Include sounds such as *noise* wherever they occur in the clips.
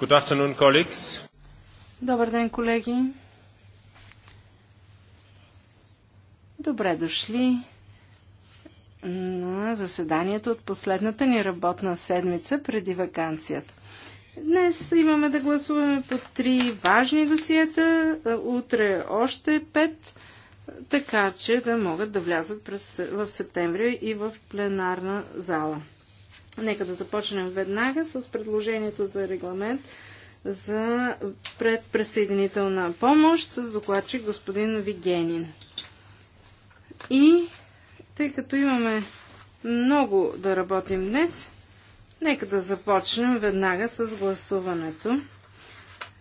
Good afternoon, colleagues. Добър ден, колеги. Добре дошли на заседанието от последната ни работна седмица преди вакансията. Днес имаме да гласуваме по три важни досиета, утре още пет, така че да могат да влязат през, в септември и в пленарна зала. Нека да започнем веднага с предложението за регламент за предпресъединителна помощ с докладчик господин Вигенин. И тъй като имаме много да работим днес, нека да започнем веднага с гласуването.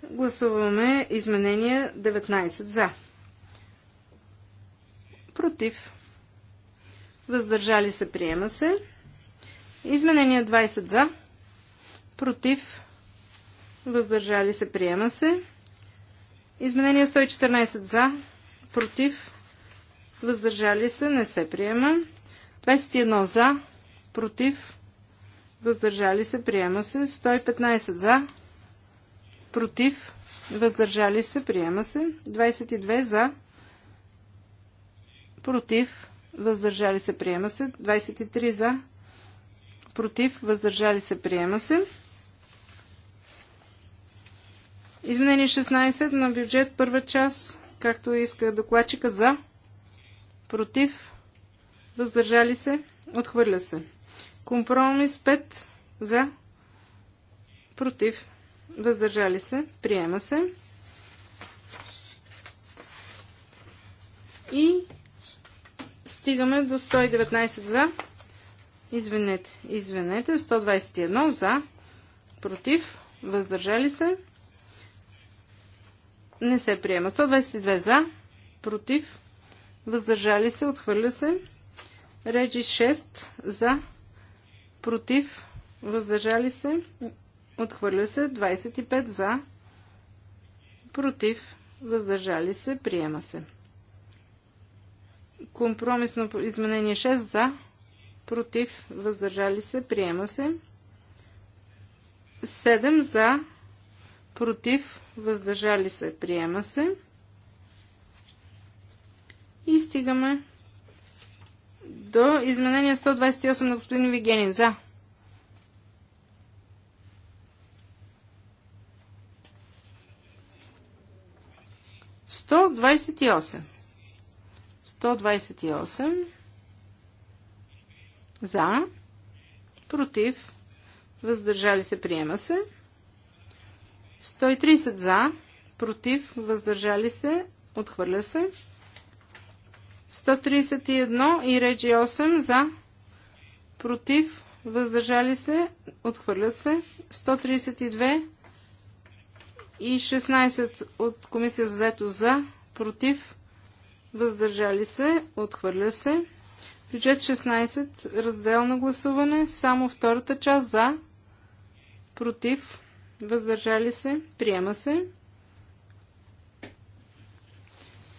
Гласуваме изменение 19 за. Против. Въздържали се, приема се. Изменение 20 за. Против. Въздържали се. Приема се. Изменение 114 за. Против. Въздържали се. Не се приема. 21 за. Против. Въздържали се. Приема се. 115 за. Против. Въздържали се. Приема се. 22 за. Против. Въздържали се. Приема се. 23 за против, въздържали се, приема се. Изменение 16 на бюджет, първа част, както иска докладчикът за, против, въздържали се, отхвърля се. Компромис 5 за, против, въздържали се, приема се. И стигаме до 119 за, Извинете, извинете. 121 за, против, въздържали се. Не се приема. 122 за, против, въздържали се, отхвърля се. Реджи 6 за, против, въздържали се, отхвърля се. 25 за, против, въздържали се, приема се. Компромисно изменение 6 за, против, въздържали се, приема се. 7 за, против, въздържали се, приема се. И стигаме до изменение 128 на господин Вигенин. За. Сто двадцать и осем. Сто двадцать и осем. За. Против. Въздържали се. Приема се. 130 за. Против. Въздържали се. Отхвърля се. 131 и речи 8 за. Против. Въздържали се. Отхвърлят се. 132 и 16 от комисия за заето за. Против. Въздържали се. Отхвърля се. Бюджет 16, разделно гласуване, само втората част за, против, въздържали се, приема се.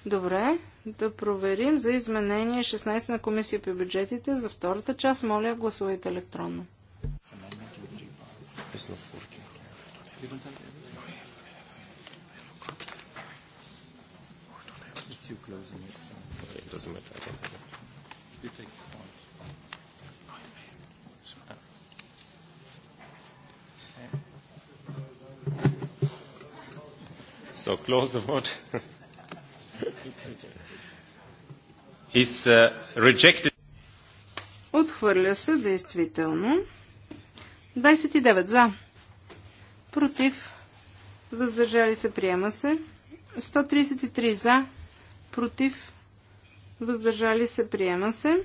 Добре, да проверим за изменение 16 на комисия по бюджетите. За втората част, моля, гласувайте електронно. Okay, doesn't matter. So close the vote. *laughs* Is uh, rejected. Отхвърля се действително. 29 за. Против. Въздържали се. Приема се. 133 за. Против. Въздържали се. Приема се.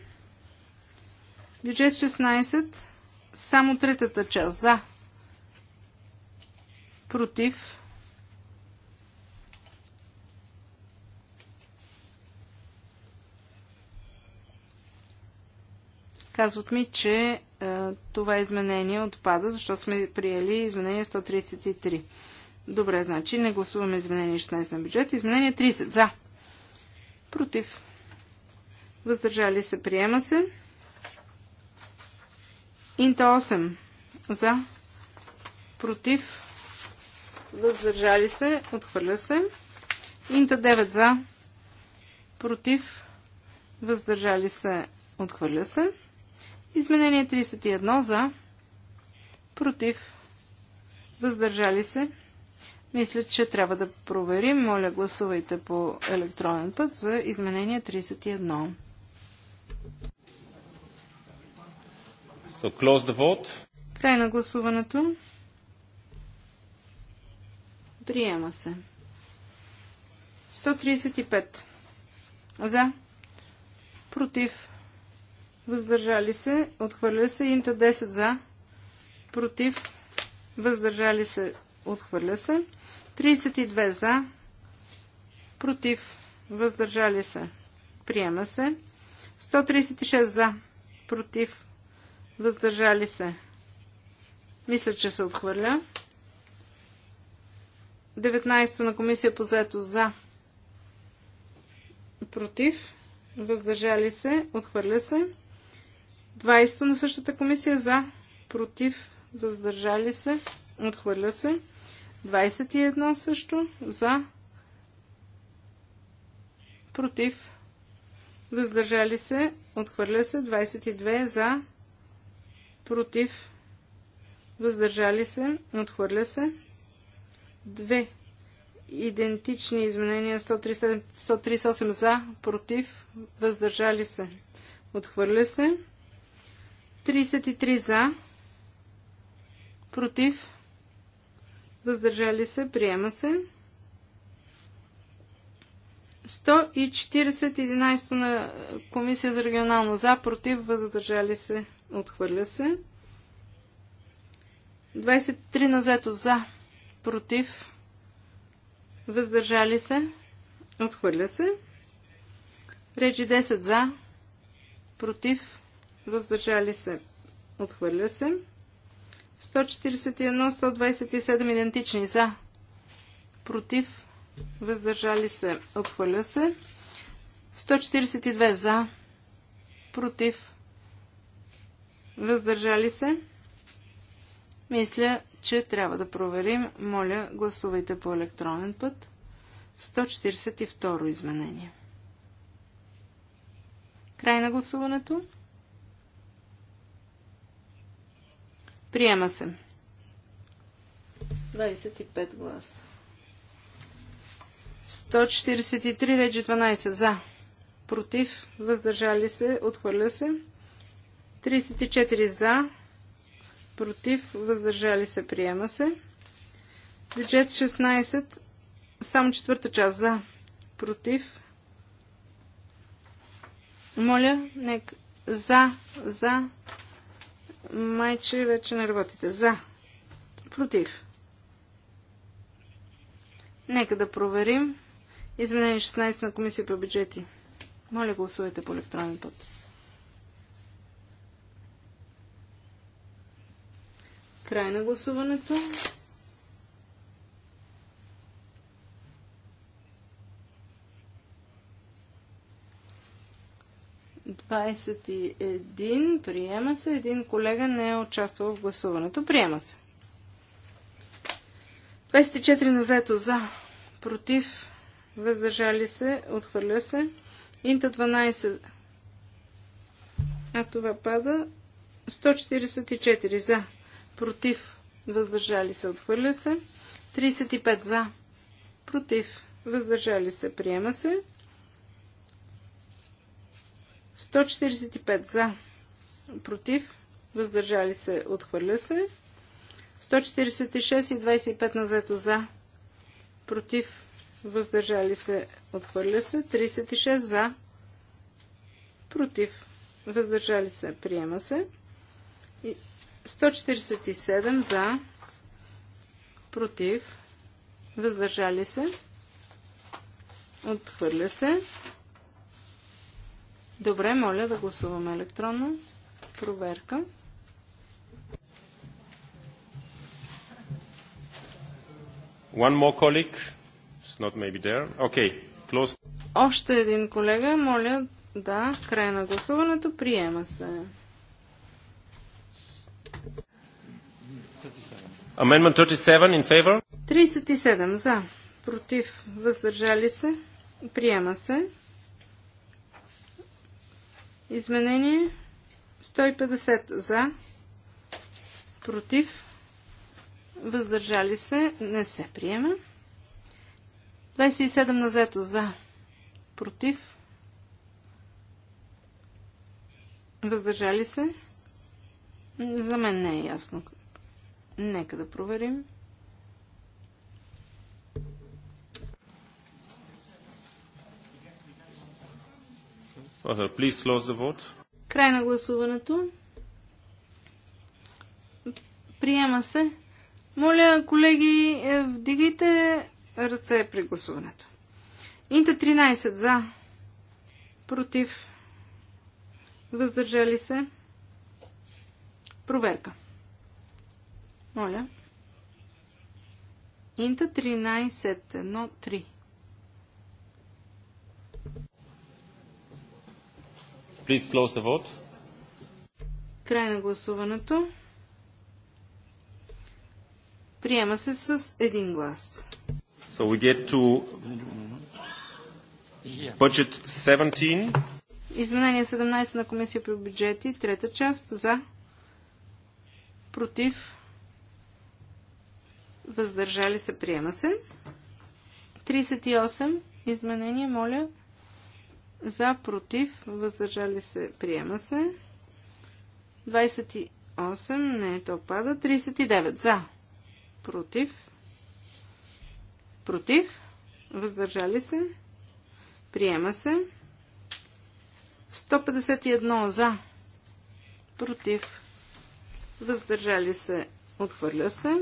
Бюджет 16. Само третата част. За. Против. Казват ми, че е, това изменение отпада, защото сме приели изменение 133. Добре, значи не гласуваме изменение 16 на бюджет. Изменение 30. За. Против. Въздържали се. Приема се. Инта 8. За. Против. Въздържали се. Отхвърля се. Инта 9. За. Против. Въздържали се. Отхвърля се. Изменение 31 за, против, въздържали се. Мисля, че трябва да проверим. Моля, гласувайте по електронен път за изменение 31. So close the vote. Край на гласуването. Приема се. 135. За. Против въздържали се, отхвърля се. Инта 10 за, против, въздържали се, отхвърля се. 32 за, против, въздържали се, приема се. 136 за, против, въздържали се. Мисля, че се отхвърля. 19 на комисия по заето за, против, въздържали се, отхвърля се. 20 на същата комисия за, против, въздържали се, отхвърля се. 21 също за, против, въздържали се, отхвърля се. 22 за, против, въздържали се, отхвърля се. 2. Идентични изменения 138 за, против, въздържали се, отхвърля се. 33 за, против, въздържали се, приема се. 140 на Комисия за регионално за, против, въздържали се, отхвърля се. 23 на зето за, против, въздържали се, отхвърля се. Речи 10 за, против, въздържали се, отхвърля се. 141, 127 идентични за, против, въздържали се, отхвърля се. 142 за, против, въздържали се. Мисля, че трябва да проверим. Моля, гласувайте по електронен път. 142 изменение. Край на гласуването. Приема се. 25 гласа. 143 речи 12 за. Против. Въздържали се. Отхвърля се. 34 за. Против. Въздържали се. Приема се. Бюджет 16. Само четвърта част за. Против. Моля, нека. За. За. Майче вече не работите. За. Против. Нека да проверим. Изменение 16 на комисия по бюджети. Моля, гласувайте по електронен път. Край на гласуването. 21. Приема се. Един колега не е участвал в гласуването. Приема се. 24 на заето за. Против. Въздържали се. Отхвърля се. Инта 12. А това пада. 144 за. Против. Въздържали се. Отхвърля се. 35 за. Против. Въздържали се. Приема се. 145 за, против, въздържали се, отхвърля се. 146 и 25 на заето за, против, въздържали се, отхвърля се. 36 за, против, въздържали се, приема се. 147 за, против, въздържали се, отхвърля се. Добре, моля да гласуваме електронно. Проверка. One more colleague. It's not maybe there. Okay. Close. Още един колега, моля, да, край на гласуването, приема се. Amendment 37 in favor? 37 за. Против. Въздържали се. Приема се. Изменение 150 за, против, въздържали се, не се приема. 27 на зето за, против, въздържали се. За мен не е ясно. Нека да проверим. Please close the vote. Край на гласуването. Приема се. Моля, колеги, е, вдигайте ръце при гласуването. Инта 13 за. Против. Въздържали се. Проверка. Моля. Инта 13. 1, 3. Please close the vote. Край на гласуването. Приема се с един глас. So we get to budget 17. Изменение 17 на комисия по бюджети, трета част за против въздържали се, приема се. 38 изменение, моля. За, против, въздържали се, приема се. 28, не, то пада. 39, за, против, против, въздържали се, приема се. 151 за, против, въздържали се, отхвърля се.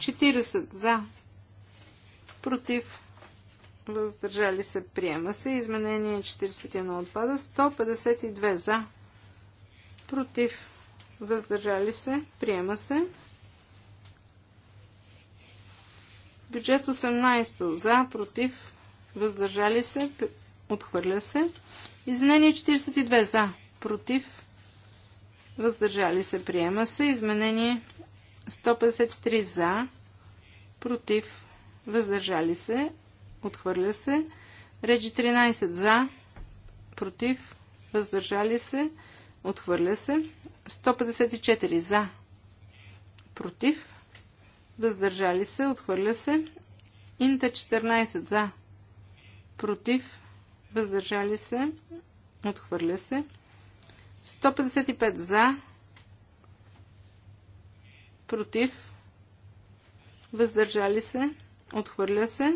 40 за, против, въздържали се, приема се. Изменение 41 отпада. 152 за, против, въздържали се, приема се. Бюджет 18 за, против, въздържали се, отхвърля се. Изменение 42 за, против, въздържали се, приема се. Изменение 153 за, против, въздържали се, Отхвърля се. Реч 13 за. Против. Въздържали се. Отхвърля се. 154 за. Против. Въздържали се. Отхвърля се. Инта 14 за. Против. Въздържали се. Отхвърля се. 155 за. Против. Въздържали се. Отхвърля се.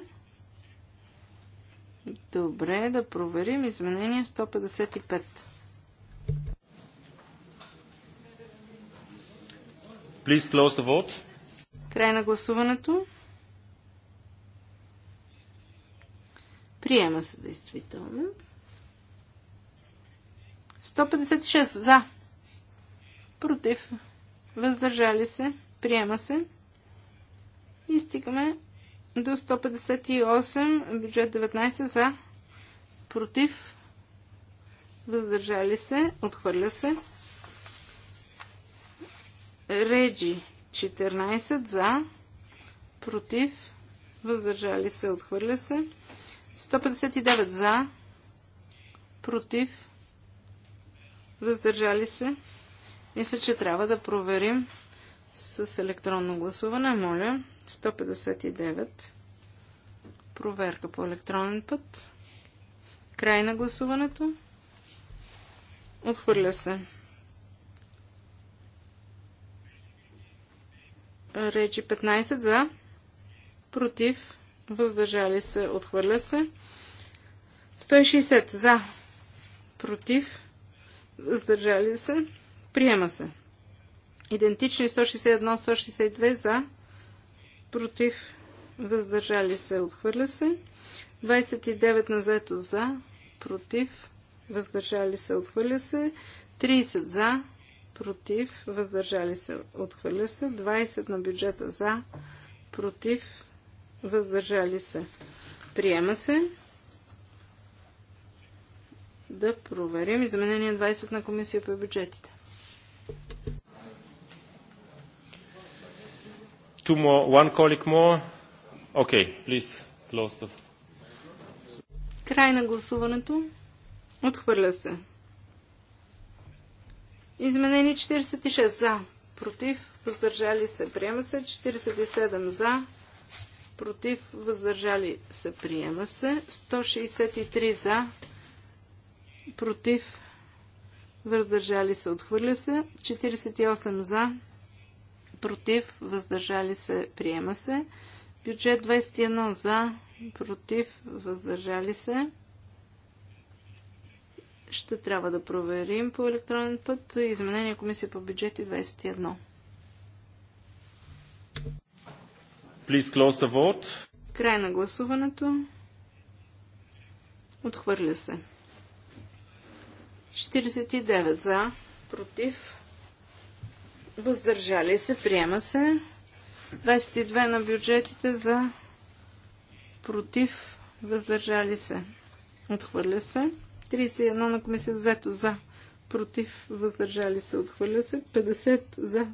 Добре, да проверим изменение 155. Please close the vote. Край на гласуването. Приема се действително. 156 за. Против. Въздържали се. Приема се. И стигаме до 158, бюджет 19 за, против, въздържали се, отхвърля се. Реджи 14 за, против, въздържали се, отхвърля се. 159 за, против, въздържали се. Мисля, че трябва да проверим с електронно гласуване. Моля. 159. Проверка по електронен път. Край на гласуването. Отхвърля се. Речи 15 за. Против. Въздържали се. Отхвърля се. 160 за. Против. Въздържали се. Приема се. Идентични 161-162 за против, въздържали се, отхвърля се. 29 на заето за, против, въздържали се, отхвърля се. 30 за, против, въздържали се, отхвърля се. 20 на бюджета за, против, въздържали се. Приема се. Да проверим изменение 20 на комисия по бюджетите. Two more, one colleague more. Okay, please close the... Край на гласуването. Отхвърля се. Изменени 46 за, против, въздържали се, приема се. 47 за, против, въздържали се, приема се. 163 за, против, въздържали се, отхвърля се. 48 за, против, въздържали се, приема се. Бюджет 21 за, против, въздържали се. Ще трябва да проверим по електронен път изменение комисия по бюджети 21. Please close the vote. Край на гласуването. Отхвърля се. 49 за, против, въздържали се, приема се. 22 на бюджетите за против, въздържали се, отхвърля се. 31 на комисия взето за против, въздържали се, отхвърля се. 50 за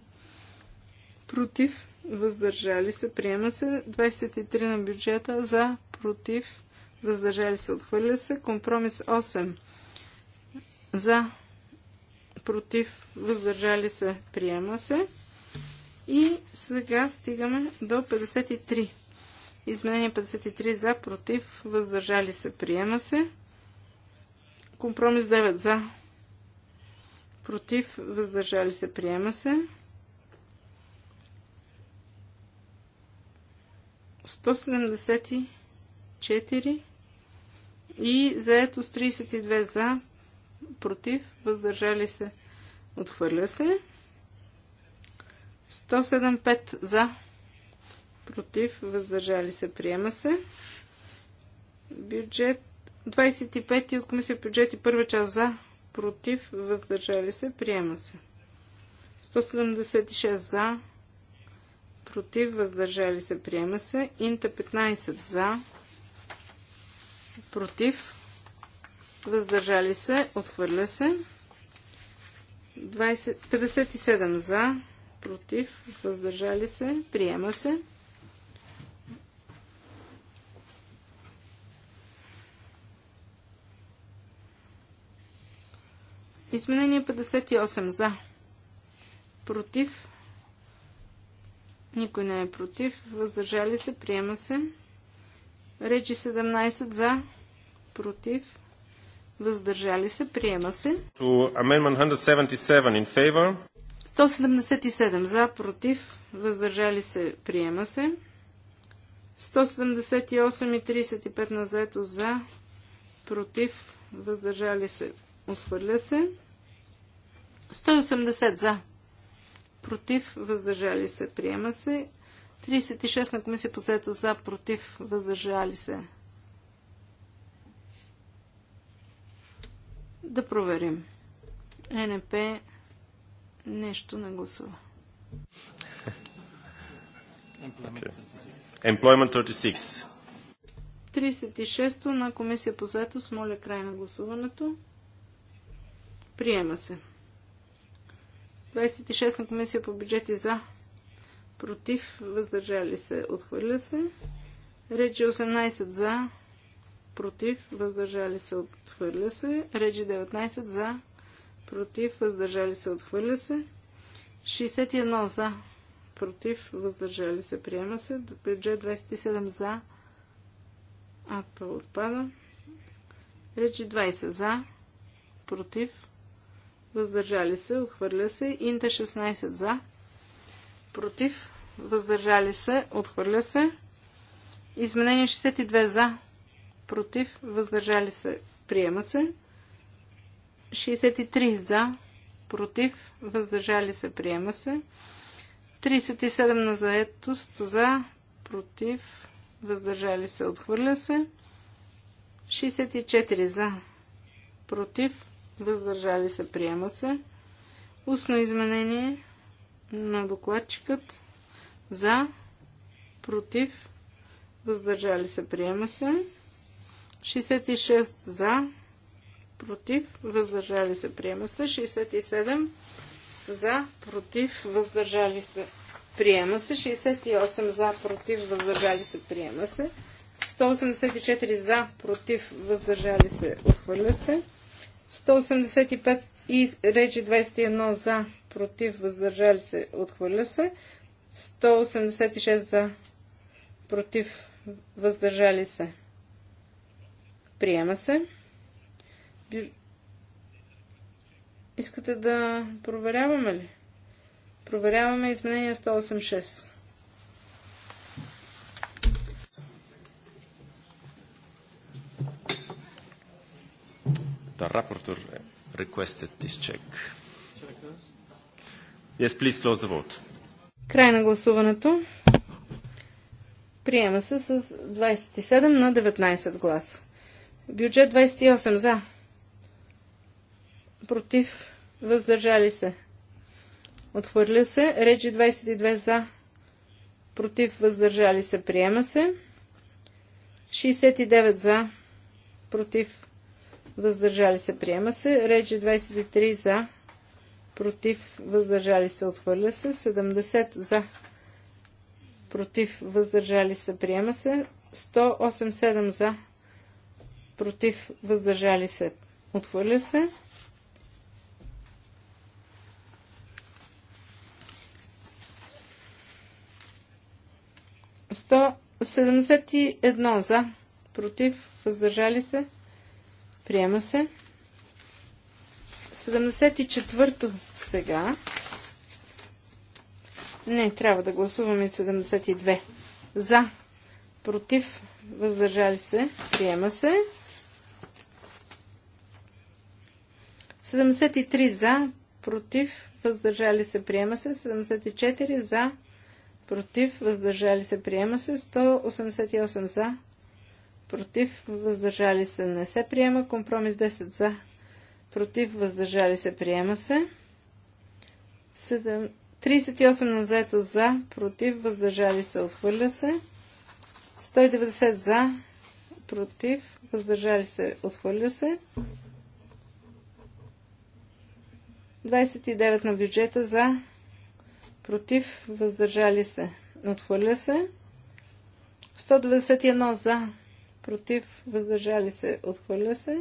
против, въздържали се, приема се. 23 на бюджета за против, въздържали се, отхвърля се. Компромис 8 за против, въздържали се, приема се. И сега стигаме до 53. Изменение 53 за, против, въздържали се, приема се. Компромис 9 за, против, въздържали се, приема се. 174 и заето с 32 за, против, въздържали се, отхвърля се. 175 за, против, въздържали се, приема се. Бюджет 25 от комисия бюджет и първа част за, против, въздържали се, приема се. 176 за, против, въздържали се, приема се. Инта 15 за, против, въздържали се, отхвърля се. 20, 57 за, против, въздържали се, приема се. Изменение 58 за, против, никой не е против, въздържали се, приема се. Речи 17 за, против, въздържали се, приема се. 177 за, против, въздържали се, приема се. 178 и 35 на заето за, против, въздържали се, отхвърля се. 180 за, против, въздържали се, приема се. 36 на комисия по заето за, против, въздържали се, Да проверим. НП нещо не гласува. Okay. Employment 36. 36-то на Комисия по заетост. Моля край на гласуването. Приема се. 26 на Комисия по бюджети за. Против. Въздържали се. Отхвърля се. Речи 18 за против, въздържали се, отхвърля се. Реджи 19 за, против, въздържали се, отхвърля се. 61 за, против, въздържали се, приема се. Бюджет 27 за, а то отпада. Речи 20 за, против, въздържали се, отхвърля се. Инта 16 за, против, въздържали се, отхвърля се. Изменение 62 за, против, въздържали се, приема се. 63 за, против, въздържали се, приема се. 37 на заетост за, против, въздържали се, отхвърля се. 64 за, против, въздържали се, приема се. Устно изменение на докладчикът за, против, въздържали се, приема се. 66 за, против, въздържали се, приема се. 67 за, против, въздържали се, приема се. 68 за, против, въздържали се, приема се. 184 за, против, въздържали се, отхвърля се. 185 и речи 21 за, против, въздържали се, отхвърля се. 186 за, против, въздържали се. Приема се. Искате да проверяваме ли? Проверяваме изменение 186. The rapporteur requested this check. Yes, please close the vote. Край на гласуването. Приема се с 27 на 19 гласа. Бюджет 28 за. Против. Въздържали се. Отхвърля се. Реджи 22 за. Против. Въздържали се. Приема се. 69 за. Против. Въздържали се. Приема се. Реджи 23 за. Против. Въздържали се. Отхвърля се. 70 за. Против. Въздържали се. Приема се. 187 за против, въздържали се, отхвърля се. Сто едно за, против, въздържали се, приема се. 74 четвърто сега. Не, трябва да гласуваме 72. За, против, въздържали се, приема се. 73 за, против, въздържали се, приема се. 74 за, против, въздържали се, приема се. 188 за, против, въздържали се, не се приема. Компромис 10 за, против, въздържали се, приема се. 38 на заето за, против, въздържали се, отхвърля се. 190 за, против, въздържали се, отхвърля се. 29 на бюджета за, против, въздържали се. Отхвърля се. 191 за, против, въздържали се. Отхвърля се.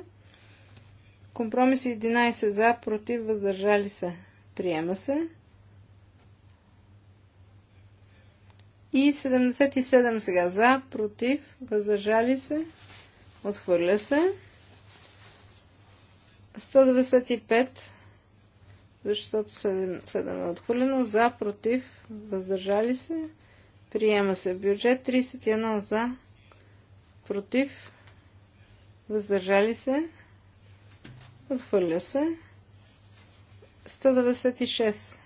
Компромис 11 за, против, въздържали се. Приема се. И 77 сега за, против, въздържали се. Отхвърля се. 195 защото 7, 7 е отхвърлено. За, против, въздържали се. Приема се бюджет 31 за, против, въздържали се. Отхвърля се. 196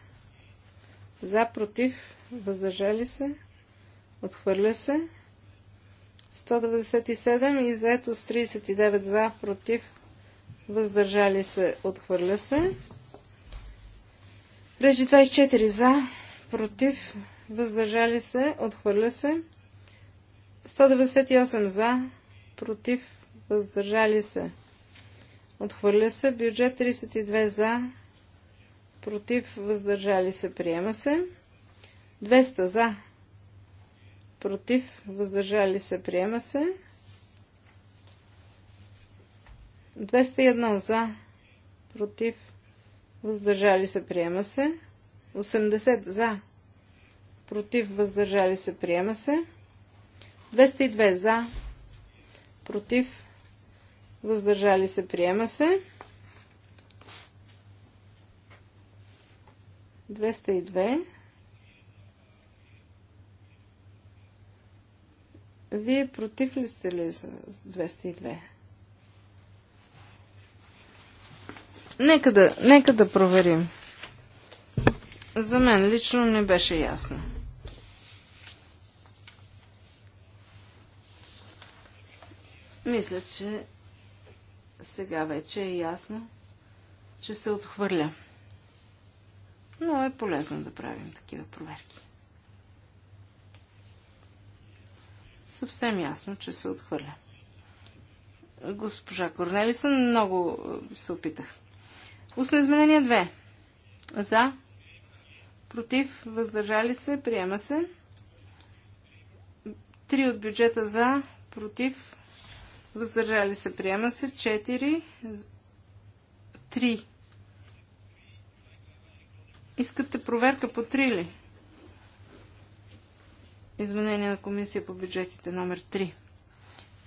за, против, въздържали се. Отхвърля се. 197 и заето с 39 за, против, въздържали се, отхвърля се. Режи 24 за, против, въздържали се, отхвърля се. 198 за, против, въздържали се. Отхвърля се. Бюджет 32 за, против, въздържали се, приема се. 200 за, против, въздържали се, приема се. 201 за, против, въздържали се, приема се. 80 за, против, въздържали се, приема се. 202 за, против, въздържали се, приема се. 202. Вие против ли сте ли за 202? Нека да, нека да проверим. За мен лично не беше ясно. Мисля, че сега вече е ясно, че се отхвърля. Но е полезно да правим такива проверки. Съвсем ясно, че се отхвърля. Госпожа Корнелисън, много е, се опитах. Устно изменение 2. За. Против. Въздържали се. Приема се. 3 от бюджета за. Против. Въздържали се. Приема се. 4. 3. Искате проверка по 3 ли? Изменение на комисия по бюджетите номер 3.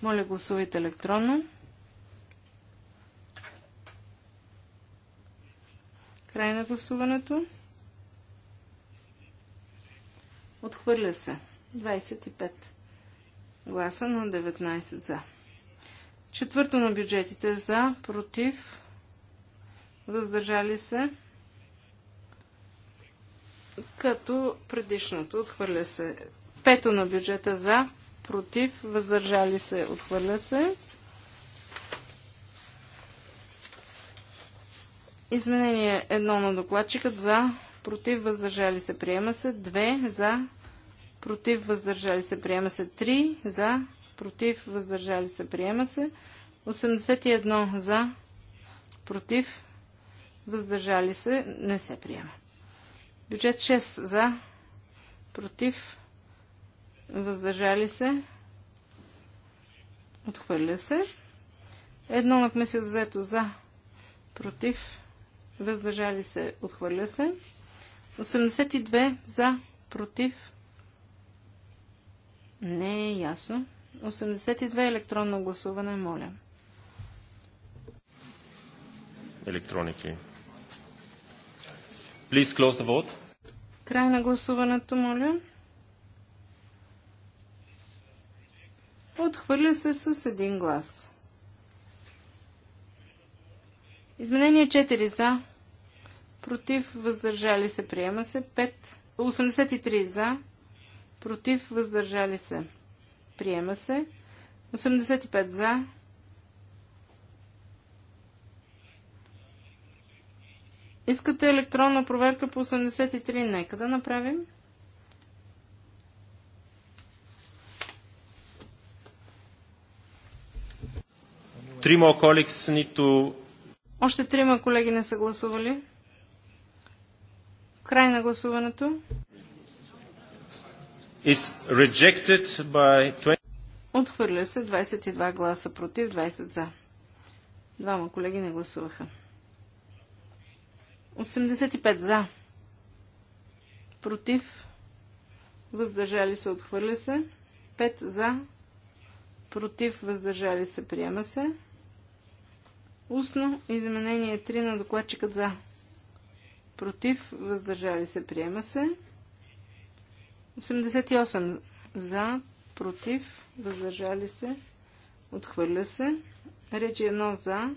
Моля гласувайте електронно. Край на гласуването. Отхвърля се. 25 гласа на 19 за. Четвърто на бюджетите за, против, въздържали се, като предишното отхвърля се. Пето на бюджета за, против, въздържали се, отхвърля се. Изменение едно на докладчикът за, против, въздържали се, приема се. 2 за, против, въздържали се, приема се. 3 за, против, въздържали се, приема се. 81 за, против, въздържали се, не се приема. Бюджет 6 за, против, въздържали се, отхвърля се. Едно на комисия за заето за, против, въздържали се, отхвърля се. 82 за, против, не е ясно. 82 електронно гласуване, моля. Електроники. Please close the vote. Край на гласуването, моля. Отхвърля се с един глас. Изменение 4 за, против, въздържали се, приема се. 5, 83 за, против, въздържали се, приема се. 85 за, Искате електронна проверка по 83? Нека да направим. Трима colleagues нито още трима колеги не са гласували. Край на гласуването. Отхвърля се 22 гласа против, 20 за. Двама колеги не гласуваха. 85 за. Против. Въздържали се, отхвърля се. 5 за. Против, въздържали се, приема се. Устно изменение 3 на докладчикът за. Против, въздържали се, приема се. 88 за, против, въздържали се, отхвърля се. Речи 1 за,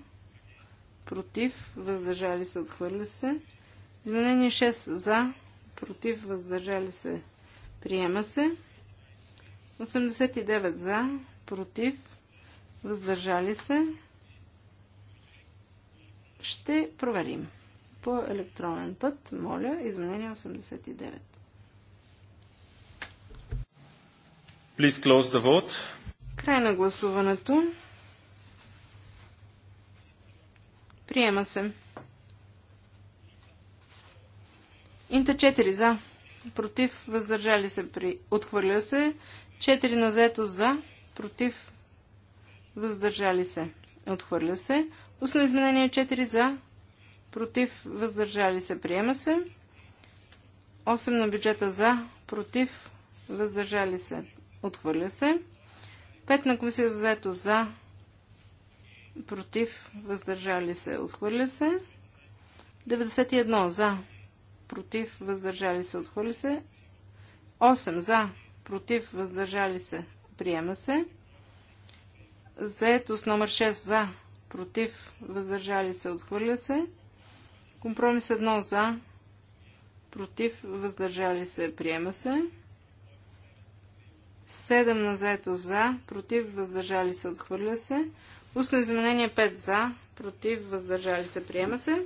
против, въздържали се, отхвърля се. Изменение 6 за, против, въздържали се, приема се. 89 за, против, въздържали се, ще проверим. По електронен път, моля, изменение 89. Please close the vote. Край на гласуването. Приема се. Инта 4 за. Против. Въздържали се при. Отхвърля се. 4 на зето за. Против. Въздържали се. Отхвърля се. Устно изменение 4 за, против, въздържали се, приема се. 8 на бюджета за, против, въздържали се, отхвърля се. 5 на комисия за заето за, против, въздържали се, отхвърля се. 91 за, против, въздържали се, отхвърля се. 8 за, против, въздържали се, приема се. Заетост номер 6 за, против, въздържали се, отхвърля се. Компромис 1 за, против, въздържали се, приема се. 7 на заето за, против, въздържали се, отхвърля се. Устно изменение 5 за, против, въздържали се, приема се.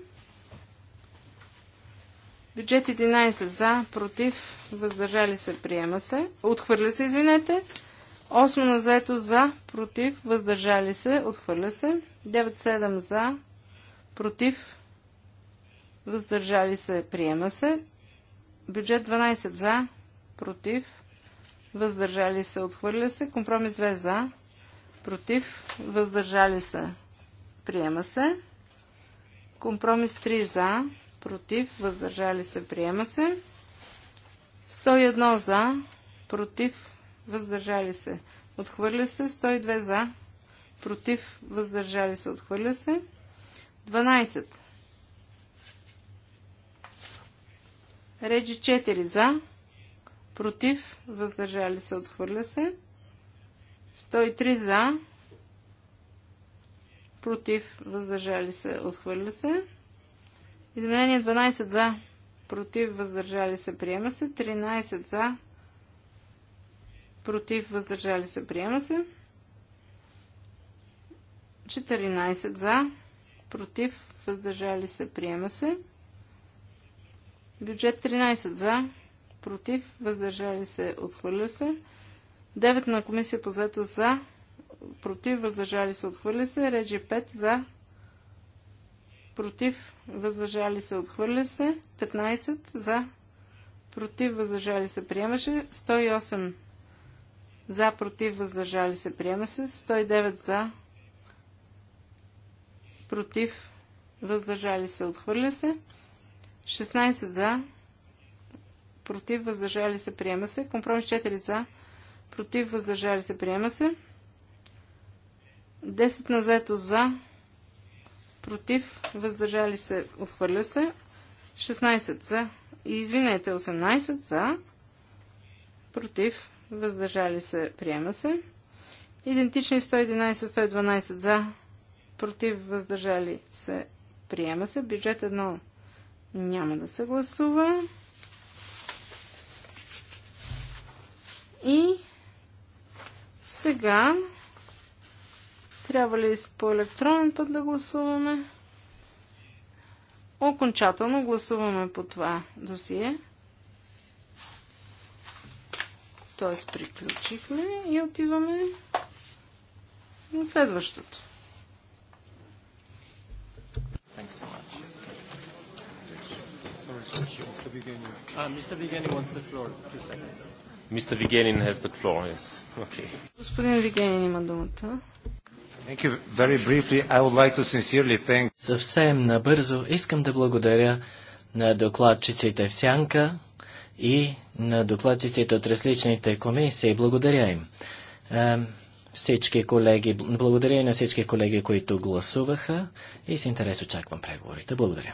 Бюджет 11 за, против, въздържали се, приема се. Отхвърля се, извинете. 8 на заето за, против, въздържали се, отхвърля се. 9-7 за, против, въздържали се, приема се. Бюджет 12 за, против, въздържали се, отхвърля се. Компромис 2 за, против, въздържали се, приема се. Компромис 3 за, против, въздържали се, приема се. 101 за, против, въздържали се, отхвърля се. 102 за, против, въздържали се, отхвърля се. 12. Реджи 4 за, против, въздържали се, отхвърля се. 103 за, против, въздържали се, отхвърля се. Изменение 12 за, против, въздържали се, приема се. 13 за, против, въздържали се, приема се. 14 за, против, въздържали се, приема се. Бюджет 13 за, против, въздържали се, отхвърля се. 9 на комисия по заето за, против, въздържали се, отхвърля се. Реджи 5 за, против, въздържали се, отхвърля се. 15 за, против, въздържали се, приемаше. 108 за, против, въздържали се, приема се. 109 за, против, въздържали се, отхвърля се. 16 за, против, въздържали се, приема се. Компромис 4 за, против, въздържали се, приема се. 10 на заето за, против, въздържали се, отхвърля се. 16 за, и извинете, 18 за, против, въздържали се, приема се. Идентични 111-112 за, против, въздържали се, приема се. Бюджет 1 няма да се гласува. И сега трябва ли по електронен път да гласуваме? Окончателно гласуваме по това досие. Тоест приключихме и отиваме на следващото. Thanks so much. Uh, Mr. Vigenin wants the floor. Two seconds. Mr. Vigenin has the floor, yes. Okay. Господин Вигенин има думата. Thank you. Very briefly, I would like to sincerely thank... Съвсем набързо искам да благодаря на докладчиците в Сянка и на докладчиците от различните комисии. Благодаря им всички колеги. Благодаря и на всички колеги, които гласуваха и с интерес очаквам преговорите. Благодаря.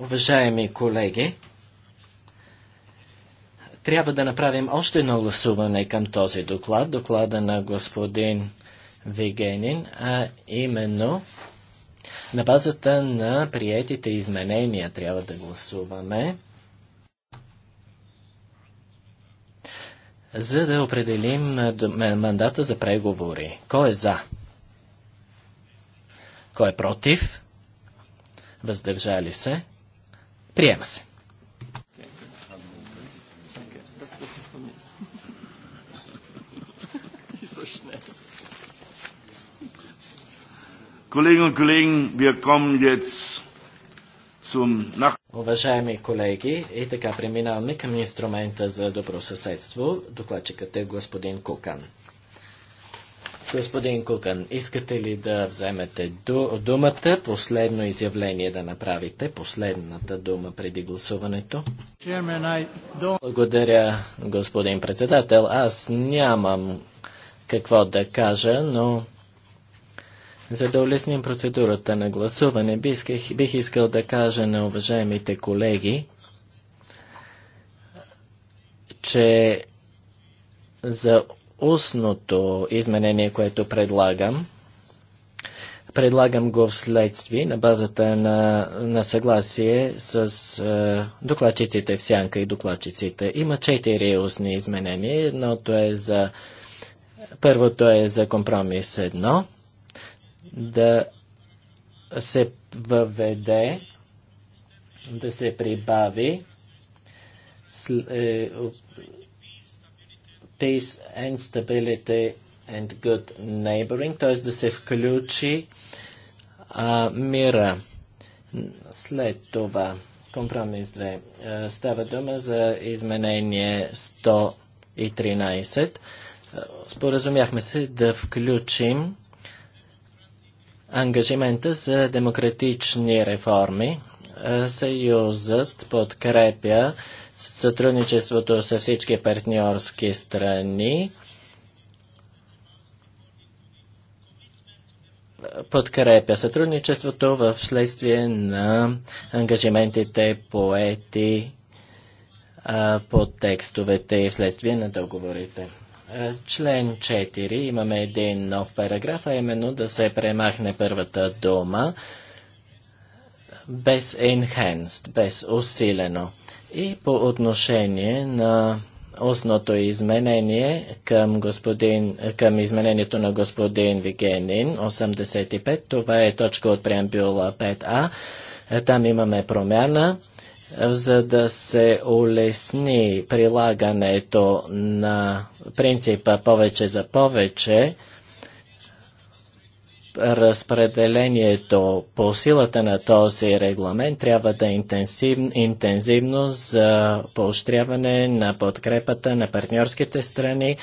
Уважаеми колеги, трябва да направим още едно гласуване към този доклад, доклада на господин Вигенин, а именно на базата на приетите изменения трябва да гласуваме, за да определим мандата за преговори. Кой е за? Кой е против? Въздържали се? Приема се. Kolleginnen und Kollegen, wir kommen jetzt zum Nach Уважаеми колеги, и така преминаваме към инструмента за добро съседство. Докладчикът е господин Кукан. Господин Кукан, искате ли да вземете думата, последно изявление да направите, последната дума преди гласуването? Благодаря, господин председател. Аз нямам какво да кажа, но за да улесним процедурата на гласуване, бих искал да кажа на уважаемите колеги, че за устното изменение, което предлагам, предлагам го вследствие на базата на, на съгласие с е, докладчиците в Сянка и докладчиците. Има четири устни изменения. Едното е за... Първото е за компромис едно да се въведе, да се прибави е, peace and stability and good neighboring, т.е. да се включи а, мира. След това, компромис 2, става дума за изменение 113. Споразумяхме се да включим ангажимента за демократични реформи. Съюзът подкрепя сътрудничеството с всички партньорски страни. подкрепя сътрудничеството в следствие на ангажиментите поети по текстовете и вследствие на договорите. Е, член 4 имаме един нов параграф, а именно да се премахне първата дума без enhanced, без усилено. И по отношение на устното изменение към, господин, към изменението на господин Вигенин 85, това е точка от преамбюла 5а. Е, там имаме промяна за да се улесни прилагането на принципа повече за повече, разпределението по силата на този регламент трябва да е интенсив, интензивно за поощряване на подкрепата на партньорските страни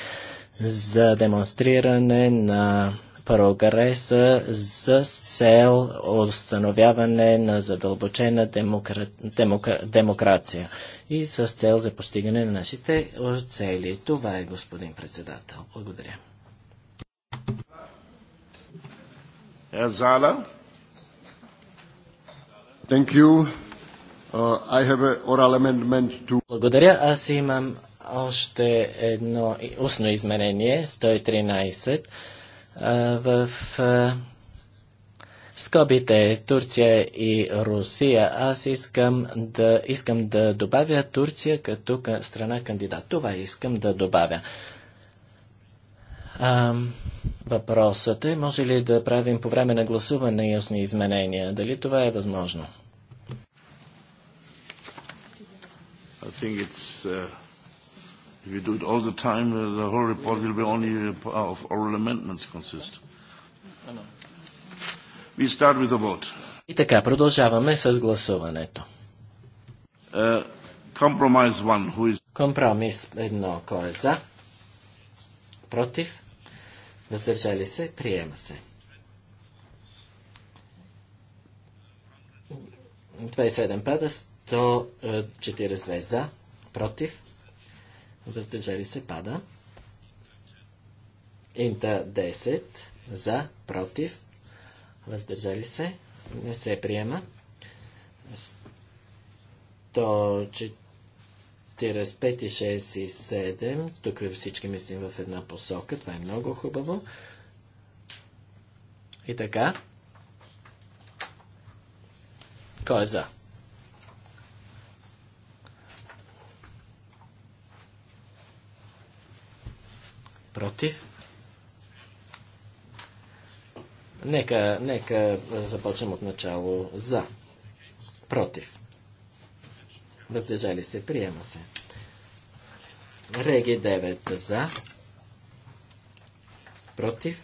за демонстриране на прогреса с цел установяване на задълбочена демокра... Демокра... демокрация и с цел за постигане на нашите цели. Това е, господин председател. Благодаря. Зала. Thank you. Uh, I have oral amendment to... Благодаря. Аз имам още едно устно изменение, 113 в скобите Турция и Русия. Аз искам да, искам да добавя Турция като страна кандидат. Това искам да добавя. А, въпросът е, може ли да правим по време на гласуване ясни изменения? Дали това е възможно? I think it's, uh... If you do it all the time, uh, the whole report will be only uh, of oral amendments consist. We start with the vote. И така, продължаваме с гласуването. Uh, one, is... Компромис едно, кой е за? Против? Въздържали се? Приема се. 27 пада, 142 за, против, въздържали се, пада. Инта 10 за, против, въздържали се, не се приема. 145 и 6 и 7, тук всички мислим в една посока, това е много хубаво. И така, кой е за? против. Нека, нека започнем от начало за. Против. Въздържали се. Приема се. Реги 9 за. Против.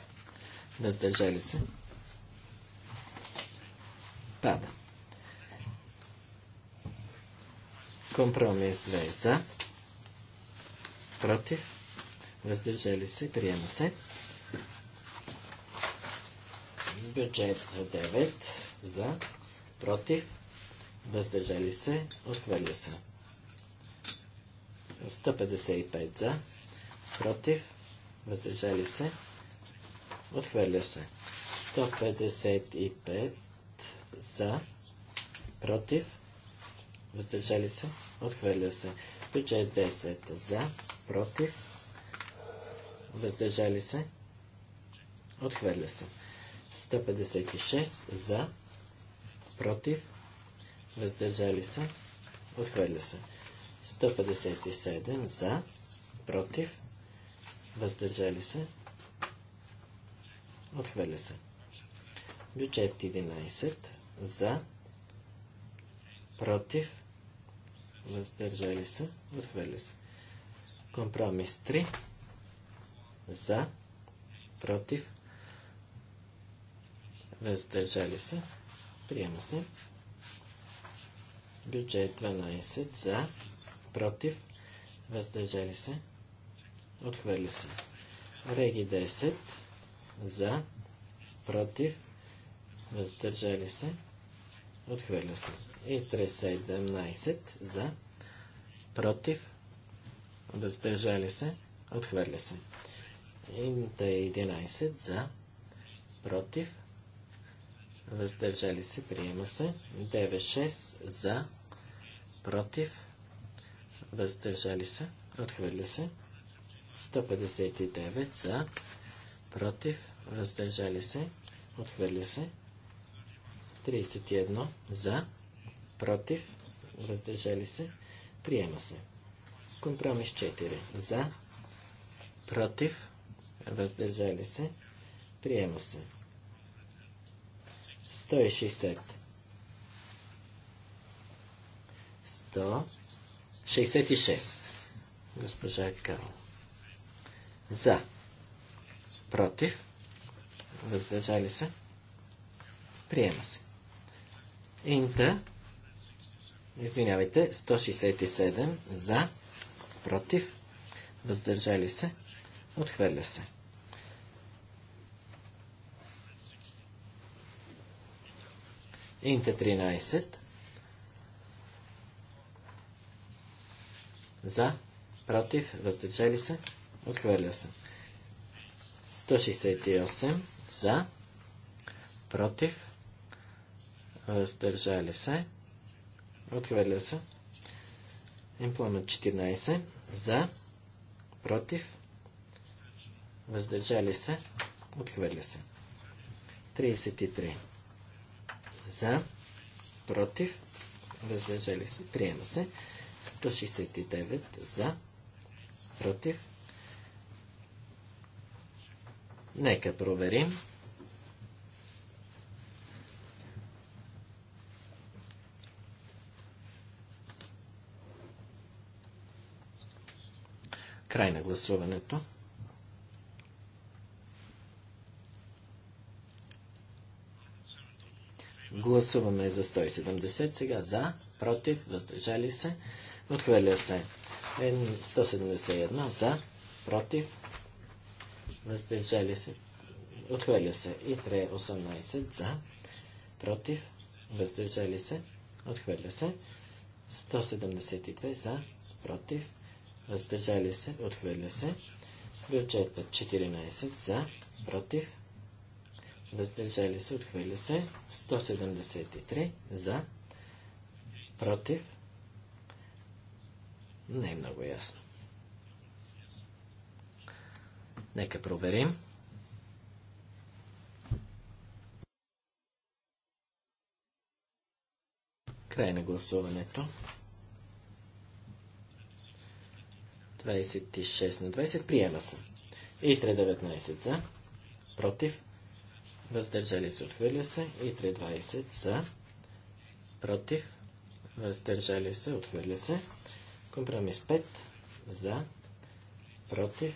Въздържали се. Пада. Компромис 2 за. Против въздържали се, приема се. Бюджет 9 за, против, въздържали се, отхвърля се. 155 за, против, въздържали се, отхвърля се. 155 за, против, въздържали се, отхвърля се. Бюджет 10 за, против, въздържали се, отхвърля се. 156 за, против, въздържали се, отхвърля се. 157 за, против, въздържали се, отхвърля се. Бюджет 11 за, против, въздържали се, отхвърля се. Компромис 3 за, против, въздържали се, приема се. Бюджет 12 за, против, въздържали се, отхвърли се. Реги 10 за, против, въздържали се, отхвърля се. И 317 за, против, въздържали се, отхвърля се. Инта 11 за, против, въздържали се, приема се. 9-6 за, против, въздържали се, отхвърля се. 159 за, против, въздържали се, отхвърля се. 31 за, против, въздържали се, приема се. Компромис 4 за, против, въздържали се, приема се. 160. 166. Госпожа Кал. За. Против. Въздържали се. Приема се. Инта. Извинявайте. 167. За. Против. Въздържали се. Отхвърля се. Инте 13. За, против, въздържали се, отхвърля се. 168 за, против, въздържали се, отхвърля се. Имплант 14 за, против, въздържали се, отхвърля се. 33 за, против, въздържали се, приема се. 169 за, против. Нека проверим. Край на гласуването. Гласуваме за 170 сега. За, против, въздържали се. Отхвърля се. 171 за, против, въздържали се. Отхвърля се. И 318 за, против, въздържали се. Отхвърля се. 172 за, против, въздържали се. Отхвърля се. бюджетът 14 за, против, въздържали се, отхвърля се. 173 за, против. Не е много ясно. Нека проверим. Край на гласуването. 26 на 20 приема се. И 19 за, против въздържали се, отхвърля се и 320 за, против, въздържали се, отхвърля се. Компромис 5 за, против,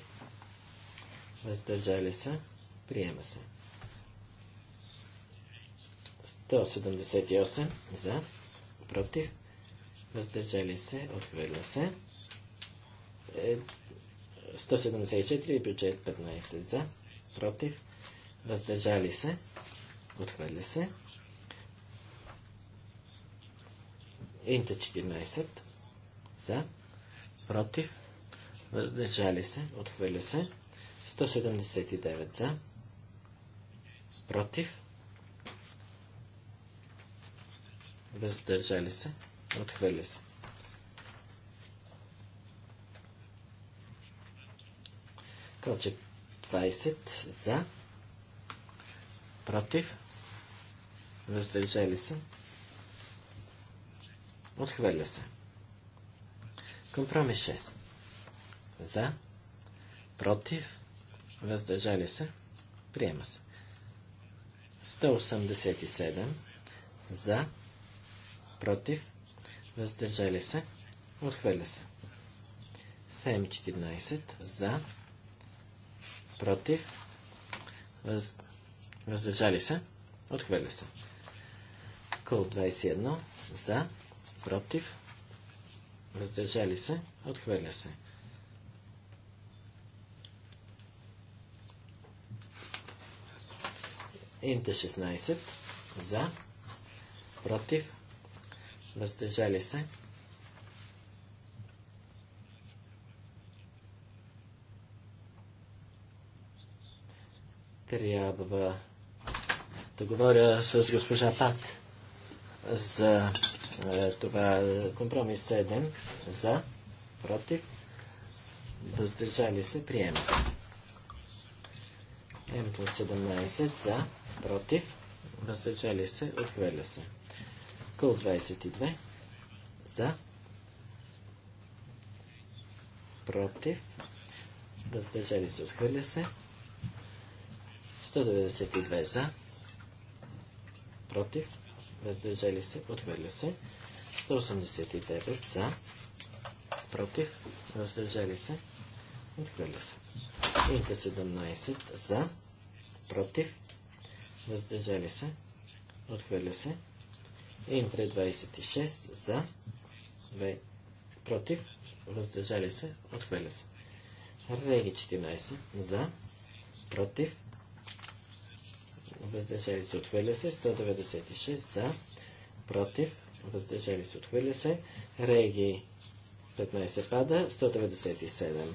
въздържали се, приема се. 178 за, против, въздържали се, отхвърля се. 174 е, бюджет 15 за, против, въздържали се, отхвърля се. Инта 14 за, против, въздържали се, отхвърля се. 179 за, против, въздържали се, отхвърля се. Короче, 20 за, против, въздържали се, отхвърля се. Компромис 6. За, против, въздържали се, приема се. 187 за, против, въздържали се, отхвърля се. ФМ 14 за, против, се. Въздържали се. Отхвърля се. Кол 21. За. Против. Въздържали се. Отхвърля се. Инте 16. За. Против. Въздържали се. Трябва да говоря с госпожа Пак за е, това е, компромис 7 за, против, въздържали се, приема се. М по 17 за, против, въздържали се, отхвърля се. Кол 22 за, против, въздържали се, отхвърля се. 192 за, против, въздържали се, отхвърля се. 189 за, против, въздържали се, отхвърля се. Инка 17 за, против, въздържали се, отхвърля се. Интре 26 за, ве, против, въздържали се, отхвърля се. Реги 14 за, против, въздържали се, отхвърля се. 196 за, против, въздържали се, отхвърля се. Реги 15 пада, 197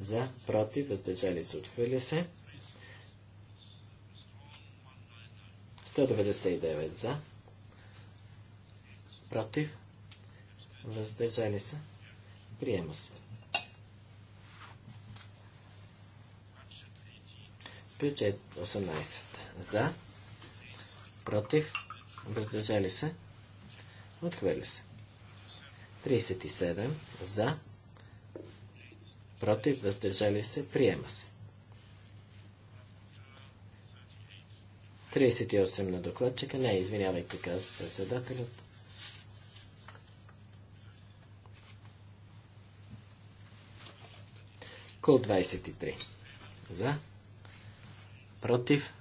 за, против, въздържали се, отхвърля се. 199 за, против, въздържали се, приема се. Бюджет 18. За. Против. Въздържали се. Отхвърля се. 37. За. Против. Въздържали се. Приема се. 38 на докладчика. Не, извинявайте, казва председателят. Кол 23. За. Против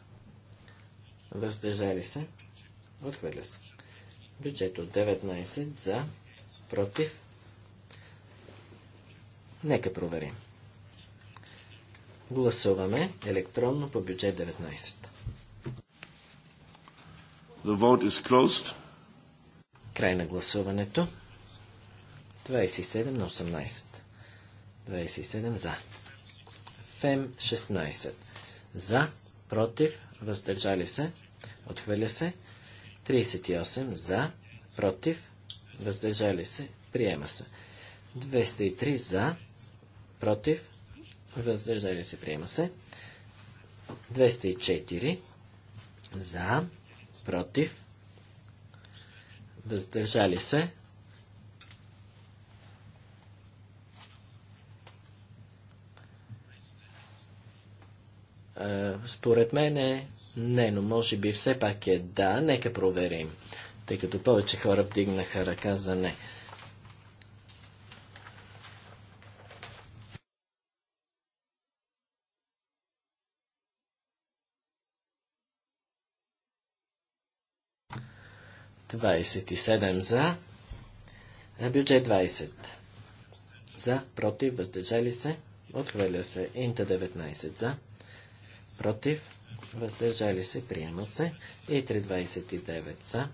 въздържали се, отхвърля се. Бюджет от 19 за, против. Нека проверим. Гласуваме електронно по бюджет 19. The vote is closed. Край на гласуването. 27 на 18. 27 за. ФЕМ 16. За, против, въздържали се, Отхвърля се. 38 за, против, въздържали се, приема се. 203 за, против, въздържали се, приема се. 204 за, против, въздържали се. Е, според мен е не, но може би все пак е да. Нека проверим, тъй като повече хора вдигнаха ръка за не. Двадесет и седем за. Бюджет 20. За, против, въздържали се. Отхвърля се. Инта 19 за. Против, въздържали се, приема се. И 329 са,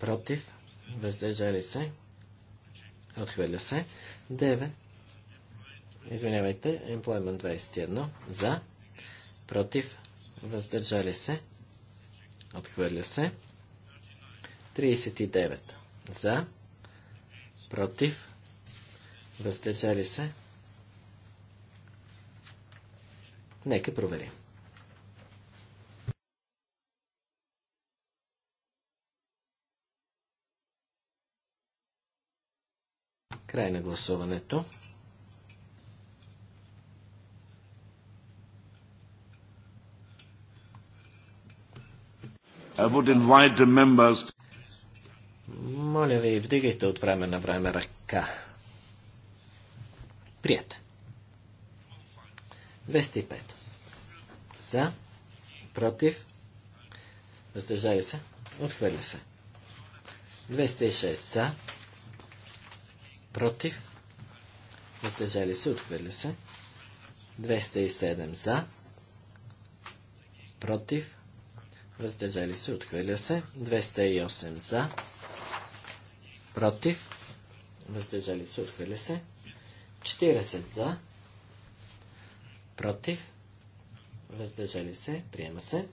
против, въздържали се, отхвърля се. 9, извинявайте, Employment 21 за, против, въздържали се, отхвърля се. 39 за, против, въздържали се. Нека проверим. Край на гласуването. Моля ви, вдигайте от време на време ръка. Прият. 205. За. Против. Въздържали се. Отхвърля се. 206. За против, въздържали се, отхвърля се. 207 за, против, въздържали се, отхвърля се. 208 за, против, въздържали се, отхвърля се. 40 за, против, въздържали се, приема се.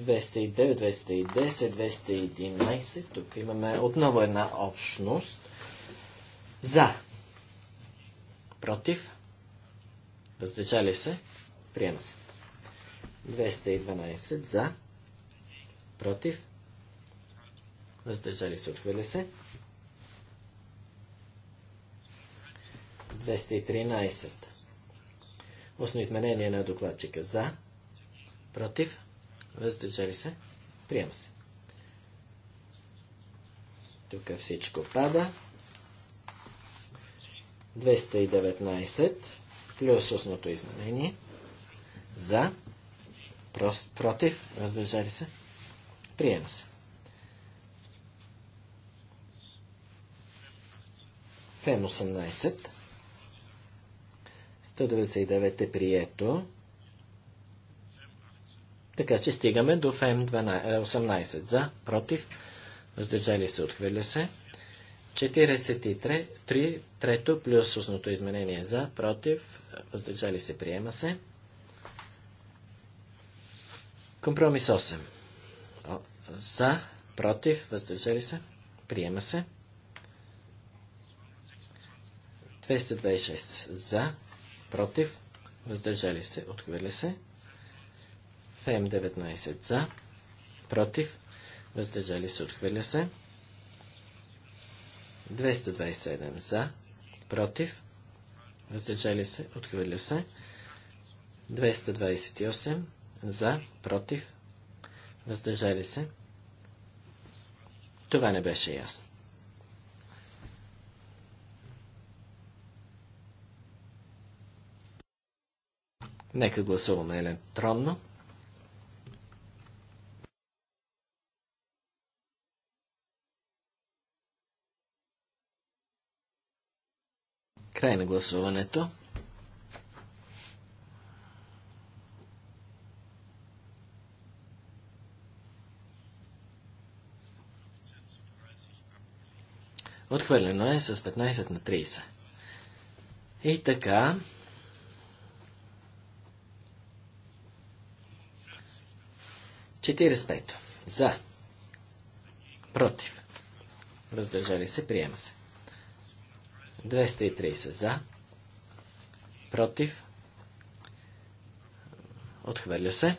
209, 210, 211. Тук имаме отново една общност. За. Против. Въздържали се. Приема се. 212 за. Против. Въздържали се. Отхвърля се. 213. Осно изменение на докладчика за. Против въздържали се, приема се. Тук всичко пада. 219 плюс устното изменение. За, прост, против, въздържали се, приема се. Фен 18. 199 е прието. Така че стигаме до ФМ 18 е, за, против, въздържали се, отхвърля се. 43, 3, трето плюс устното изменение за, против, въздържали се, приема се. Компромис 8. За, против, въздържали се, приема се. 226 за, против, въздържали се, отхвърля се. Фем 19 за, против, въздържали се, отхвърля се. 227 за, против, въздържали се, отхвърля се. 228 за, против, въздържали се. Това не беше ясно. Нека гласуваме електронно. Край на гласуването. Отхвърлено е с 15 на 30. И така. спето. За. Против. Раздържали се. Приема се. 230 за, против, отхвърля се.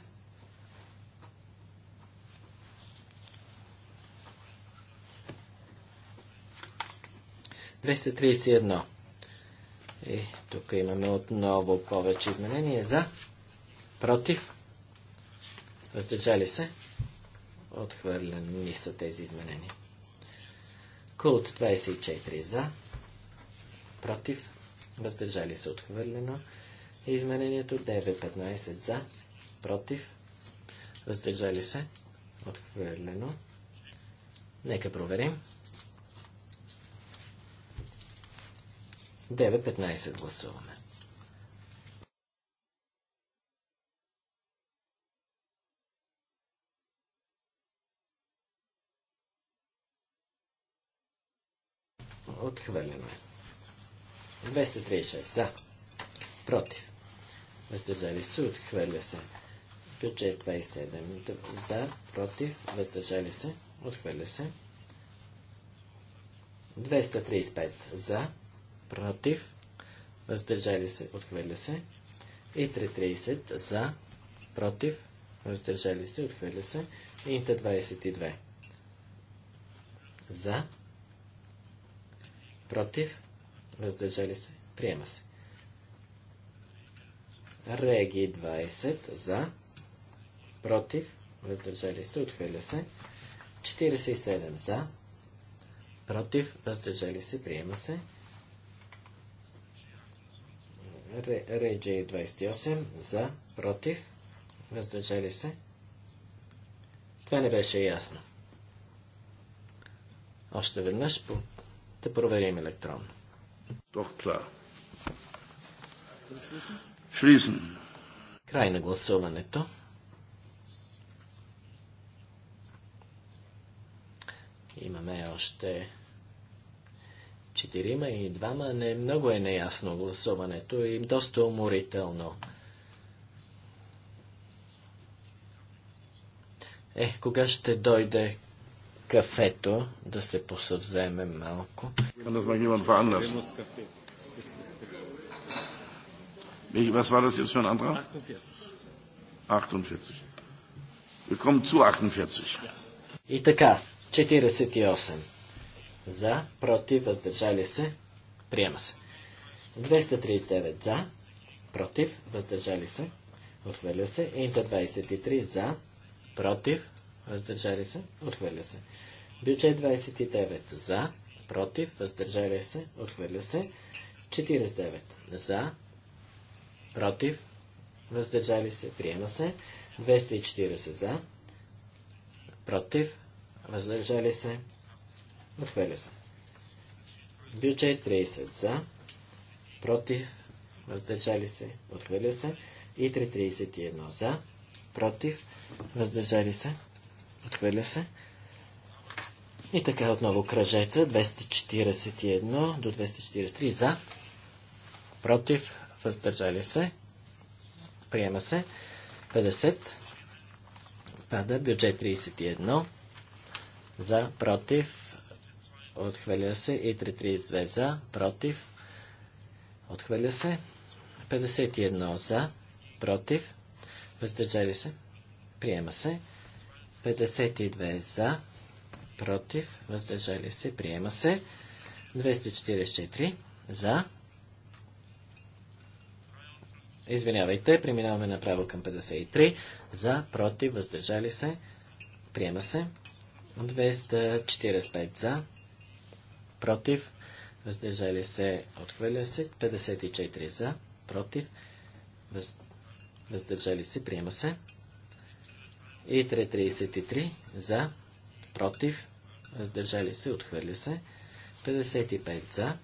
и И е, тук имаме отново повече изменения за, против, въздържали се, отхвърлени са тези изменения. Култ 24 за, против, въздържали се отхвърлено. Изменението 9.15 за, против, въздържали се отхвърлено. Нека проверим. 9.15 гласуваме. Отхвърлено е. 236 за. Против. Въздържали се. Отхвърля се. Бюджет 27 за. Против. Въздържали се. Отхвърля се. 235 за. Против. Въздържали се. Отхвърля се. И 330 за. Против. Въздържали се. Отхвърля се. И 22 за. Против въздържали се, приема се. Реги 20 за, против, въздържали се, отхвърля се. 47 за, против, въздържали се, приема се. Реджи 28 за, против, въздържали се. Това не беше ясно. Още веднъж по... да проверим електронно. Doch klar. Schließen. Край на гласуването. Имаме още четирима и двама. Не, много е неясно гласуването и доста уморително. Е, кога ще дойде кафето, да се посъвземе малко. Was war das jetzt für ein Antrag? 48. Wir kommen zu 48. И така, 48. За, против, въздържали се, приема се. 239 за, против, въздържали се, отхвърля се. Инта 23 за, против, въздържали се, отхвърля се. Бюджет 29 за, против, въздържали се, отхвърля се. 49 за, против, въздържали се, приема се. 240 за, против, въздържали се, отхвърля се. Бюджет 30 за, против, въздържали се, отхвърля се. И 331 за, против, въздържали се, Отхвърля се. И така отново кръжеца 241 до 243 за, против, въздържали се, приема се, 50, пада бюджет 31, за, против, отхвърля се, и 332 за, против, отхвърля се, 51 за, против, въздържали се, приема се, 52 за, против, въздържали се, приема се. 244 за. Извинявайте, преминаваме направо към 53. За, против, въздържали се, приема се. 245 за, против, въздържали се, отхвърля се. 54 за, против, въздържали се, приема се. И 333 за, против, въздържали се, отхвърля се. 55 за,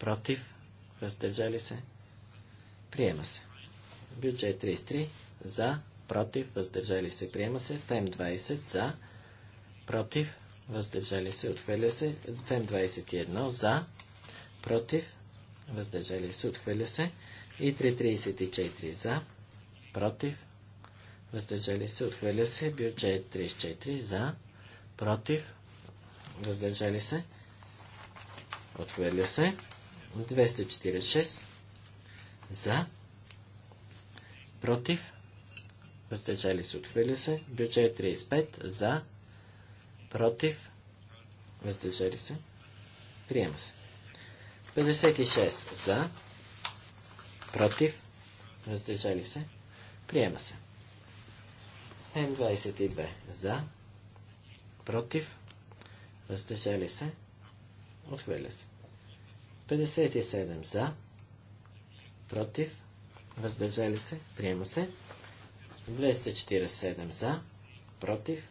против, въздържали се, приема се. Бюджет 33 за, против, въздържали се, приема се. ФЕМ 20 за, против, въздържали се, отхвърля се. ФЕМ 21 за, против, въздържали се, отхвърля се. И 334 за, против, въздържали се, отхвърля се, бюджет 34 за, против, въздържали се, отхвърля се, 246 за, против, въздържали се, отхвърля се, бюджет 35 за, против, въздържали се, приема се. 56 за, против, въздържали се, приема се. М22 за, против, въздържали се, отхвърля се. 57 за, против, въздържали се, приема се. 247 за, против,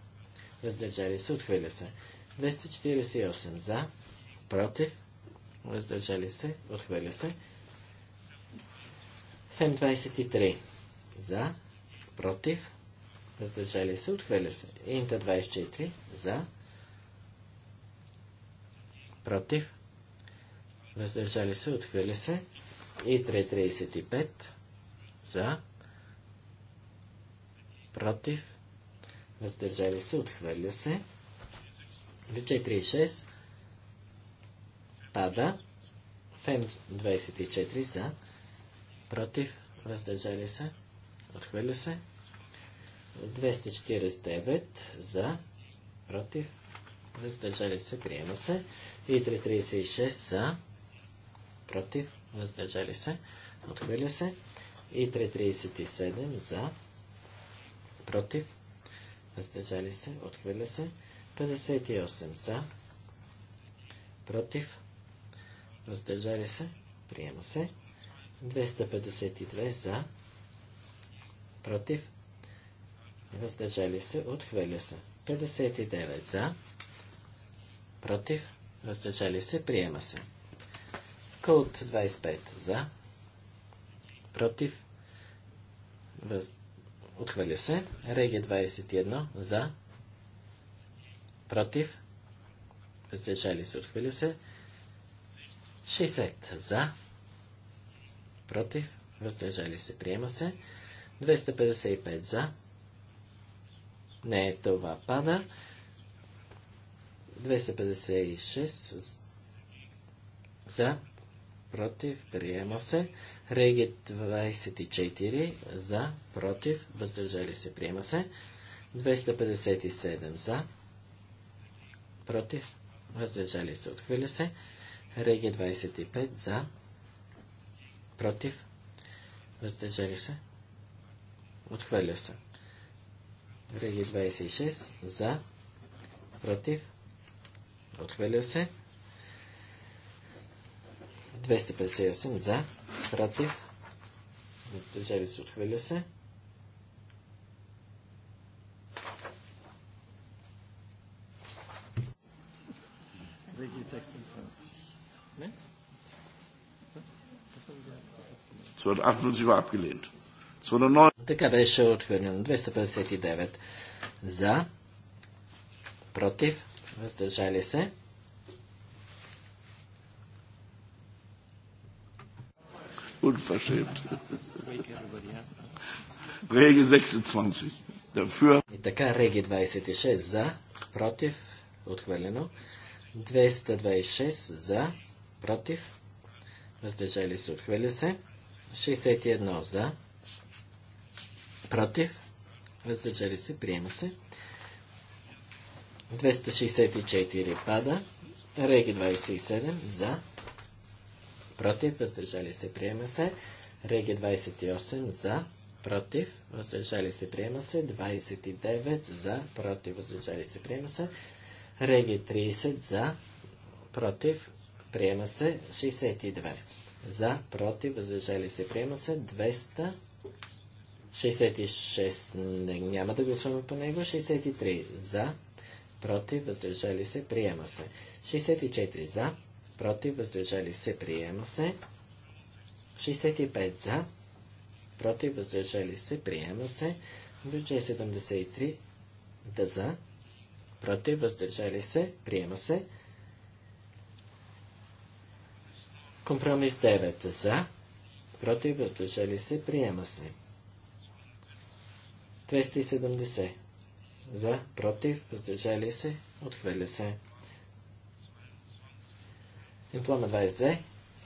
въздържали се, отхвърля се. 248 за, против, въздържали се, отхвърля се. м 23 за, против, въздържали се, отхвърля се. Инта 24 за, против, въздържали се, отхвърля се. И 335 за, против, въздържали се, отхвърля се. В 36 пада. Фен 24 за, против, въздържали се, отхвърля се. 249 за, против, въздържали се, приема се. И 336 за, против, въздържали се, отхвърля се. И 337 за, против, въздържали се, отхвърля се. 58 за, против, въздържали се, приема се. 252 за, против, въздържали се, отхвърля се. 59 за, против, въздържали се, приема се. Култ 25 за, против, въз... отхвърля се. Реги 21 за, против, въздържали се, отхвърля се. 60 за, против, въздържали се, приема се. 255 за, не, това пада. 256 за, против, приема се. Реги 24 за, против, въздържали се, приема се. 257 за, против, въздържали се, отхвърля се. Реги 25 за, против, въздържали се, отхвърля се. Рели 26 за, против, отхвърля се. 258 за, против, въздържали се, отхвърля се. Es wird 78 abgelehnt. Така беше отхвърлено. 259 за, против, въздържали се. Unverschämt. Реги 26. Dafür. И така, Реги 26 за, против, отхвърлено. 226 за, против, въздържали се, отхвърля се. 61 за, Против. Въздържали се. Приема се. 264 пада. Реги 27 за. Против. Въздържали се. Приема се. Реги 28 за. Против. Въздържали се. Приема се. 29 за. Против. Въздържали се. Приема се. Реги 30 за. Против. Приема се. 62 за. Против. Въздържали се. Приема се. 200 66 не, няма да гласуваме по него. 63 за, против, въздържали се, приема се. 64 за, против, въздържали се, приема се. 65 за, против, въздържали се, приема се. Бюджет 73 да за, против, въздържали се, приема се. Компромис 9 за, против, въздържали се, приема се. 270. За, против, въздържали се, отхвърля се. Имплама 22.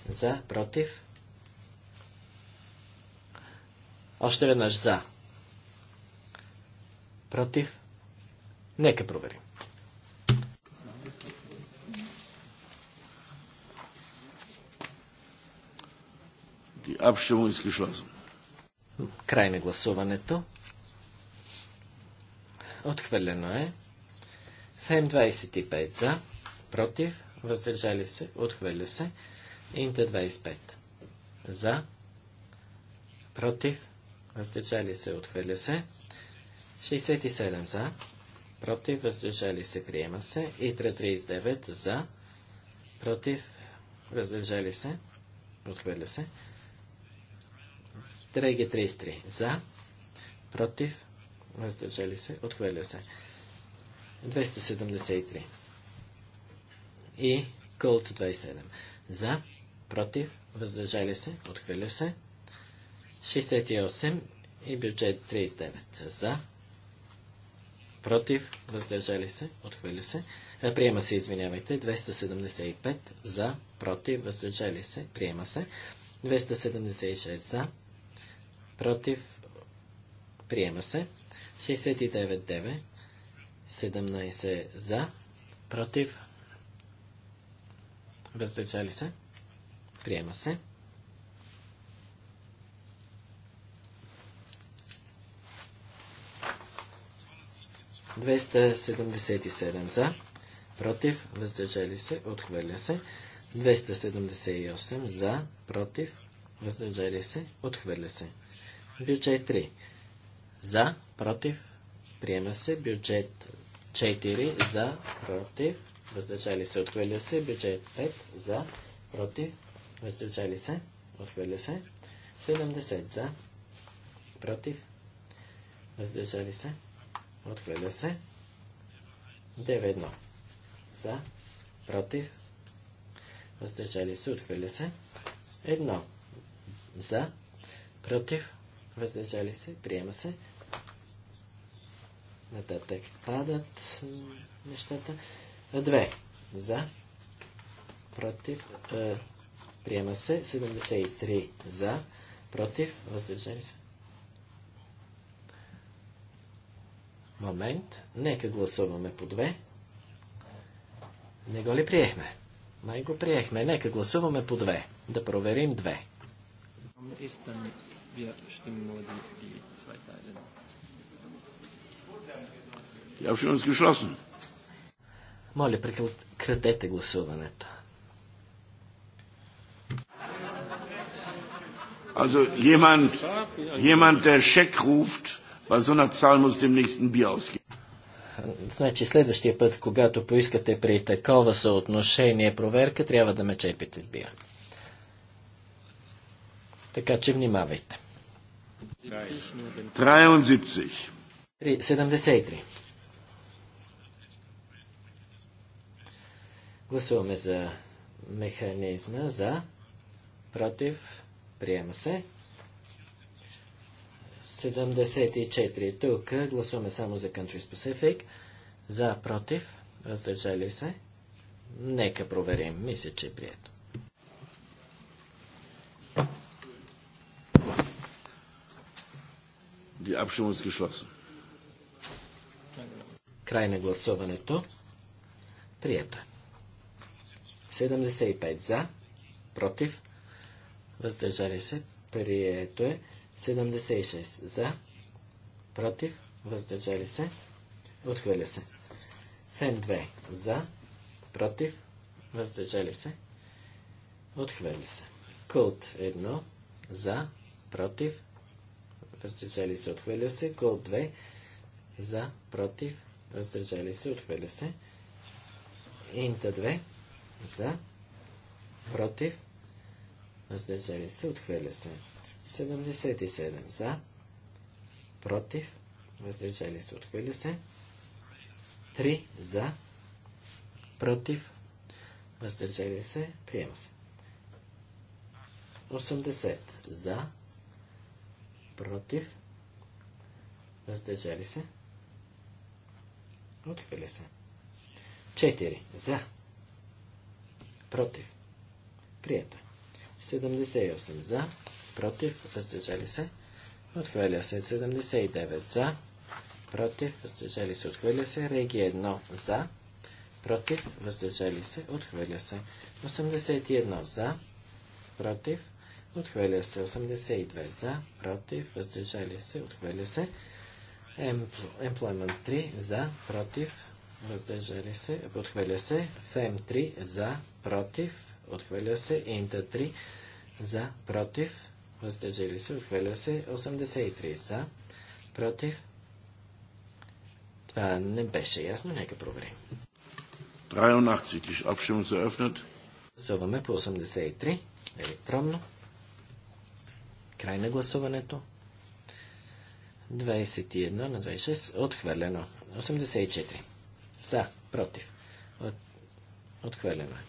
За, против. Още веднъж за. Против. Нека проверим. Край на гласуването. Отхвърлено е. Фем 25 за. Против. Въздържали се. Отхвърля се. Инта 25. За. Против. Въздържали се. Отхвърля се. 67 за. Против. Въздържали се. Приема се. Итра 39 за. Против. Въздържали се. Отхвърля се. Треги 33 за. Против въздържали се, отхвърля се. 273. И Кълт 27. За, против, въздържали се, отхвърля се. 68 и бюджет 39. За, против, въздържали се, отхвърля се. Приема се, извинявайте, 275 за, против, въздържали се, приема се. 276 за, против, приема се. 69-9, 17 за, против, въздържали се, приема се. Двеста за, против, въздържали се, отхвърля се. 278 за, против, въздържали се, отхвърля се. Бюджет 3. За, против, приема се. Бюджет 4 за, против, въздържали се, отхвърля се. Бюджет 5 за, против, въздържали се, отхвърля се. 70 за, против, въздържали се, отхвърля се. 9-1 за, против, въздържали се, отхвърля се. 1 за, против, въздържали се, приема се. Нататък падат нещата. Две. За. Против. Е, приема се. 73 за. Против. Въздържали се. Момент. Нека гласуваме по две. Не го ли приехме? Май го приехме. Нека гласуваме по две. Да проверим две. Истин, вие ще nur die, Die Abstimmung ist geschlossen. Моля, прекратете гласуването. Also jemand, jemand, der Scheck ruft, bei so einer Zahl muss dem nächsten Bier ausgehen. Значи следващия път, когато поискате при такова съотношение проверка, трябва да ме чепите с бира. Така че внимавайте. 73. 73. Гласуваме за механизма за против. Приема се. 74 тук. Гласуваме само за Country Specific. За против. Въздържали се. Нека проверим. Мисля, че е прието. Край на гласуването. Прието е. 75 за, против, въздържали се, прието е. 76 за, против, въздържали се, отхвърля се. Фен 2 за, против, въздържали се, отхвърля се. Култ 1 за, против, въздържали се, отхвърля се. Култ 2 за, против, въздържали се, отхвърля се. Инта 2 за. Против. Въздържали се. Отхвърля се. 77. За. Против. Въздържали се. Отхвърля се. 3. За. Против. Въздържали се. Приема се. 80. За. Против. Въздържали се. Отхвърля се. 4. За. Против. Прието. 78 е. за. Против. Въздържали се. Отхвърля се. 79 за. Против. Въздържали се. Отхвърля се. Реги 1 за. Против. Въздържали се. Отхвърля се. 81 за. Против. Отхвърля се 82 за, против, въздържали се, отхвърля се. Employment 3 за, против, въздържали се, отхвърля се. FEM 3 за, против, отхвърля се. Инта 3 за, против, въздържали се, отхвърля се. 83 за, против. Това не беше ясно, нека проверим. 83, die Abstimmung ist eröffnet. Гласуваме по 83 електронно. Край на гласуването. 21 на 26 отхвърлено. 84. За, против. От, отхвърлено е.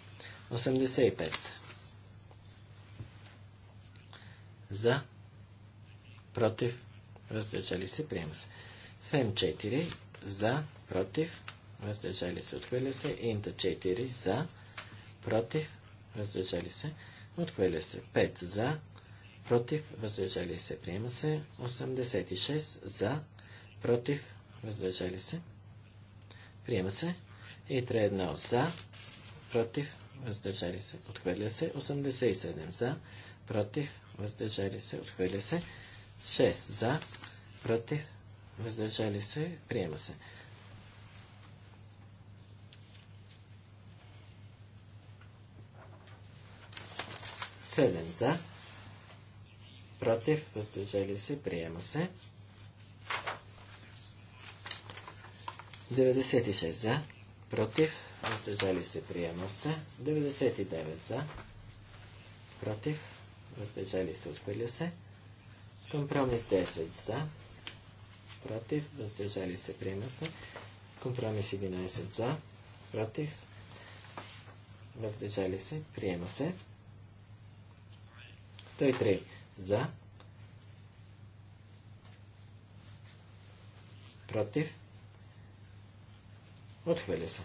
85. За. Против. Въздържали се. Приема се. Фем 4. За. Против. Въздържали се. Отхвърля се. Инта 4. За. Против. Въздържали се. Отхвърля се. 5. За. Против. Въздържали се. Приема се. 86. За. Против. Въздържали се. Приема се. И 3 1 за. Против въздържали се, отхвърля се. 87 за, против, въздържали се, отхвърля се. 6 за, против, въздържали се, приема се. Седем за, против, въздържали се, приема се. 96 за, против, въздържали се, приема се. 99 за, против, въздържали се, отхвърля се. Компромис 10 за, против, въздържали се, приема се. Компромис 11 за, против, въздържали се, приема се. 103 за, против, отхвърля се.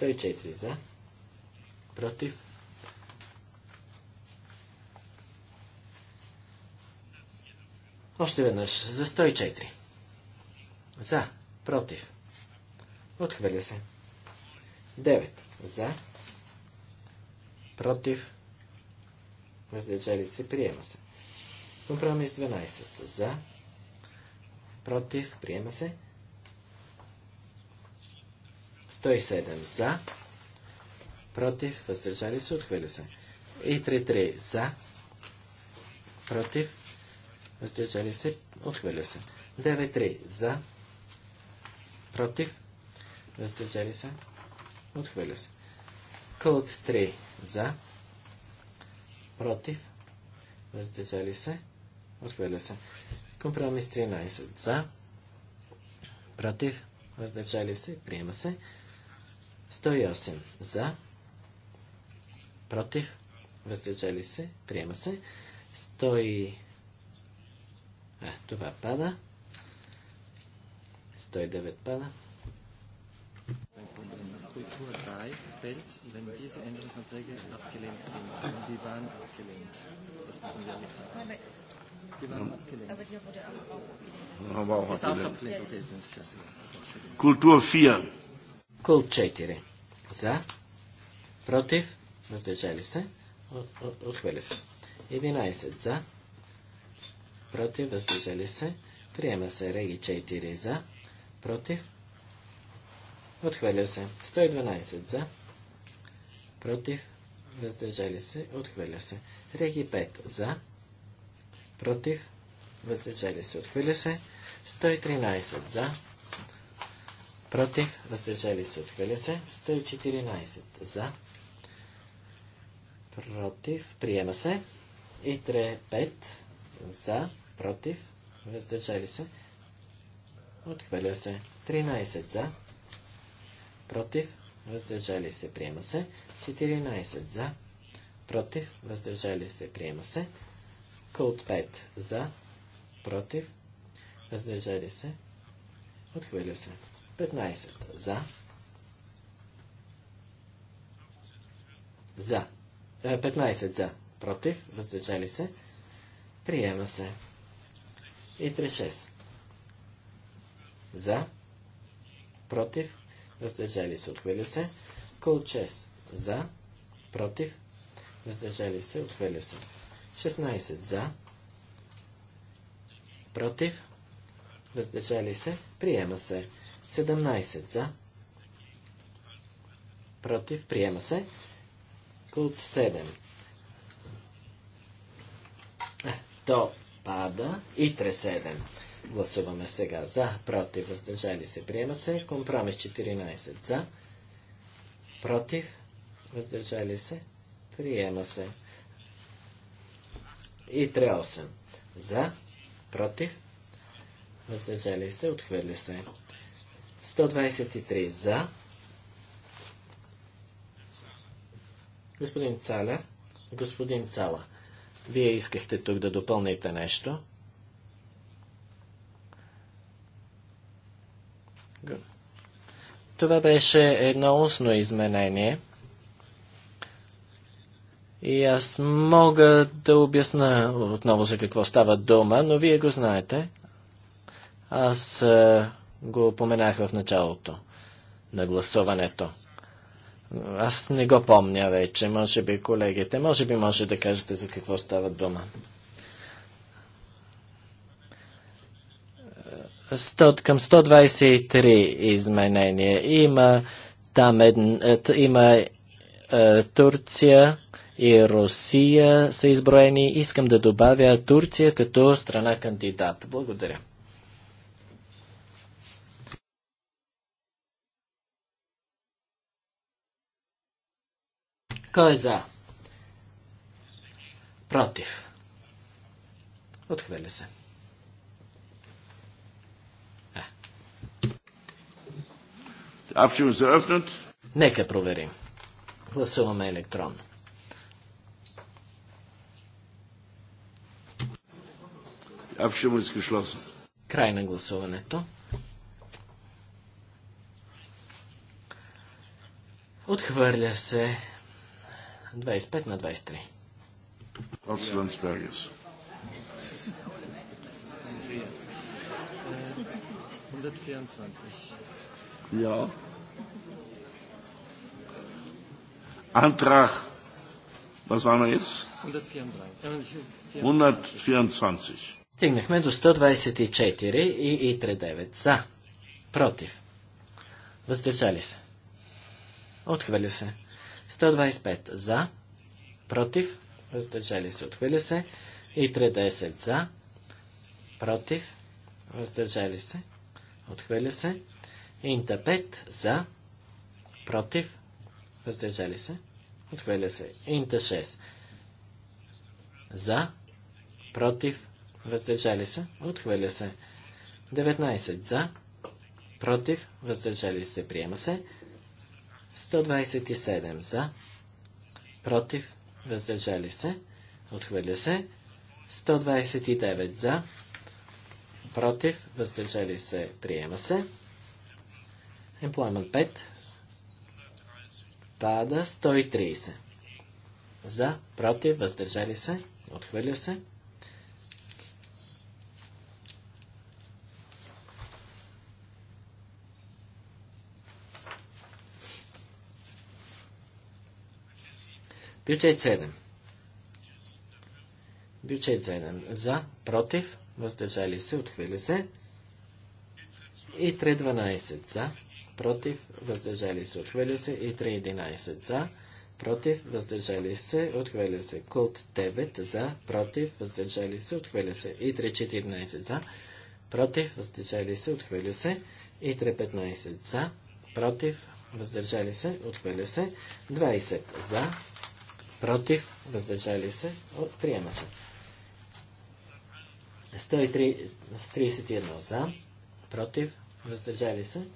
104 за. Против. Още веднъж за 104. За. Против. Отхвърля се. 9. За. Против. Въздържали се. Приема се. Компромис 12. За. Против. Приема се. 107 за, против, въздържали се, отхвърля се. И 33 за, против, въздържали се, отхвърля се. 93 за, против, въздържали се, отхвърля се. Кълт 3 за, против, въздържали се, отхвърля се. Компромис 13 за, против, въздържали се, приема се. 108 за, против, въздържали се, приема се. 100 А, това пада. 109 пада. Kultur 3 fällt, wenn diese Änderungsanträge abgelehnt sind. Und die waren abgelehnt. Das müssen wir nicht sagen. Die waren abgelehnt. Aber die wurde auch abgelehnt. Kultur 4. Кол 4. За. Против. Въздържали се. Отхвърля се. 11. За. Против. Въздържали се. Приема се. Реги 4. За. Против. Отхвърля се. 112. За. Против. Въздържали се. Отхвърля се. Реги 5. За. Против. Въздържали се. Отхвърля се. 113. За против, въздържали се, отхвърля се. 114 за, против, приема се. И 3, 5 за, против, въздържали се, отхвърля се. 13 за, против, въздържали се, приема се. 14 за, против, въздържали се, приема се. Култ 5 за, против, въздържали се, отхвърля се. 15 за. За. 15 е, за. Против. Въздържали се. Приема се. И 36. За. Против. Въздържали се. Отхвърля се. Кол 6. За. Против. Въздържали се. Отхвърля се. 16 за. Против. Въздържали се. Приема се. 17 за. Против. Приема се. Култ 7. Е, то пада. И 3 7. Гласуваме сега за. Против. Въздържали се. Приема се. Компромис 14 за. Против. Въздържали се. Приема се. И 3 8. За. Против. Въздържали се. Отхвърли се. 123 за. Господин Цаля, господин Цала, вие искахте тук да допълните нещо. Това беше едно устно изменение. И аз мога да обясна отново за какво става дума, но вие го знаете. Аз е, го поменах в началото на гласуването. Аз не го помня вече, може би колегите, може би може да кажете за какво става дума. към 123 изменения има там един, има е, Турция и Русия са изброени. Искам да добавя Турция като страна кандидат. Благодаря. Кой е за? Против. Отхвърля се. Нека проверим. Гласуваме електронно. Край на гласуването. Отхвърля се 25 на 23. От Свенсбергес. Ja. Antrag, was waren wir jetzt? 124. Стигнахме до 124 и 39. За. Против. Въздържали се. Отхвърля се. 125 за, против, въздържали се, отхвърля се. И 30 за, против, въздържали се, отхвърля се. и 5 за, против, въздържали се, отхвърля се. Инта 6 за, против, въздържали се, отхвърля се. 19 за, против, въздържали се, приема се. 127 за, против, въздържали се, отхвърля се. 129 за, против, въздържали се, приема се. Employment 5 пада 130. За, против, въздържали се, отхвърля се. Бюджет 7. Бюджет 7. За, против, въздържали се, отхвърля се. И 3.12 за, против, въздържали се, отхвърля се. И 3.11 за, против, въздържали се, отхвърля се. Култ 9 за, против, въздържали се, отхвърля се. И 3.14 за, против, въздържали се, отхвърля се. И 3.15 за, против, въздържали се, отхвърля се. 20 за, против, въздържали се, приема се. 131 за, против, въздържали се.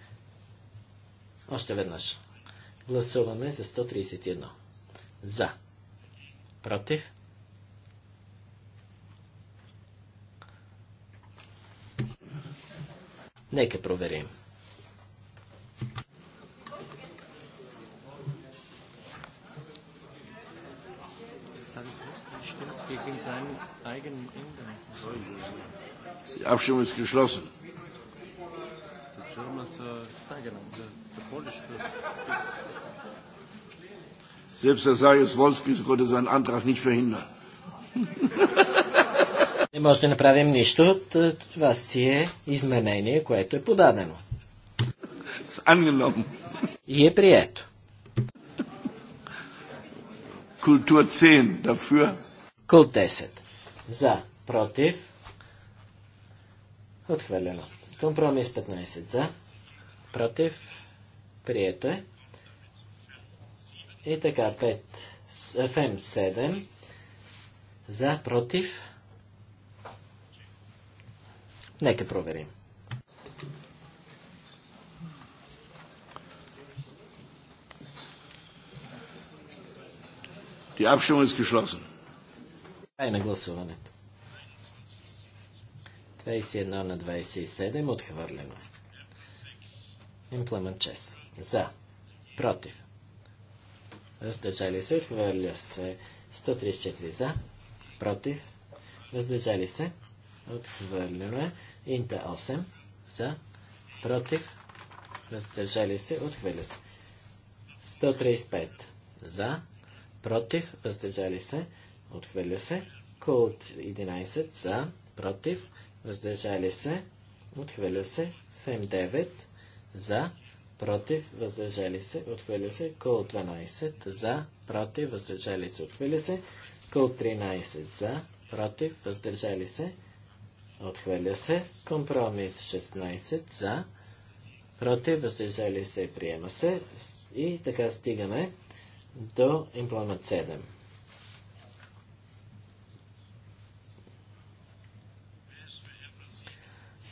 Още веднъж. Гласуваме за 131. За. Против. Нека проверим. Die Abstimmung ist geschlossen. Selbst der Sajus Wolski konnte seinen Antrag nicht verhindern. Не може да направим нищо. Това си е изменение, което е подадено. И е прието. Култура 10 дафюр. Кул 10. За. Против. Отхвърлено. Компромис 15. За. Против. Прието е. И така, 5. FM 7. За. Против. Нека проверим. Die Abstimmung ist geschlossen. Край на гласуването. 21 на 27 отхвърлено. Имплемент чес. За. Против. Въздържали се. Отхвърля се. 134 за. Против. Въздържали се. Отхвърлено е. Инта 8. За. Против. Въздържали се. Отхвърля се. 135. За. Против. Въздържали се. Отхвърля се. Култ 11 за. Против. Въздържали се. Отхвърля се. Фем 9 за. Против. Въздържали се. Отхвърля се. Култ 12 за. Против. Въздържали се. Отхвърля се. Култ 13 за. Против. Въздържали се. Отхвърля се. Компромис 16 за. Против. Въздържали се. Приема се. И така стигаме до имплант 7.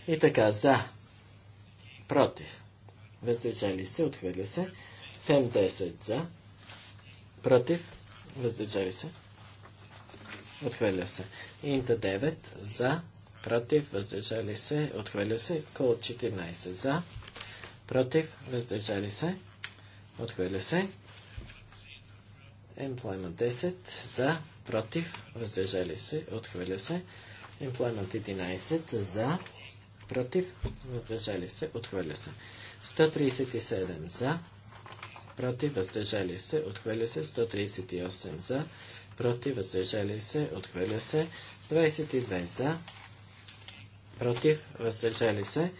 И така, за, против, въздържали се, отхвърля се. Фем 10 за, против, въздържали се, отхвърля се. Инта 9 за, против, въздържали се, отхвърля се. Кол 14 за, против, въздържали се, отхвърля се. Employment 10 за, против, въздържали се, отхвърля се. Employment 11 за, против, въздържали се, отхвърля се. 137 за, против, въздържали се, отхвърля се. 138 за, против, въздържали се, отхвърля се. 22 за, против, въздържали се,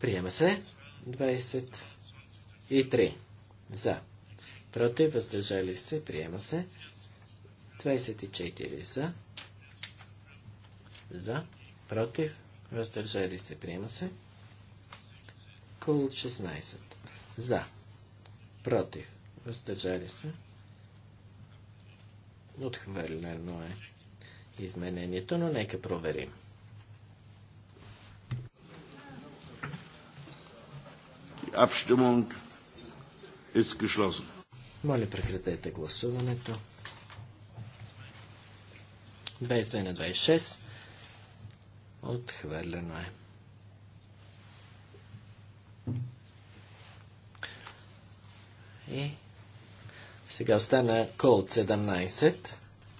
приема се. 23 за, против, въздържали се, приема се. 24 за, за, против, въздържали се, приема се. Кол 16. За, против, въздържали се. Отхвърлено е изменението, но нека проверим. Abstimmung е geschlossen. Моля, прекратете гласуването. 22 на 26. Отхвърлено е. И сега остана Колт 17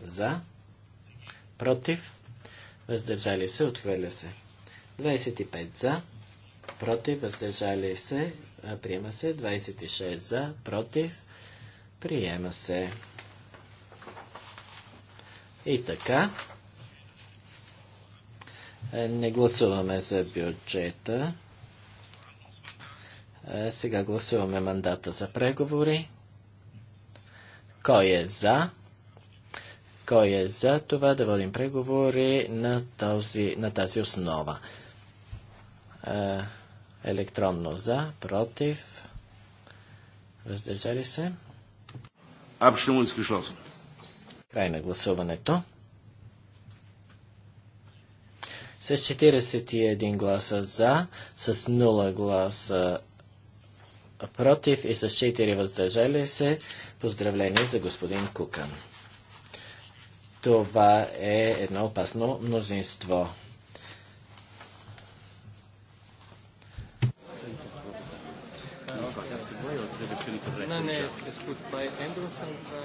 за, против, въздържали се, отхвърля се. 25 за, против, въздържали се, приема се. 26 за, против, приема се. И така. Е, не гласуваме за бюджета. Е, сега гласуваме мандата за преговори. Кой е за? Кой е за това да водим преговори на, този, на тази основа? Е, електронно за, против, въздържали се. Абшемо изкишосен. Край на гласуването. с 41 гласа за, с 0 гласа против и с 4 въздържали се. Поздравление за господин Кукан. Това е едно опасно мнозинство.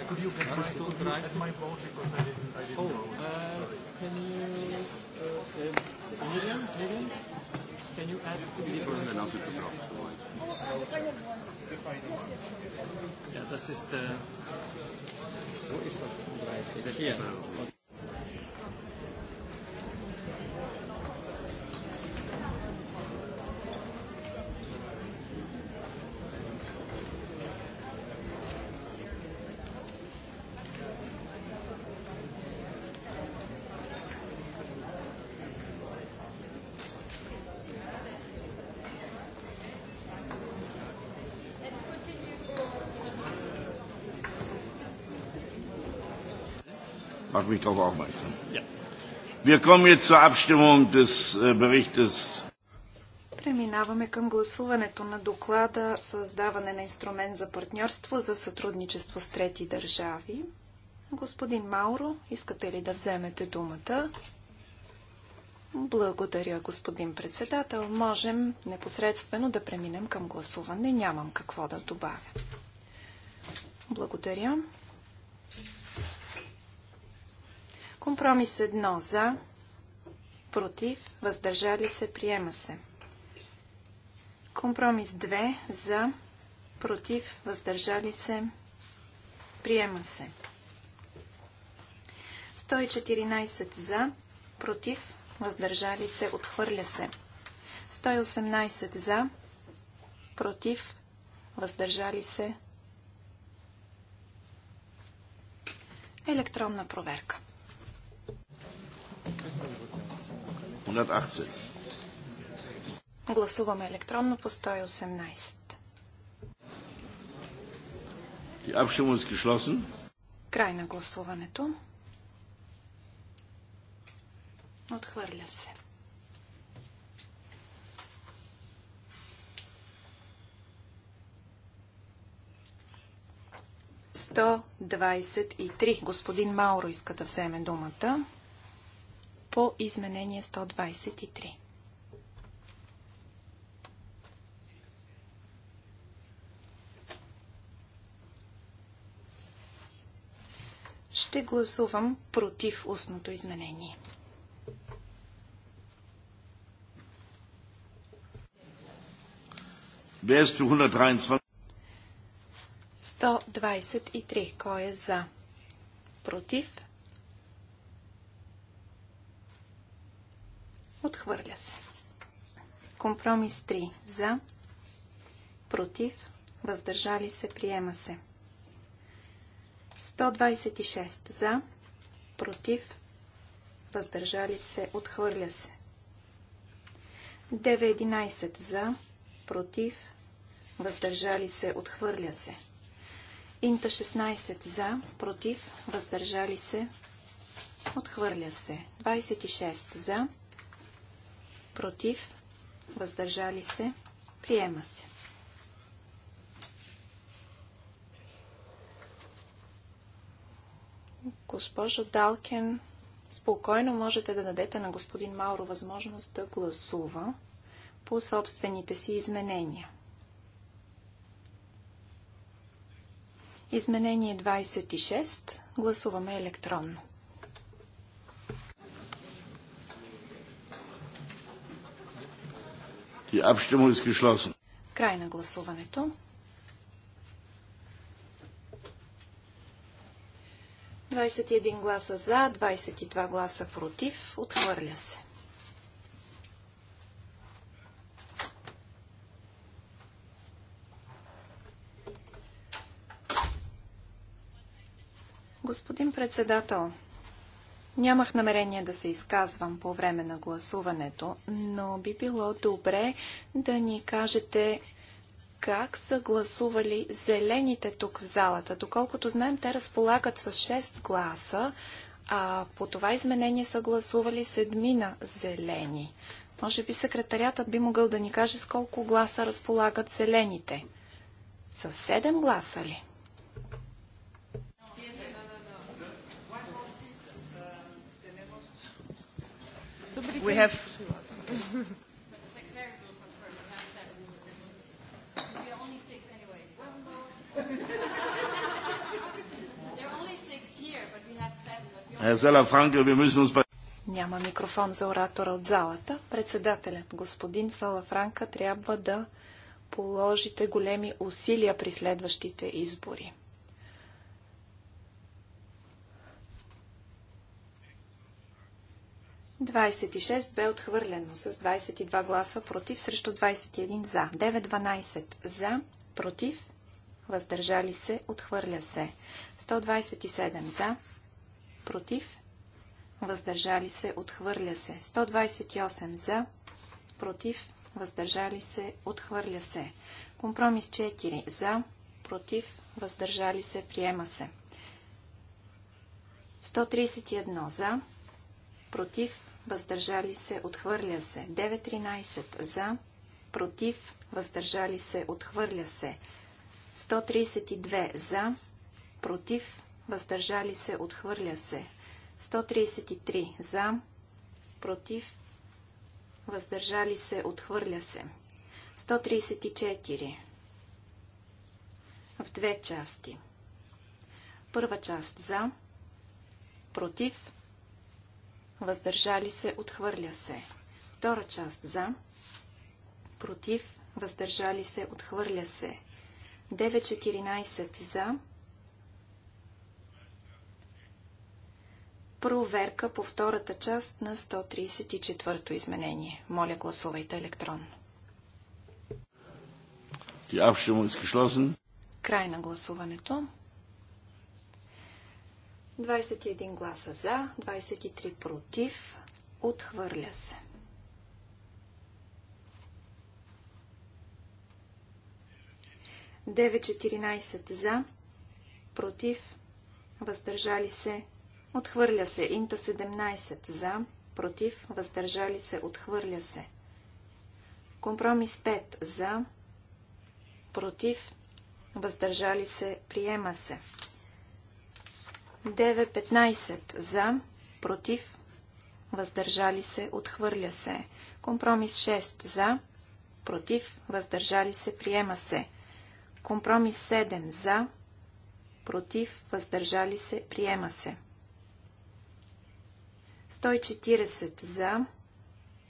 could you my vote because I didn't, I didn't oh, know. Uh, can you... Miriam, Miriam, can you add? the Ja, das ist. Wo ist das? is das hier? Mag mich darauf aufmerksam. Ja. Wir kommen jetzt zur Abstimmung des äh, Berichtes. Преминаваме към гласуването на доклада Създаване на инструмент за партньорство за сътрудничество с трети държави. Господин Мауро, искате ли да вземете думата? Благодаря, господин председател. Можем непосредствено да преминем към гласуване. Нямам какво да добавя. Благодаря. Компромис 1 за, против, въздържали се, приема се. Компромис 2 за, против, въздържали се, приема се. 114 за, против, въздържали се, отхвърля се. 118 за, против, въздържали се. Електронна проверка. 118. Гласуваме електронно по 118. Die Abstimmung ist geschlossen. Край на гласуването. Отхвърля се. Сто двадесет и три. Господин Мауро иска да вземе думата по изменение 123. Ще гласувам против устното изменение. Wer 123? 123. Кой е за? Против? Отхвърля се. Компромис 3. За. Против. Въздържали се. Приема се. 126. За. Против. Въздържали се. Отхвърля се. 9.11. За. Против. Въздържали се. Отхвърля се. Инта 16. За. Против. Въздържали се. Отхвърля се. 26. За. Против против, въздържали се, приема се. Госпожо Далкен, спокойно можете да дадете на господин Мауро възможност да гласува по собствените си изменения. Изменение 26. Гласуваме електронно. Die Abstimmung ist geschlossen. Край на гласуването. гласа за, 22 гласа против. Отхвърля се. Господин председател, Нямах намерение да се изказвам по време на гласуването, но би било добре да ни кажете как са гласували зелените тук в залата. Доколкото знаем, те разполагат с 6 гласа, а по това изменение са гласували седмина зелени. Може би секретарятът би могъл да ни каже с колко гласа разполагат зелените. С 7 гласа ли? we have. Herr wir müssen uns bei няма микрофон за оратора от залата. Председателят, господин Салафранка, трябва да положите големи усилия при следващите избори. 26 бе отхвърлено с 22 гласа против срещу 21 за. 9-12 за, против, въздържали се, отхвърля се. 127 за, против, въздържали се, отхвърля се. 128 за, против, въздържали се, отхвърля се. Компромис 4 за, против, въздържали се, приема се. 131 за, против, въздържали се, отхвърля се. 9.13 за, против, въздържали се, отхвърля се. 132 за, против, въздържали се, отхвърля се. 133 за, против, въздържали се, отхвърля се. 134 в две части. Първа част за, против, въздържали се, отхвърля се. Втора част за, против, въздържали се, отхвърля се. 9.14 за. Проверка по втората част на 134-то изменение. Моля, гласувайте електронно. Край на гласуването. 21 гласа за, 23 против. Отхвърля се. Девет 14 за, против, въздържали се, отхвърля се. Инта 17 за, против, въздържали се, отхвърля се. Компромис 5 за, против, въздържали се, приема се. 9.15 за, против, въздържали се, отхвърля се. Компромис 6 за, против, въздържали се, приема се. Компромис 7 за, против, въздържали се, приема се. 140 за,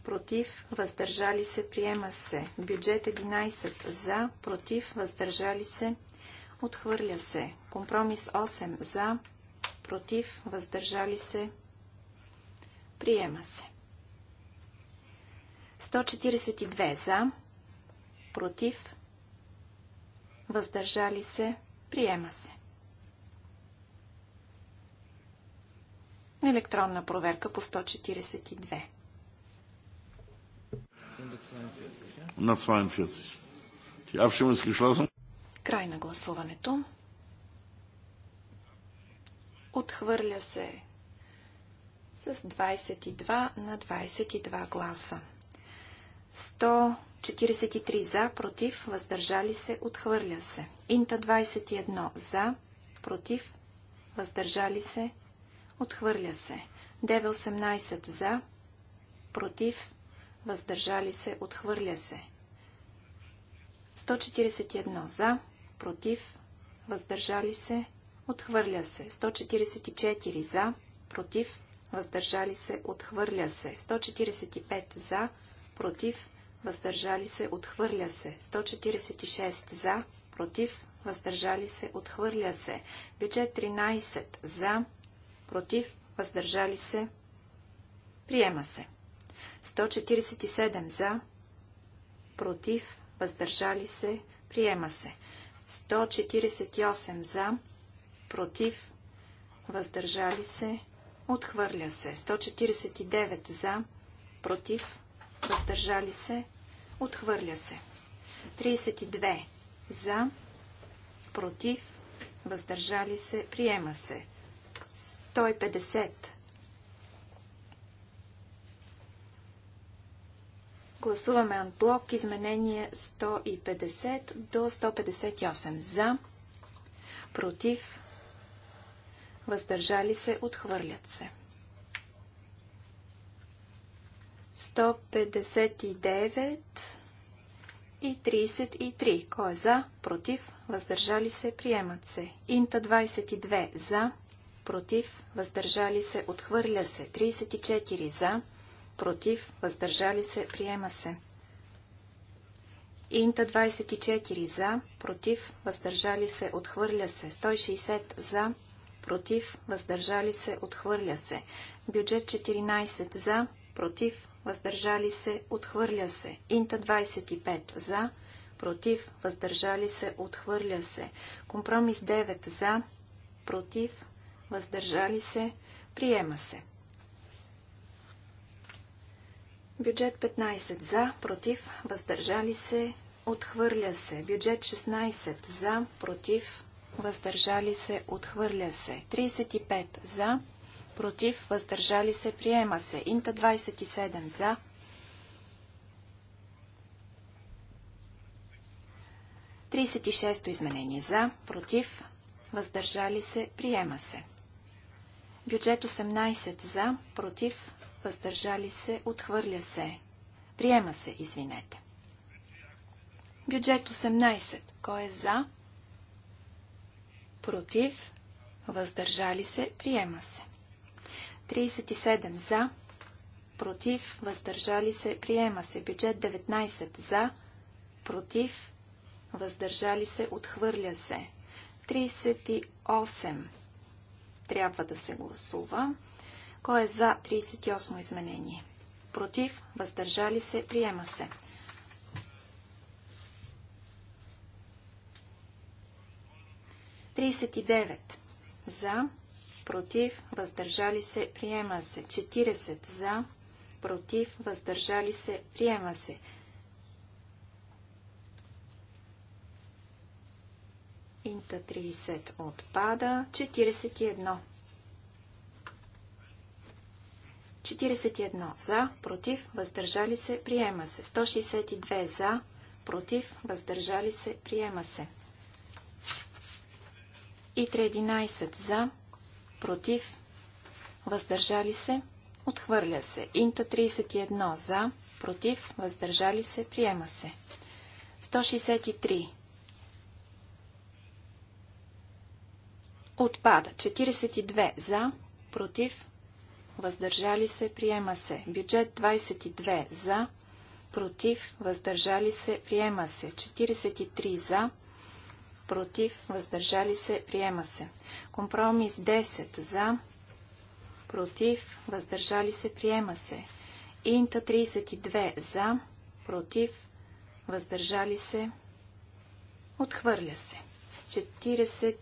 против, въздържали се, приема се. Бюджет 11 за, против, въздържали се, отхвърля се. Компромис 8 за, против, против, въздържали се, приема се. 142 за, против, въздържали се, приема се. Електронна проверка по 142. На 42. Край на гласуването. Отхвърля се с 22 на 22 гласа. 143 за, против, въздържали се, отхвърля се. Инта 21 за, против, въздържали се, отхвърля се. 918 за, против, въздържали се, отхвърля се. 141 за, против, въздържали се, Отхвърля се. 144 за, против, въздържали се, отхвърля се. 145 за, против, въздържали се, отхвърля се. 146 за, против, въздържали се, отхвърля се. Бюджет 13 за, против, въздържали се, приема се. 147 за, против, въздържали се, приема се. 148 за, против, въздържали се, отхвърля се. 149 за, против, въздържали се, отхвърля се. 32 за, против, въздържали се, приема се. 150 Гласуваме анблок изменение 150 до 158 за, против, въздържали се, отхвърлят се. 159 и 33. Кой е за? Против? Въздържали се? Приемат се. Инта 22. За? Против? Въздържали се? Отхвърля се. 34. За? Против? Въздържали се? Приема се. Инта 24. За? Против? Въздържали се? Отхвърля се. 160. За? против, въздържали се, отхвърля се. Бюджет 14 за, против, въздържали се, отхвърля се. Инта 25 за, против, въздържали се, отхвърля се. Компромис 9 за, против, въздържали се, приема се. Бюджет 15 за, против, въздържали се, отхвърля се. Бюджет 16 за, против, въздържали се, отхвърля се. 35 за, против, въздържали се, приема се. Инта 27 за. Тридесет и шесто изменение за, против, въздържали се, приема се. Бюджет 18 за, против, въздържали се, отхвърля се. Приема се, извинете. Бюджет 18. Кой е за? против, въздържали се, приема се. 37 за, против, въздържали се, приема се. Бюджет 19 за, против, въздържали се, отхвърля се. 38 трябва да се гласува. Кой е за 38 изменение? Против, въздържали се, приема се. 39 за, против, въздържали се, приема се. 40 за, против, въздържали се, приема се. Инта 30 отпада. 41. 41 за, против, въздържали се, приема се. 162 за, против, въздържали се, приема се. И 13 за, против, въздържали се, отхвърля се. Инта 31 за, против, въздържали се, приема се. 163 отпада. 42 за, против, въздържали се, приема се. Бюджет 22 за, против, въздържали се, приема се. 43 за, против, въздържали се, приема се. Компромис 10 за, против, въздържали се, приема се. Инта 32 за, против, въздържали се, отхвърля се. 40,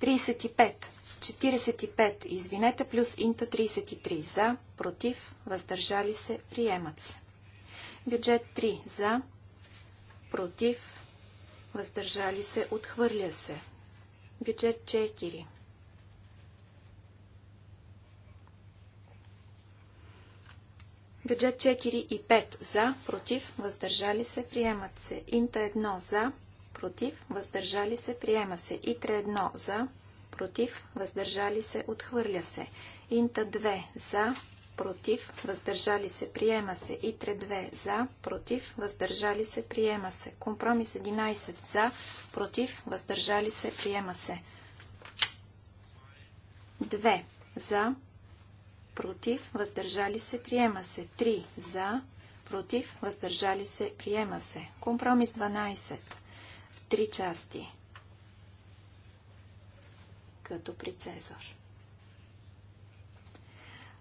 35, 45, извинете, плюс Инта 33 за, против, въздържали се, приемат се. Бюджет 3 за, против, въздържали се, отхвърля се. Бюджет 4. Бюджет 4 и 5 за, против, въздържали се, приемат се. Инта 1 за, против, въздържали се, приема се. Итре 1 за, против, въздържали се, отхвърля се. Инта 2 за, против, въздържали се, приема се. И 3-2 за, против, въздържали се, приема се. Компромис 11 за, против, въздържали се, приема се. 2 за, против, въздържали се, приема се. 3 за, против, въздържали се, приема се. Компромис 12 в три части. Като при Цезар.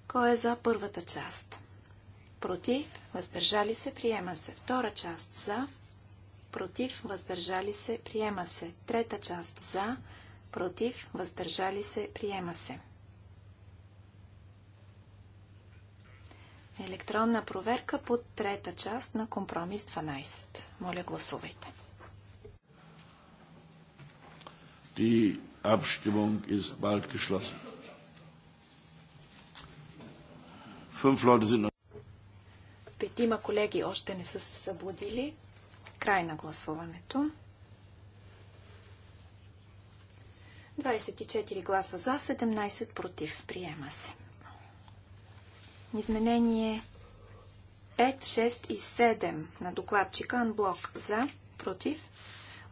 Кой е за първата част? Против, въздържали се, приема се. Втора част за, против, въздържали се, приема се. Трета част за, против, въздържали се, приема се. Електронна проверка под трета част на компромис 12. Моля, гласувайте. Die Abstimmung ist bald geschlossen. Fünf Leute sind noch. Петима колеги още не са се събудили. Край на гласуването. 24 гласа за, 17 против. Приема се. Изменение 5, 6 и 7 на докладчика Анблок за, против,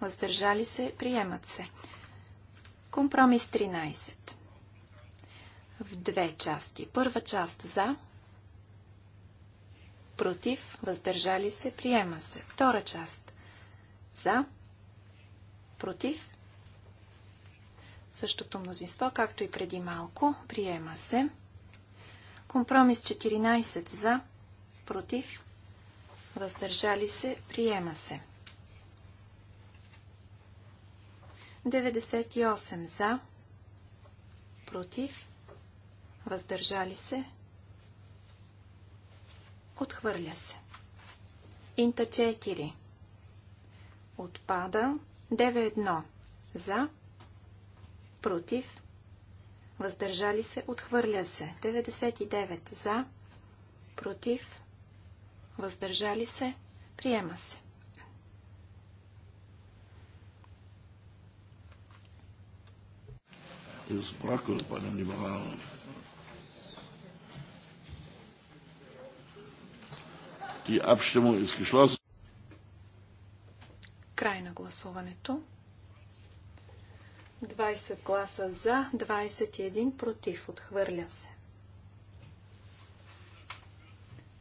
въздържали се, приемат се. Компромис 13. В две части. Първа част за, против, въздържали се, приема се. Втора част. За, против, същото мнозинство, както и преди малко, приема се. Компромис 14 за, против, въздържали се, приема се. 98 за, против, въздържали се, Отхвърля се. Инта 4. Отпада. 9-1. За. Против. Въздържали се. Отхвърля се. 99. За. Против. Въздържали се. Приема се. Ist от пане Die Abstimmung ist geschlossen. Край на гласуването. 20 гласа за, 21 против. Отхвърля се.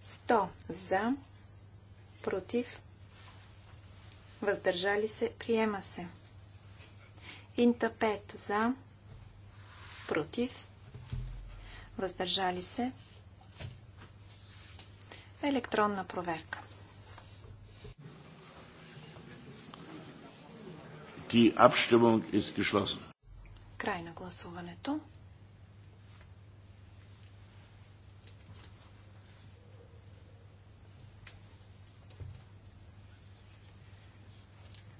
100 за, против, въздържали се, приема се. Инта 5 за, против, въздържали се, Електронна проверка. Die Abstimmung ist geschlossen. Край на гласуването.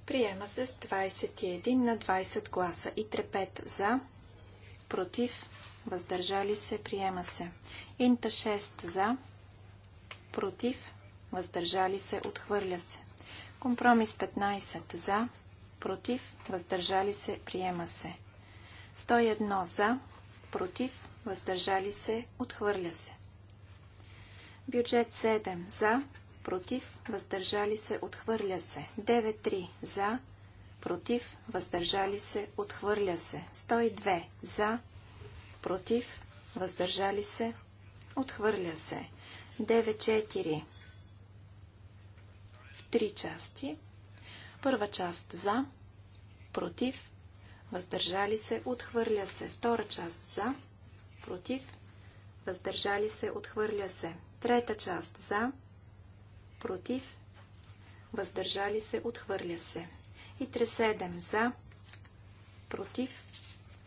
Приема се с 21 на 20 гласа и трепет за, против, въздържали се, приема се. Инта 6 за, против, въздържали се, отхвърля се. Компромис 15 за, против, въздържали се, приема се. 101 за, против, въздържали се, отхвърля се. Бюджет 7 за, против, въздържали се, отхвърля се. 9-3 за, против, въздържали се, отхвърля се. 102 за, против, въздържали се, отхвърля се. 9-4 в три части. Първа част за, против, въздържали се, отхвърля се. Втора част за, против, въздържали се, отхвърля се. Трета част за, против, въздържали се, отхвърля се. И 3-7 за, против,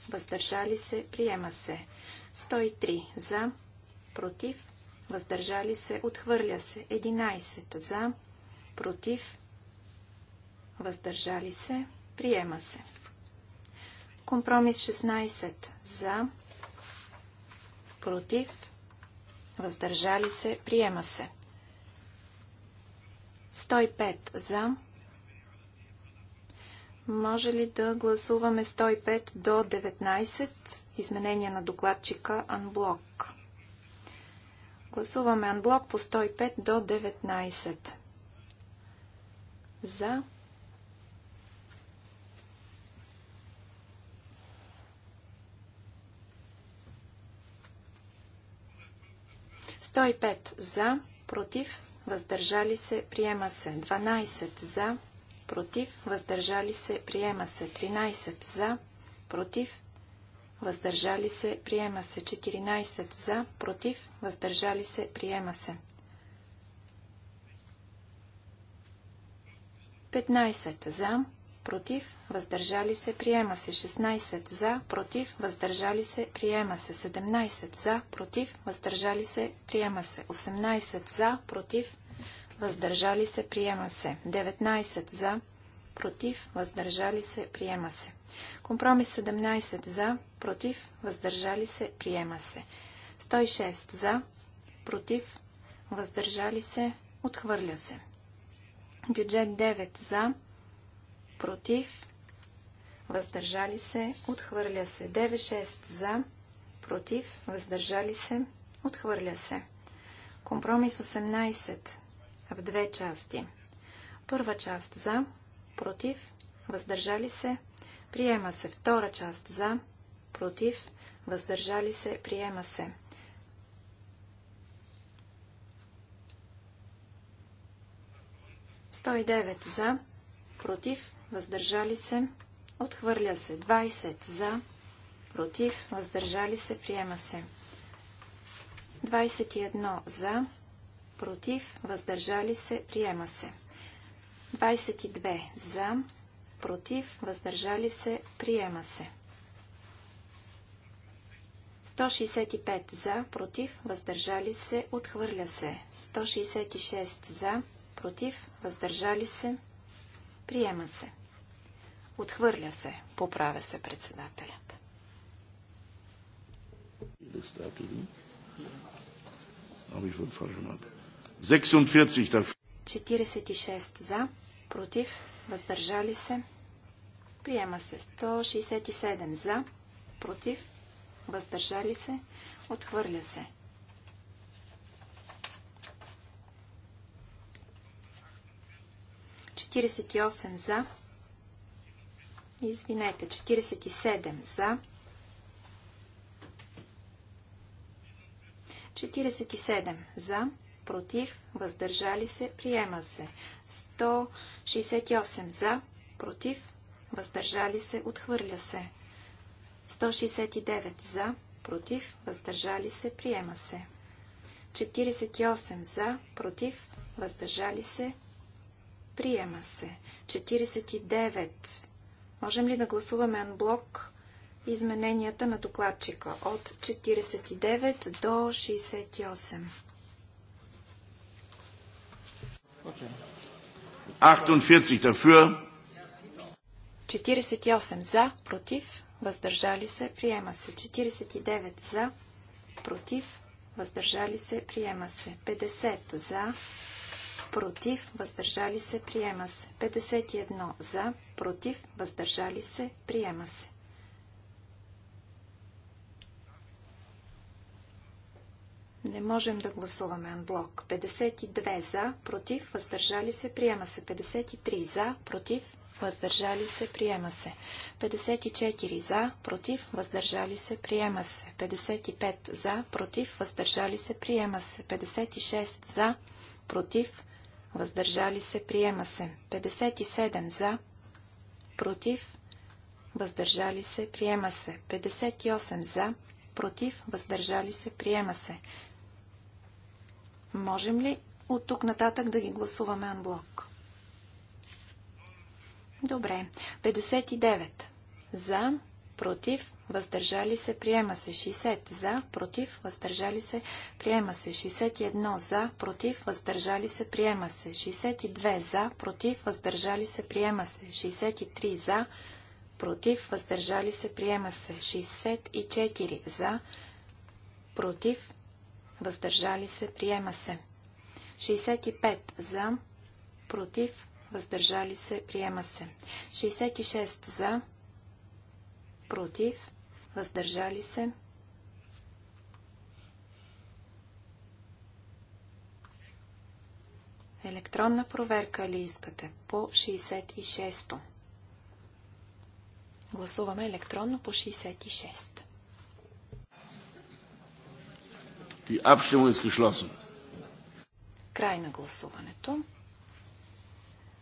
въздържали се, приема се. 103 за, против, въздържали се, отхвърля се. 11 за, против, въздържали се, приема се. Компромис 16 за, против, въздържали се, приема се. 105 за. Може ли да гласуваме 105 до 19 изменения на докладчика Анблок? Гласуваме анблок по 105 до 19. За. Той пет за, против, въздържали се, приема се. 12 за, против, въздържали се, приема се. 13 за, против, въздържали се, приема се. 14 за, против, въздържали се, приема се. 15 за, против, въздържали се, приема се. 16 за, против, въздържали се, приема се. 17 за, против, въздържали се, приема се. 18 за, против, въздържали се, приема се. 19 за, против, въздържали се, приема се. Компромис 17 за, против, въздържали се, приема се. 106 за, против, въздържали се, отхвърля се. Бюджет 9 за, против, въздържали се, отхвърля се. 9-6 за, против, въздържали се, отхвърля се. Компромис 18 в две части. Първа част за, против, въздържали се, приема се. Втора част за, против, въздържали се, приема се. Сто девет за, против, въздържали се, отхвърля се. 20 за, против, въздържали се, приема се. 21 за, против, въздържали се, приема се. 22 за, против, въздържали се, приема се. 165 за, против, въздържали се, отхвърля се. 166 за, против, въздържали се, приема се. Отхвърля се, поправя се председателят. Habe ich 46 46 за, против, въздържали се. Приема се 167 за, против, въздържали се, отхвърля се. за. Извинете, 47 за. 47 за против, въздържали се, приема се. 168 за, против, въздържали се, отхвърля се. 169 за, против, въздържали се, приема се. 48 за, против, въздържали се, приема се. 49. Можем ли да гласуваме анблок измененията на докладчика от 49 до 68? 48 dafür. 48 за, против, въздържали се, приема се. 49 за, против, въздържали се, приема се. 50 за, против, въздържали се, приема се. 51 за, против, въздържали се, приема се. Не можем да гласуваме анблок. 52 за, против, въздържали се, приема се. 53 за, против, въздържали се, приема се. 54 за, против, въздържали се, приема се. 55 за, против, въздържали се, приема се. 56 за, против, въздържали се, приема се. 57 за, против, въздържали се, приема се. 58 за, против, въздържали се, приема се. Можем ли от тук нататък да ги гласуваме анблок? Добре. 59. За, против, въздържали се, приема се 60 за, против, въздържали се, приема се 61 за, против, въздържали се, приема се 62 за, против, въздържали се, приема се 63 за, против, въздържали се, приема се 64 за, против, въздържали се, приема се. 65 за, против, въздържали се, приема се. 66 за, против, въздържали се. Електронна проверка ли искате по 66-то? Гласуваме електронно по 66. Die Abstimmung ist geschlossen. Край на гласуването.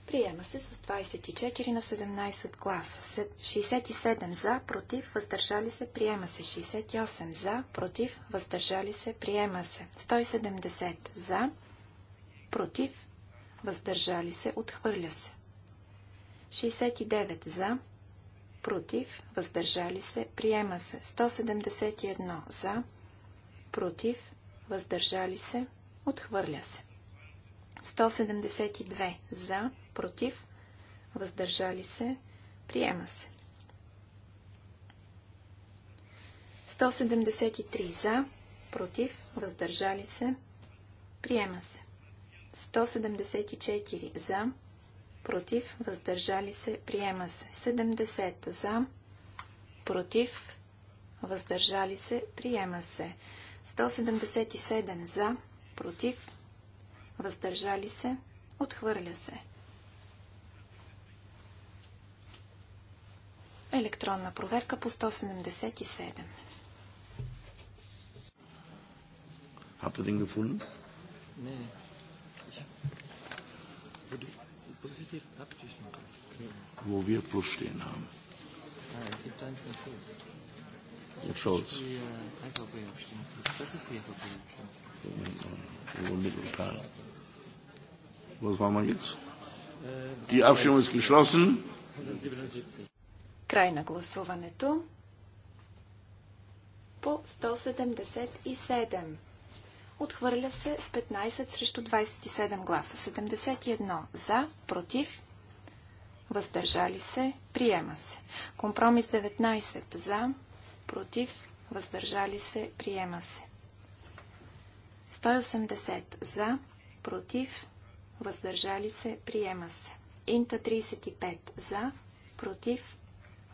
Приема се с 24 на 17 гласа. 67 за, против, въздържали се, приема се. 68 за, против, въздържали се, приема се. 170 за, против, въздържали се, отхвърля се. 69 за, против, въздържали се, приема се. 171 за, против, въздържали се, отхвърля се. 172 за, против, въздържали се, приема се. 173 за, против, въздържали се, приема се. 174 за, против, въздържали се, приема се. 70 за, против, въздържали се, приема се. 177 за, против, въздържали се, отхвърля се. Електронна проверка по 177. Хабте ден гефулен? Не, не. Wo wir verstehen haben. Ja, ah, Was war man jetzt? Die Abstimmung ist geschlossen. Край на гласуването по 177. Отхвърля се с 15 срещу 27 гласа. 71 за, против, въздържали се, приема се. Компромис 19 за, против, въздържали се, приема се. 180 за, против, въздържали се, приема се. Инта 35 за, против,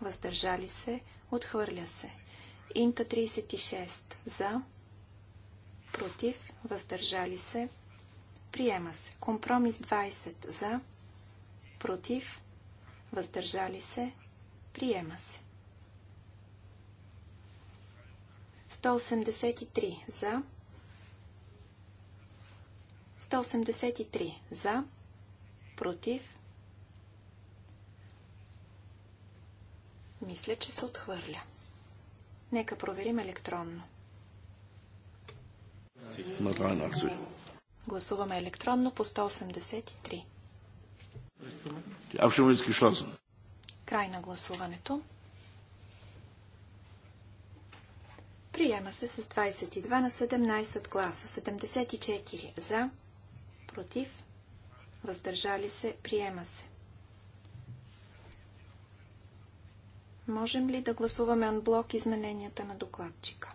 въздържали се, отхвърля се. Инта 36 за, против, въздържали се, приема се. Компромис 20 за, против, въздържали се, приема се. 183 за. 183 за. Против. Мисля, че се отхвърля. Нека проверим електронно. Гласуваме електронно по 183. Край на гласуването. Приема се с 22 на 17 гласа. 74 за, против, въздържали се, приема се. Можем ли да гласуваме анблок измененията на докладчика?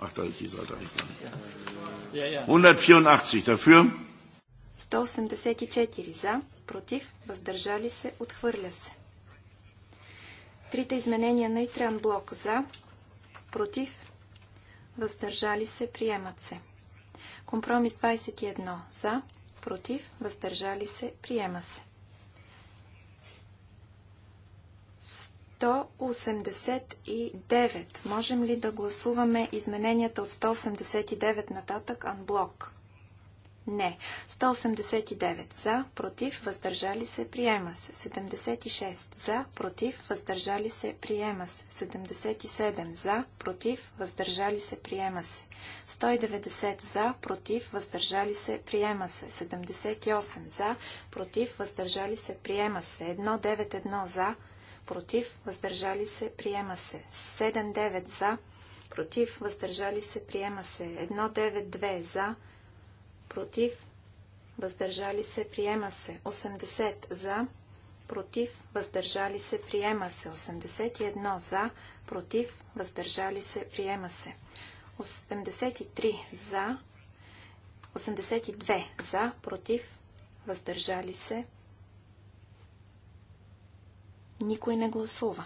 Ach, da 184 184 за, против, въздържали се, отхвърля се. Трите изменения на итриан блок за, против, въздържали се, приемат се. Компромис 21 за, против, въздържали се, приема се. 189. Можем ли да гласуваме измененията от 189 нататък анблок? Не. 189 за, против, въздържали се, приема се. 76 за, против, въздържали се, приема се. 77 за, против, въздържали се, приема се. 190 за, против, въздържали се, приема се. 78 за, против, въздържали се, приема се. 191 за, против, въздържали се, приема се. 79 за, против, въздържали се, приема се. 192 за, против, против, въздържали се, приема се. 80 за, против, въздържали се, приема се. 81 за, против, въздържали се, приема се. 83 за, 82 за, против, въздържали се. Никой не гласува.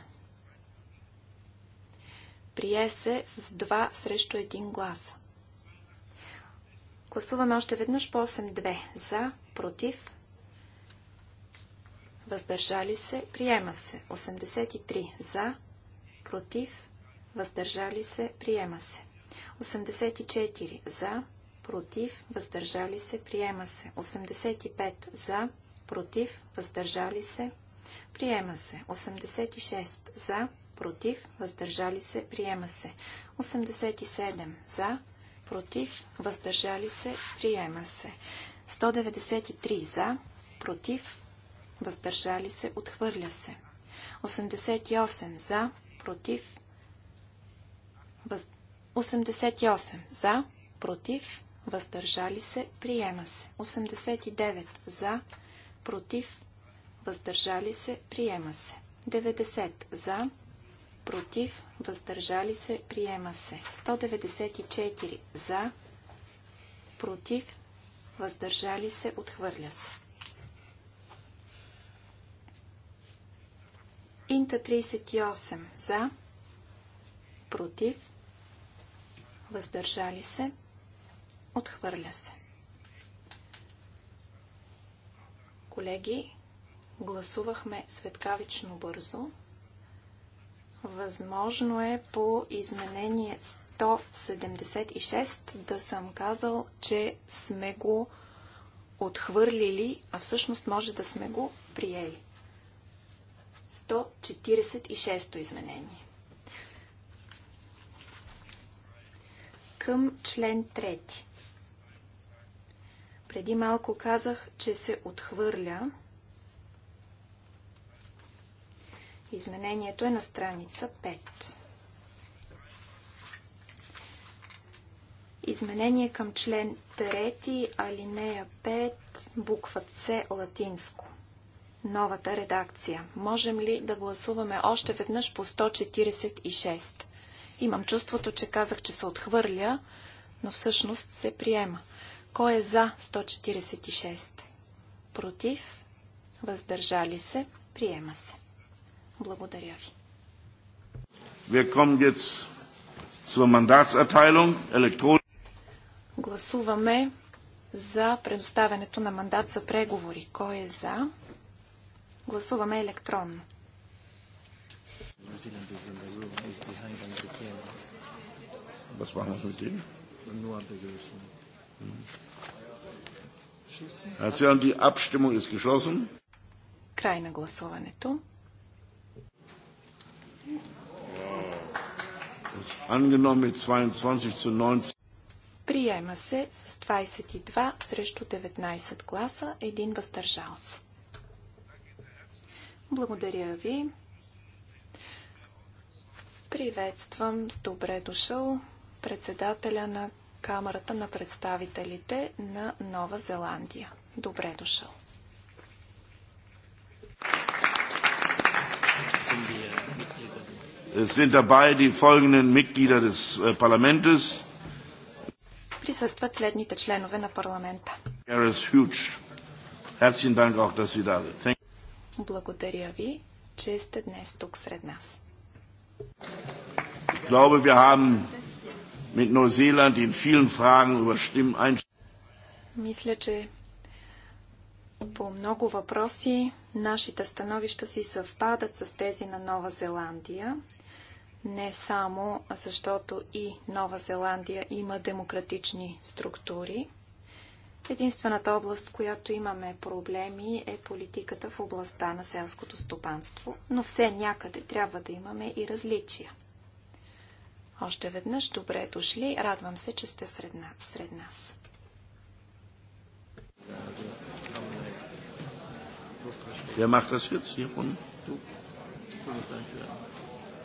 Прие се с 2 срещу 1 гласа. Гласуваме още веднъж по 8-2. За, против, въздържали се, приема се. 83. За, против, въздържали се, приема се. 84. За, против, въздържали се, приема се. 85. За, против, въздържали се, приема се. 86. За, против, въздържали се, приема се. 87. За, против, въздържали се, приема се. 193 за, против, въздържали се, отхвърля се. 88 за, против, въз... 88 за, против, въздържали се, приема се. 89 за, против, въздържали се, приема се. 90 за, против, въздържали се, приема се. 194 за, против, въздържали се, отхвърля се. Инта 38 за, против, въздържали се, отхвърля се. Колеги, гласувахме светкавично бързо. Възможно е по изменение 176 да съм казал, че сме го отхвърлили, а всъщност може да сме го приели. 146 изменение. Към член 3. Преди малко казах, че се отхвърля. Изменението е на страница 5. Изменение към член 3, алинея 5, буква С латинско. Новата редакция. Можем ли да гласуваме още веднъж по 146? Имам чувството, че казах, че се отхвърля, но всъщност се приема. Кой е за 146? Против? Въздържали се? Приема се. Благодаря ви. Гласуваме за предоставянето на мандат за преговори. Кой е за? Гласуваме електронно. Край на гласуването. Приема се с 22 срещу 19 гласа, един въздържал се. Благодаря ви. Приветствам с добре дошъл председателя на Камерата на представителите на Нова Зеландия. Добре дошъл. Симбия. Es sind dabei die folgenden Mitglieder des äh, Parlaments. Присъстват следните членове на парламента. Благодаря ви, че сте днес тук сред нас. Glaube, wir haben mit Neuseeland in vielen Fragen überstimmen. Мисля, че по много въпроси нашите становища си съвпадат с тези на Нова Зеландия не само защото и Нова Зеландия има демократични структури. Единствената област, която имаме проблеми е политиката в областта на селското стопанство, но все някъде трябва да имаме и различия. Още веднъж добре дошли, радвам се, че сте сред нас. Сред нас. Wer macht das jetzt hier von du?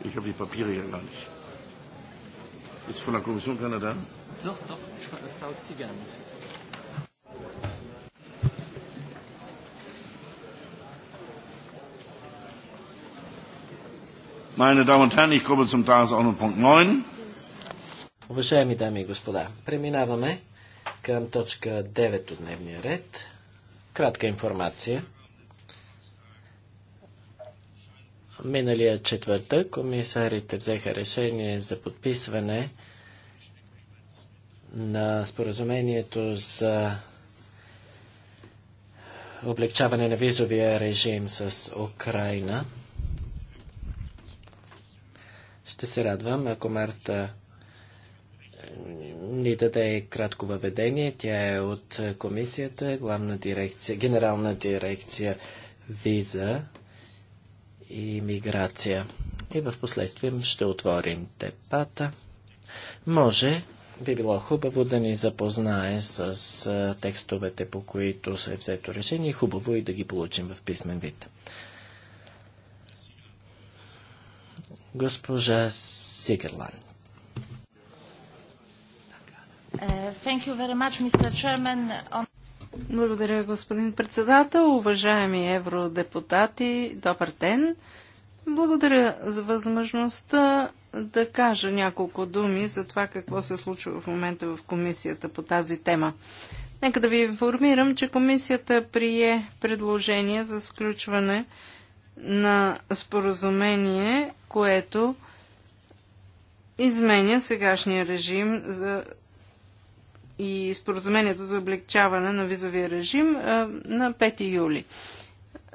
Ich habe die Papiere hier gar nicht. Ist von der Kommission keiner da? Doch, doch, Frau Zigan. Meine Damen und Herren, ich komme zum Tagesordnungspunkt 9. Уважаеми дами и господа, преминаваме към точка 9 от дневния ред. Кратка информация Миналия четвъртък комисарите взеха решение за подписване на споразумението за облегчаване на визовия режим с Украина. Ще се радвам, ако Марта ни даде кратко въведение. Тя е от комисията, главна дирекция, генерална дирекция виза и миграция. И в последствие ще отворим депата. Може, би било хубаво да ни запознае с текстовете, по които се е взето решение. Хубаво и е да ги получим в писмен вид. Госпожа Сигерланд. Uh, much, On... Благодаря, господин председател. Уважаеми евродепутати, добър ден. Благодаря за възможността да кажа няколко думи за това какво се случва в момента в комисията по тази тема. Нека да ви информирам, че комисията прие предложение за сключване на споразумение, което изменя сегашния режим за и споразумението за облегчаване на визовия режим на 5 юли.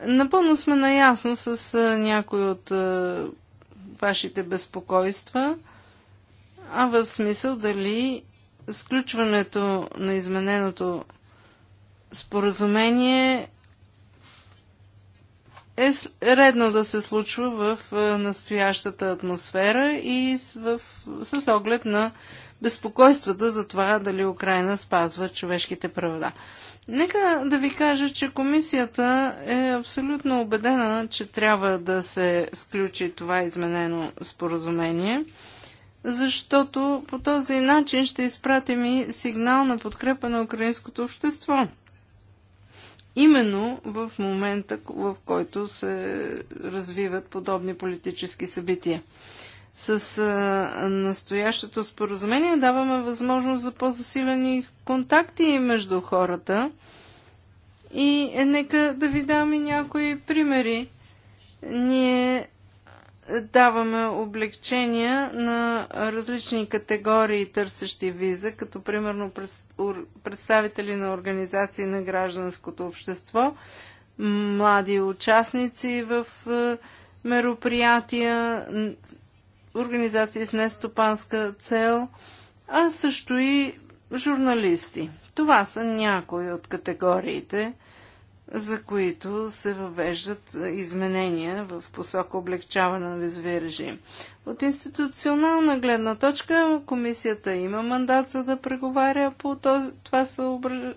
Напълно сме наясно с някои от вашите безпокойства, а в смисъл дали сключването на измененото споразумение е редно да се случва в настоящата атмосфера и в, с оглед на безпокойствата за това дали Украина спазва човешките права. Нека да ви кажа, че комисията е абсолютно убедена, че трябва да се сключи това изменено споразумение, защото по този начин ще изпратим и сигнал на подкрепа на украинското общество. Именно в момента, в който се развиват подобни политически събития. С а, настоящото споразумение даваме възможност за по-засилени контакти между хората. И е, нека да ви дам и някои примери. Ние даваме облегчения на различни категории търсещи виза, като примерно представители на организации на гражданското общество, млади участници в мероприятия, организации с нестопанска цел, а също и журналисти. Това са някои от категориите, за които се въвеждат изменения в посока облегчаване на визови режим. От институционална гледна точка комисията има мандат за да преговаря по този, това съобр...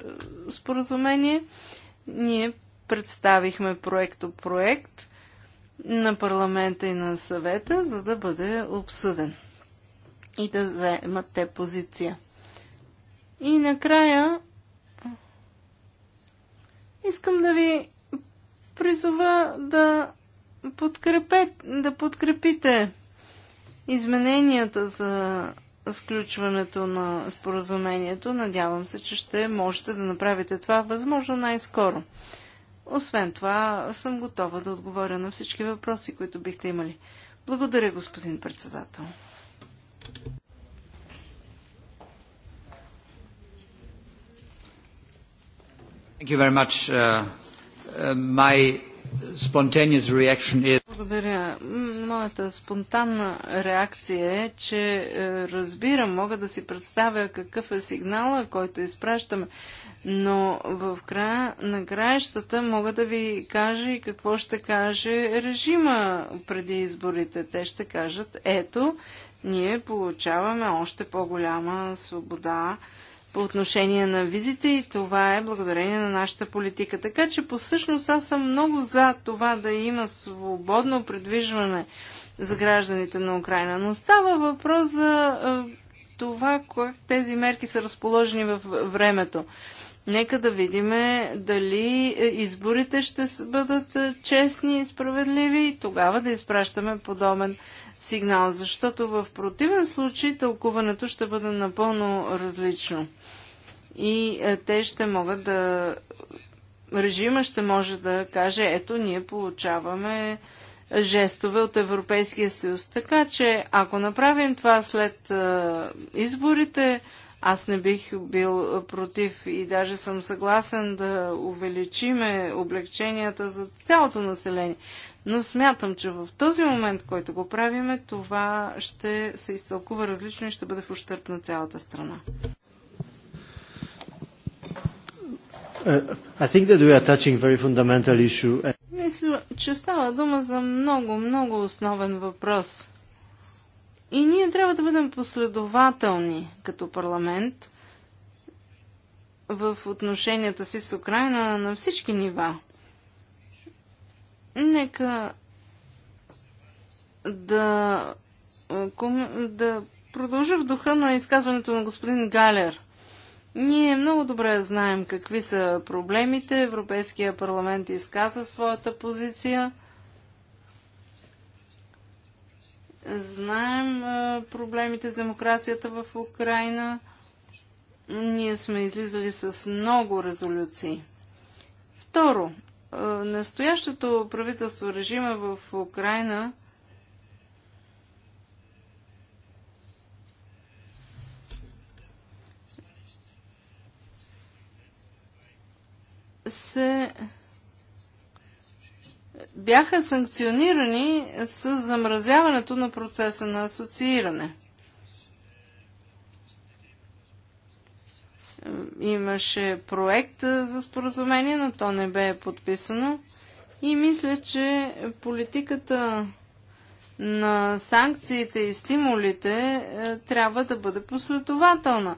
споразумение. Ние представихме проекто проект на парламента и на съвета, за да бъде обсъден и да заемат те позиция. И накрая искам да ви призова да, да подкрепите измененията за сключването на споразумението. Надявам се, че ще можете да направите това възможно най-скоро. Освен това, съм готова да отговоря на всички въпроси, които бихте имали. Благодаря, господин председател. Uh, uh, is... Благодаря. Моята спонтанна реакция е, че е, разбирам, мога да си представя какъв е сигнала, който изпращаме но в края на краищата мога да ви кажа и какво ще каже режима преди изборите. Те ще кажат, ето, ние получаваме още по-голяма свобода по отношение на визите и това е благодарение на нашата политика. Така че по същност аз съм много за това да има свободно предвижване за гражданите на Украина, но става въпрос за това как тези мерки са разположени във времето. Нека да видим дали е, изборите ще бъдат е, честни и справедливи и тогава да изпращаме подобен сигнал, защото в противен случай тълкуването ще бъде напълно различно. И е, те ще могат да. Режима ще може да каже, ето, ние получаваме жестове от Европейския съюз. Така че, ако направим това след изборите, аз не бих бил против и даже съм съгласен да увеличиме облегченията за цялото население. Но смятам, че в този момент, който го правиме, това ще се изтълкува различно и ще бъде в ущърп на цялата страна. Uh, Мисля, че става дума за много, много основен въпрос. И ние трябва да бъдем последователни като парламент в отношенията си с Украина на всички нива. Нека да, да продължа в духа на изказването на господин Галер. Ние много добре знаем какви са проблемите. Европейския парламент изказа своята позиция. Знаем проблемите с демокрацията в Украина. Ние сме излизали с много резолюции. Второ, настоящото правителство режима в Украина се бяха санкционирани с замразяването на процеса на асоцииране. Имаше проект за споразумение, но то не бе подписано. И мисля, че политиката на санкциите и стимулите трябва да бъде последователна.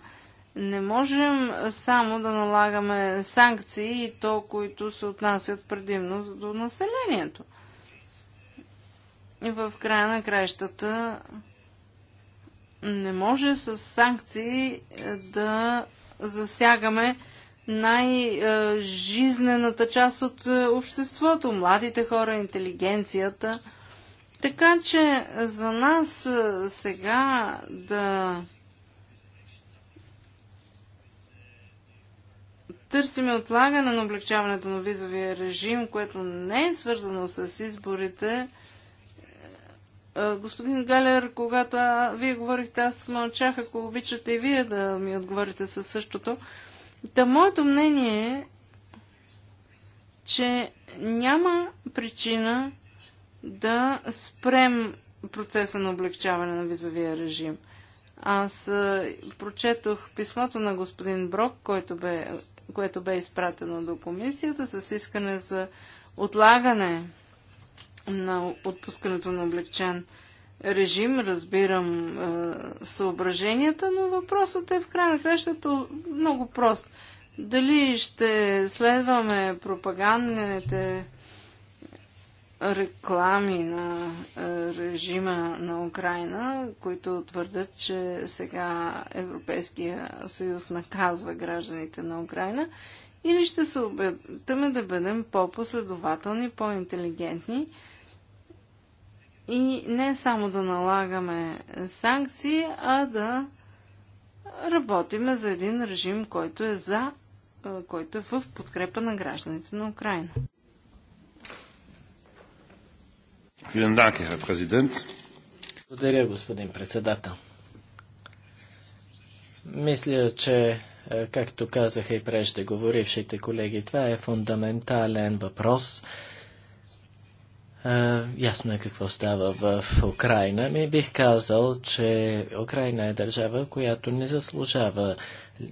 Не можем само да налагаме санкции и то, които се отнасят предимно до населението. И в края на краищата не може с санкции е, да засягаме най-жизнената част от е, обществото, младите хора, интелигенцията. Така че за нас е, сега да търсиме отлагане на облегчаването на визовия режим, което не е свързано с изборите. Е, господин Галер, когато а, вие говорихте, аз мълчах, ако обичате и вие да ми отговорите със същото. Та моето мнение е, че няма причина да спрем процеса на облегчаване на визовия режим. Аз е, прочетох писмото на господин Брок, който бе което бе изпратено до комисията с искане за отлагане на отпускането на облегчен режим. Разбирам е, съображенията, но въпросът е в край на кращата много прост. Дали ще следваме пропагандните реклами на е, режима на Украина, които твърдят, че сега Европейския съюз наказва гражданите на Украина, или ще се опитаме да бъдем по-последователни, по-интелигентни и не само да налагаме санкции, а да работиме за един режим, който е за, е, който е в подкрепа на гражданите на Украина. Благодаря, господин председател. Мисля, че, е, както казаха и преждеговорившите колеги, това е фундаментален въпрос ясно е какво става в Украина. Ми бих казал, че Украина е държава, която не заслужава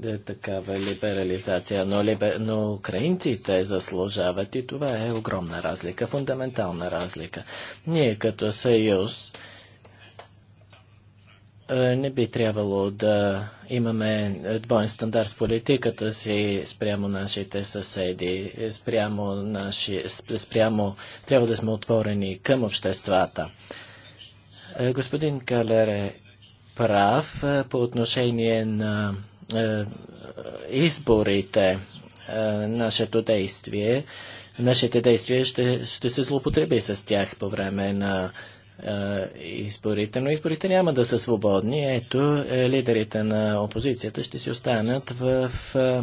е, такава либерализация, но, либе... но украинците заслужават и това е огромна разлика, фундаментална разлика. Ние като съюз е, не би трябвало да имаме двоен стандарт с политиката си спрямо нашите съседи, спрямо, наши, спрямо трябва да сме отворени към обществата. Е, господин Калер е прав е, по отношение на изборите. нашето действие, нашите действия ще, ще се злоупотреби с тях по време на е, изборите, но изборите няма да са свободни. Ето, е, лидерите на опозицията ще си останат в е,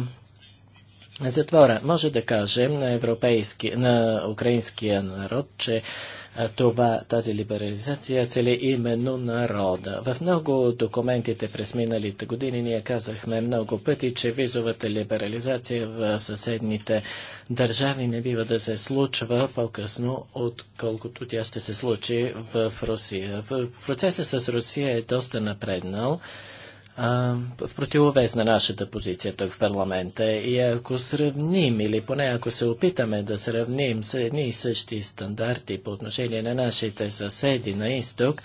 затвора. Може да кажем на, европейски, на украинския народ, че това, тази либерализация цели именно народа. В много документите през миналите години ние казахме много пъти, че визовата либерализация в съседните държави не бива да се случва по-късно, отколкото тя ще се случи в Русия. В процеса с Русия е доста напреднал а, в противовес на нашата позиция тук в парламента. И ако сравним, или поне ако се опитаме да сравним с едни и същи стандарти по отношение на нашите съседи на изток,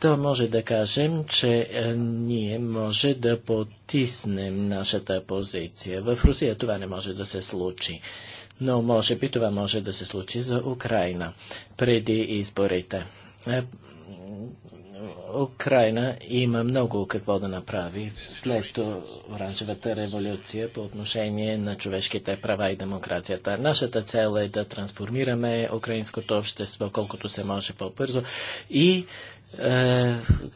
то може да кажем, че е, ние може да потиснем нашата позиция. В Русия това не може да се случи. Но може би това може да се случи за Украина преди изборите. Е, Украина има много какво да направи след оранжевата революция по отношение на човешките права и демокрацията. Нашата цел е да трансформираме украинското общество колкото се може по-бързо и е,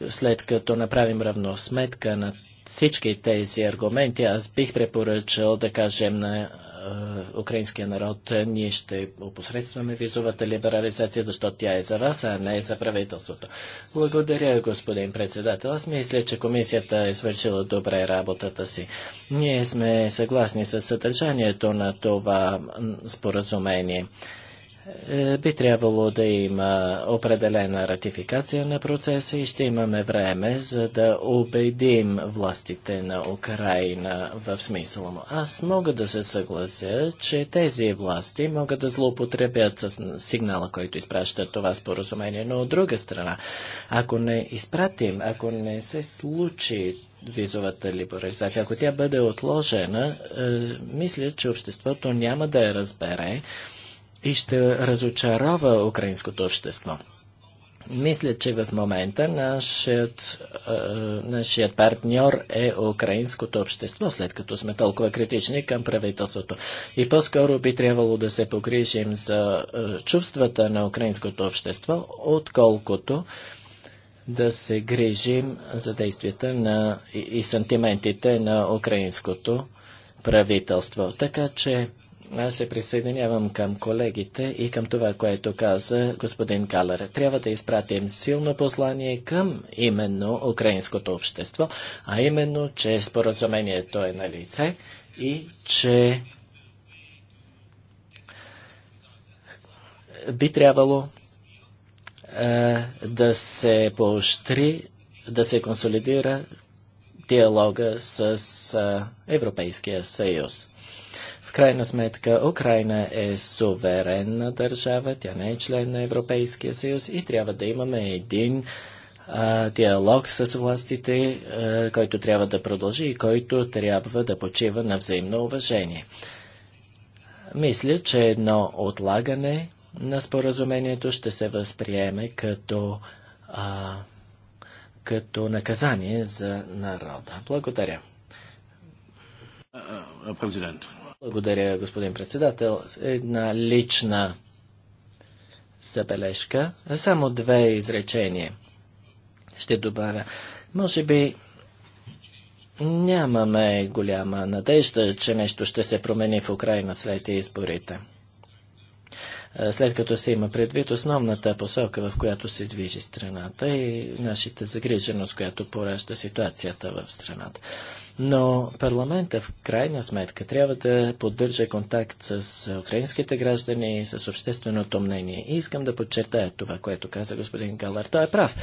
след като направим равносметка на всички тези аргументи, аз бих препоръчал да кажем на е, украинския народ. Е, ние ще опосредстваме визовата либерализация, защото тя е за вас, а не е за правителството. Благодаря, господин председател. Аз мисля, че комисията е свършила добре работата си. Ние сме съгласни с съдържанието на това споразумение. Е, би трябвало да има определена ратификация на процеса и ще имаме време, за да убедим властите на Украина в смисъла му. Аз мога да се съглася, че тези власти могат да злоупотребят с сигнала, който изпраща това споразумение, но от друга страна, ако не изпратим, ако не се случи визовата либерализация, ако тя бъде отложена, е, мисля, че обществото няма да я разбере и ще разочарова украинското общество. Мисля, че в момента нашият, е, нашият партньор е украинското общество, след като сме толкова критични към правителството. И по-скоро би трябвало да се погрижим за е, чувствата на украинското общество, отколкото да се грижим за действията на, и, и сантиментите на украинското правителство. Така че аз се присъединявам към колегите и към това, което каза господин Калър. Трябва да изпратим силно послание към именно украинското общество, а именно, че споразумението е на лице и че би трябвало е, да се поощри, да се консолидира диалога с е, Европейския съюз крайна сметка Украина е суверенна държава, тя не е член на Европейския съюз и трябва да имаме един а, диалог с властите, а, който трябва да продължи и който трябва да почива на взаимно уважение. Мисля, че едно отлагане на споразумението ще се възприеме като, а, като наказание за народа. Благодаря. Президент. Благодаря, господин председател. Една лична забележка. Само две изречения ще добавя. Може би нямаме голяма надежда, че нещо ще се промени в Украина след изборите. Е, след като се има предвид основната посока, в която се движи страната и нашата загриженост, която поражда ситуацията в страната. Но парламента в крайна сметка трябва да поддържа контакт с украинските граждани и с общественото мнение. И искам да подчертая това, което каза господин Галар. Той е прав.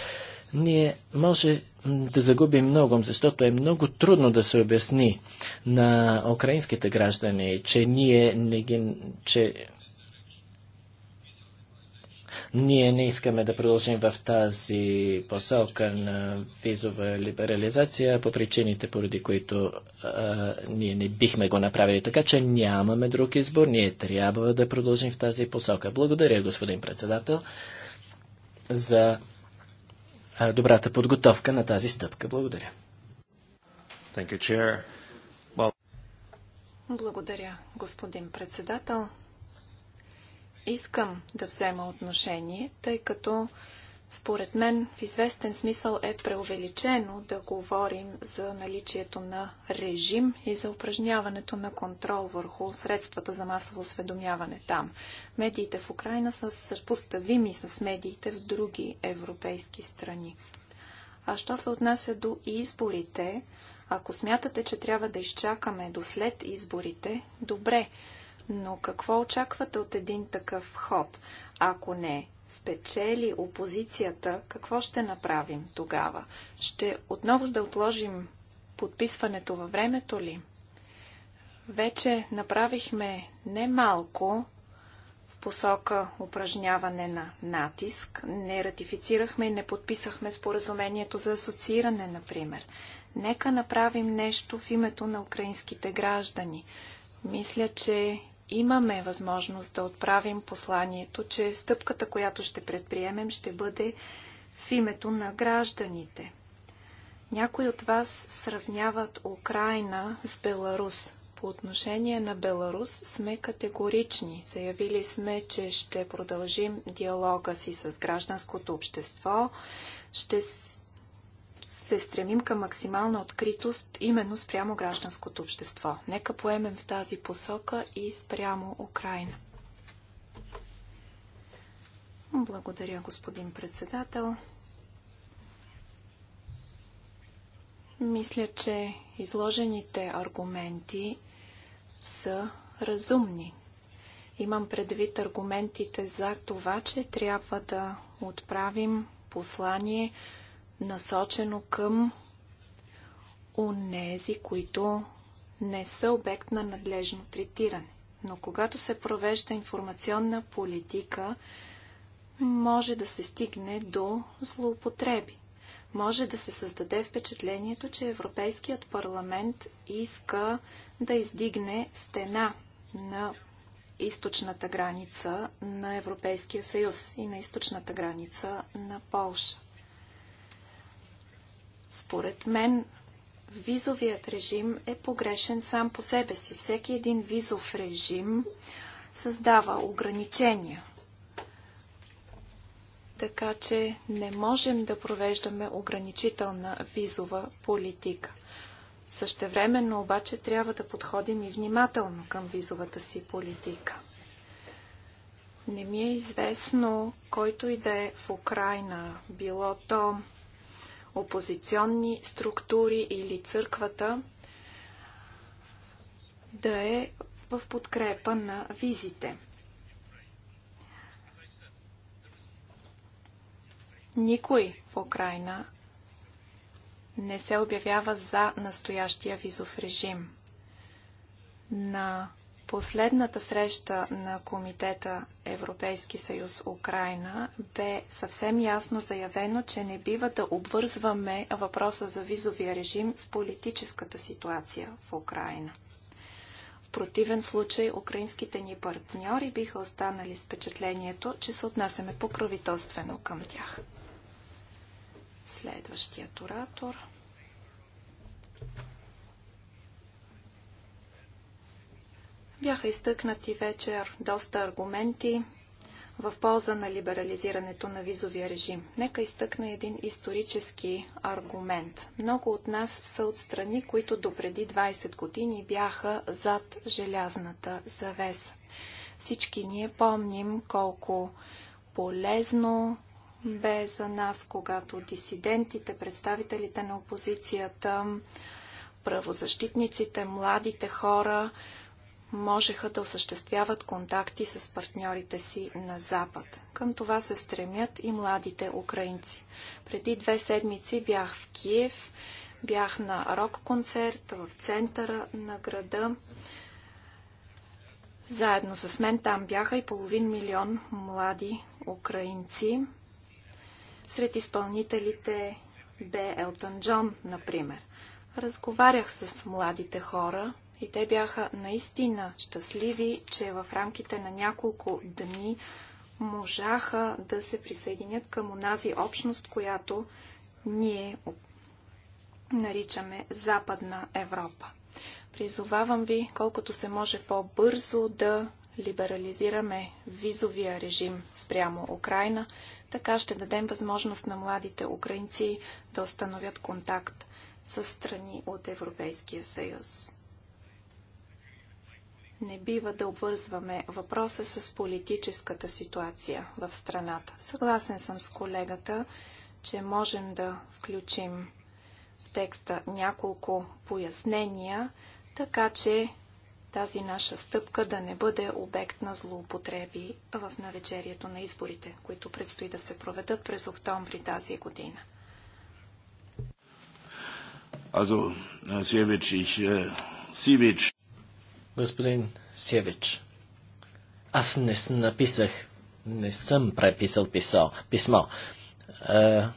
Ние може да загубим много, защото е много трудно да се обясни на украинските граждани, че ние не ги, че ние не искаме да продължим в тази посока на визова либерализация по причините, поради които а, ние не бихме го направили. Така че нямаме друг избор. Ние трябва да продължим в тази посока. Благодаря, господин председател, за добрата подготовка на тази стъпка. Благодаря. Благодаря, господин председател искам да взема отношение, тъй като според мен в известен смисъл е преувеличено да говорим за наличието на режим и за упражняването на контрол върху средствата за масово осведомяване там. Медиите в Украина са съпоставими с медиите в други европейски страни. А що се отнася до изборите, ако смятате, че трябва да изчакаме до след изборите, добре, но какво очаквате от един такъв ход? Ако не спечели опозицията, какво ще направим тогава? Ще отново да отложим подписването във времето ли? Вече направихме немалко в посока упражняване на натиск. Не ратифицирахме и не подписахме споразумението за асоцииране, например. Нека направим нещо в името на украинските граждани. Мисля, че имаме възможност да отправим посланието, че стъпката, която ще предприемем, ще бъде в името на гражданите. Някои от вас сравняват Украина с Беларус. По отношение на Беларус сме категорични. Заявили сме, че ще продължим диалога си с гражданското общество, ще се стремим към максимална откритост именно спрямо гражданското общество. Нека поемем в тази посока и спрямо Украина. Благодаря, господин председател. Мисля, че изложените аргументи са разумни. Имам предвид аргументите за това, че трябва да отправим послание насочено към унези, които не са обект на надлежно третиране. Но когато се провежда информационна политика, може да се стигне до злоупотреби. Може да се създаде впечатлението, че Европейският парламент иска да издигне стена на източната граница на Европейския съюз и на източната граница на Полша. Според мен, визовият режим е погрешен сам по себе си. Всеки един визов режим създава ограничения. Така че не можем да провеждаме ограничителна визова политика. Същевременно обаче трябва да подходим и внимателно към визовата си политика. Не ми е известно, който и да е в Украина, било то опозиционни структури или църквата да е в подкрепа на визите. Никой в Украина не се обявява за настоящия визов режим. На Последната среща на Комитета Европейски съюз Украина бе съвсем ясно заявено, че не бива да обвързваме въпроса за визовия режим с политическата ситуация в Украина. В противен случай украинските ни партньори биха останали с впечатлението, че се отнасяме покровителствено към тях. Следващият оратор. Бяха изтъкнати вечер доста аргументи в полза на либерализирането на визовия режим. Нека изтъкна един исторически аргумент. Много от нас са от страни, които допреди 20 години бяха зад желязната завеса. Всички ние помним колко полезно бе за нас, когато дисидентите, представителите на опозицията, правозащитниците, младите хора можеха да осъществяват контакти с партньорите си на Запад. Към това се стремят и младите украинци. Преди две седмици бях в Киев, бях на рок-концерт в центъра на града. Заедно с мен там бяха и половин милион млади украинци. Сред изпълнителите бе Елтън Джон, например. Разговарях с младите хора, и те бяха наистина щастливи, че в рамките на няколко дни можаха да се присъединят към онази общност, която ние наричаме Западна Европа. Призовавам ви колкото се може по-бързо да либерализираме визовия режим спрямо Украина. Така ще дадем възможност на младите украинци да установят контакт с страни от Европейския съюз. Не бива да обвързваме въпроса с политическата ситуация в страната. Съгласен съм с колегата, че можем да включим в текста няколко пояснения, така че тази наша стъпка да не бъде обект на злоупотреби в навечерието на изборите, които предстои да се проведат през октомври тази година. Also, Siewicz, ich, äh, Господин Севич, аз не написах, не съм преписал писо, писмо. А,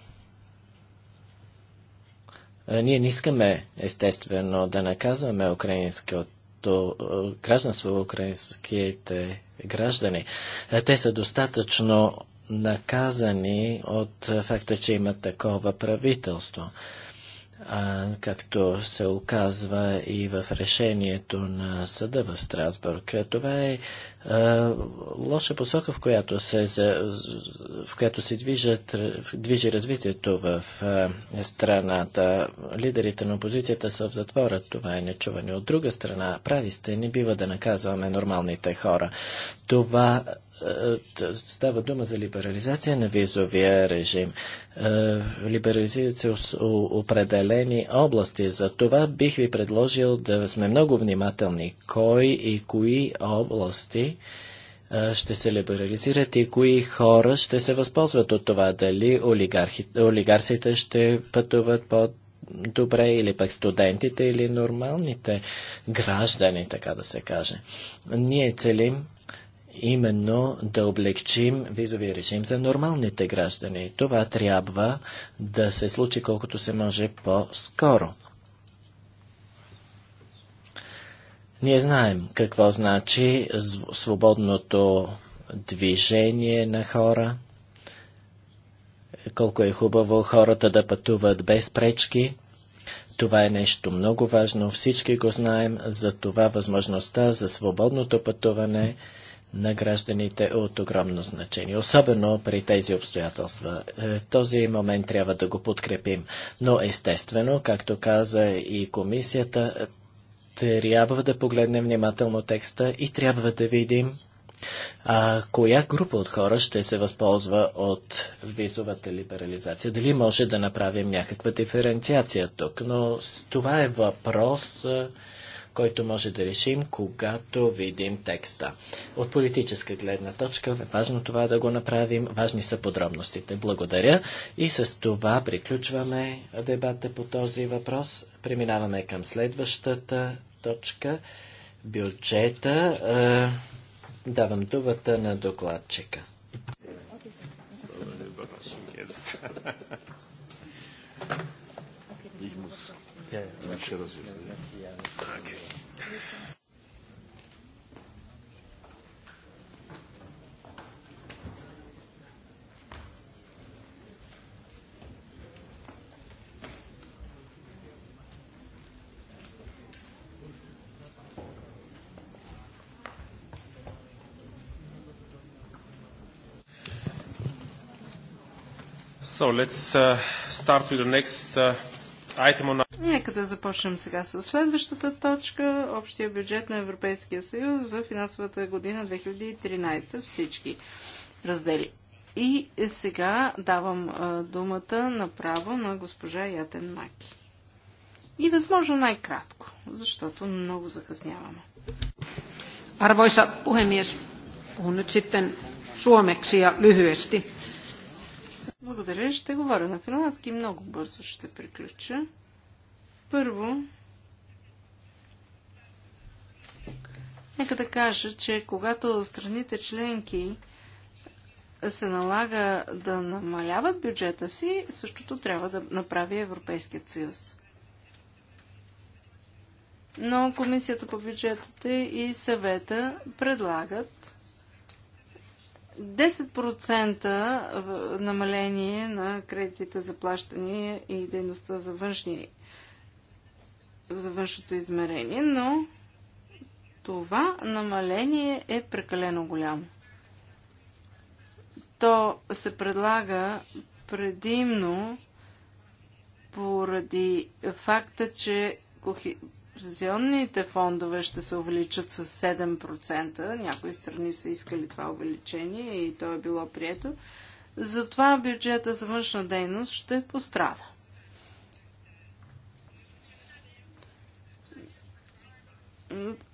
а, ние не искаме, естествено, да наказваме украинското гражданство, украинските граждани. Те са достатъчно наказани от факта, че имат такова правителство а, както се оказва и в решението на съда в Страсбург. Това е а, лоша посока, в която се, за, в която се движат, движи развитието в а, страната. Лидерите на опозицията са в затвора. Това е нечуване. От друга страна, прави сте, не бива да наказваме нормалните хора. Това е, е, става дума за либерализация на визовия режим. Е, либерализират се определени области. За това бих ви предложил да сме много внимателни кой и кои области ще се либерализират и кои хора ще се възползват от това. Дали олигархи, олигарсите ще пътуват под добре или пък студентите или нормалните граждани, така да се каже. Ние целим именно да облегчим визовия режим за нормалните граждани. Това трябва да се случи колкото се може по-скоро. Ние знаем какво значи свободното движение на хора, колко е хубаво хората да пътуват без пречки. Това е нещо много важно, всички го знаем, за това възможността за свободното пътуване – на гражданите е от огромно значение, особено при тези обстоятелства. Е, този момент трябва да го подкрепим. Но естествено, както каза и комисията, е, трябва да погледнем внимателно текста и трябва да видим а, коя група от хора ще се възползва от визовата либерализация? Дали може да направим някаква диференциация тук? Но това е въпрос, е, който може да решим, когато видим текста. От политическа гледна точка е важно това да го направим. Важни са подробностите. Благодаря. И с това приключваме дебата по този въпрос. Преминаваме към следващата точка. Бюджета. Е, давам думата на докладчика. Ich muss. Ja, ja. ich. Danke. So let's uh start with the next uh item on our Нека да започнем сега с следващата точка. Общия бюджет на Европейския съюз за финансовата година 2013. Всички раздели. И сега давам думата направо на госпожа Ятен Маки. И възможно най-кратко, защото много закъсняваме. Arvoisa puhemies, puhun nyt sitten suomeksi ja lyhyesti. Благодаря, ще говоря на финландски много бързо ще приключа. Първо, нека да кажа, че когато страните членки се налага да намаляват бюджета си, същото трябва да направи Европейският съюз. Но Комисията по бюджетите и съвета предлагат 10% намаление на кредитите за плащане и дейността за външни за външното измерение, но това намаление е прекалено голямо. То се предлага предимно поради факта, че кохезионните фондове ще се увеличат с 7%. Някои страни са искали това увеличение и то е било прието. Затова бюджета за външна дейност ще пострада.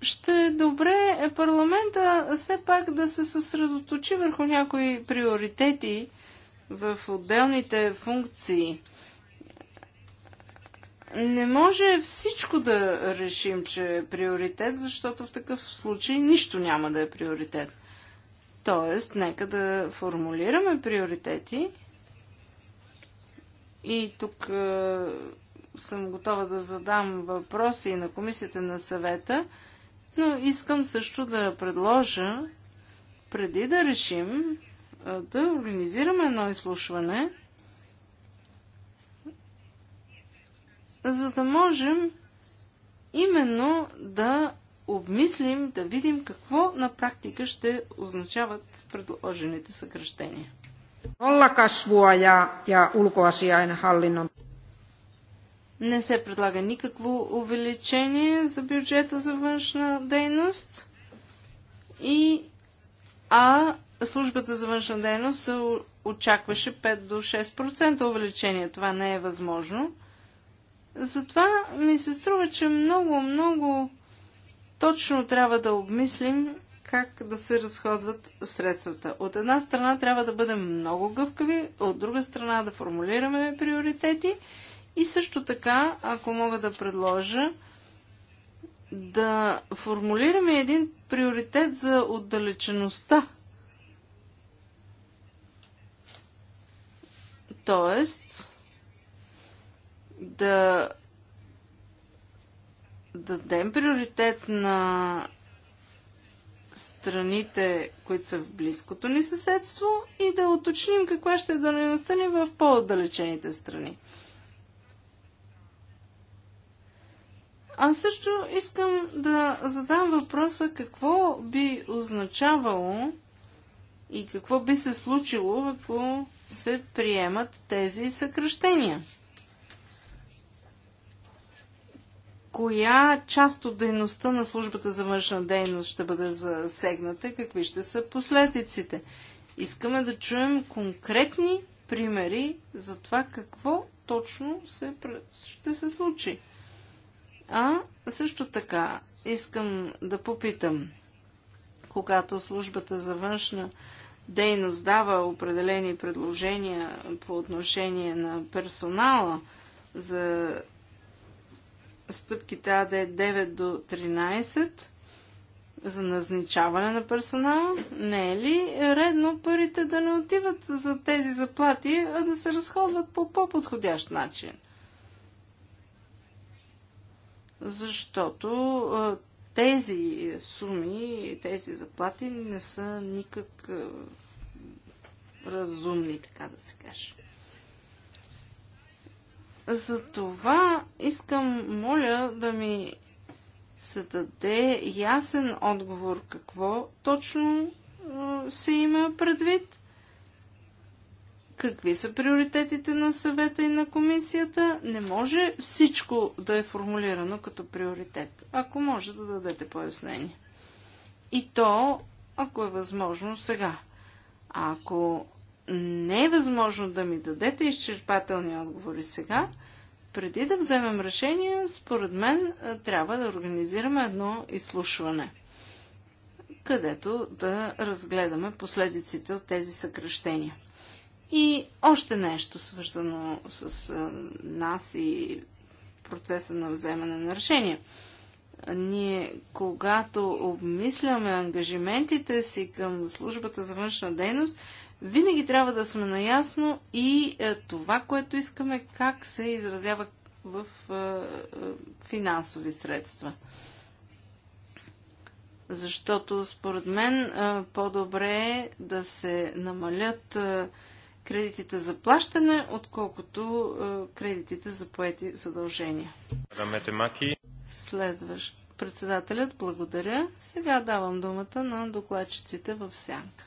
ще е добре парламента все пак да се съсредоточи върху някои приоритети в отделните функции. Не може всичко да решим, че е приоритет, защото в такъв случай нищо няма да е приоритет. Тоест, нека да формулираме приоритети и тук съм готова да задам въпроси и на комисията на съвета, но искам също да предложа, преди да решим, да организираме едно изслушване, за да можем именно да обмислим, да видим какво на практика ще означават предложените съкръщения. Nollakasvua ja, ja ulkoasiainhallinnon не се предлага никакво увеличение за бюджета за външна дейност. И а службата за външна дейност се очакваше 5 до 6% увеличение. Това не е възможно. Затова ми се струва, че много, много точно трябва да обмислим как да се разходват средствата. От една страна трябва да бъдем много гъвкави, от друга страна да формулираме приоритети и също така, ако мога да предложа, да формулираме един приоритет за отдалечеността. Тоест, да дадем приоритет на страните, които са в близкото ни съседство и да уточним каква ще е дължиността ни в по-отдалечените страни. Аз също искам да задам въпроса какво би означавало и какво би се случило, ако се приемат тези съкръщения. Коя част от дейността на службата за външна дейност ще бъде засегната, какви ще са последиците. Искаме да чуем конкретни примери за това какво точно се, ще се случи. А също така искам да попитам, когато службата за външна дейност дава определени предложения по отношение на персонала за стъпките АД 9 до 13 за назначаване на персонал, не е ли редно парите да не отиват за тези заплати, а да се разходват по по-подходящ начин? защото тези суми, тези заплати не са никак разумни, така да се каже. За това искам, моля, да ми се даде ясен отговор какво точно се има предвид какви са приоритетите на съвета и на комисията. Не може всичко да е формулирано като приоритет, ако може да дадете пояснение. И то, ако е възможно, сега. А ако не е възможно да ми дадете изчерпателни отговори сега, преди да вземем решение, според мен е, трябва да организираме едно изслушване, където да разгледаме последиците от тези съкръщения. И още нещо свързано с нас и процеса на вземане на решения. Ние, когато обмисляме ангажиментите си към службата за външна дейност, винаги трябва да сме наясно и е, това, което искаме, как се изразява в е, е, финансови средства. Защото, според мен, по-добре е да се намалят кредитите за плащане, отколкото е, кредитите за поети задължения. Следващ председателят, благодаря. Сега давам думата на докладчиците в сянка.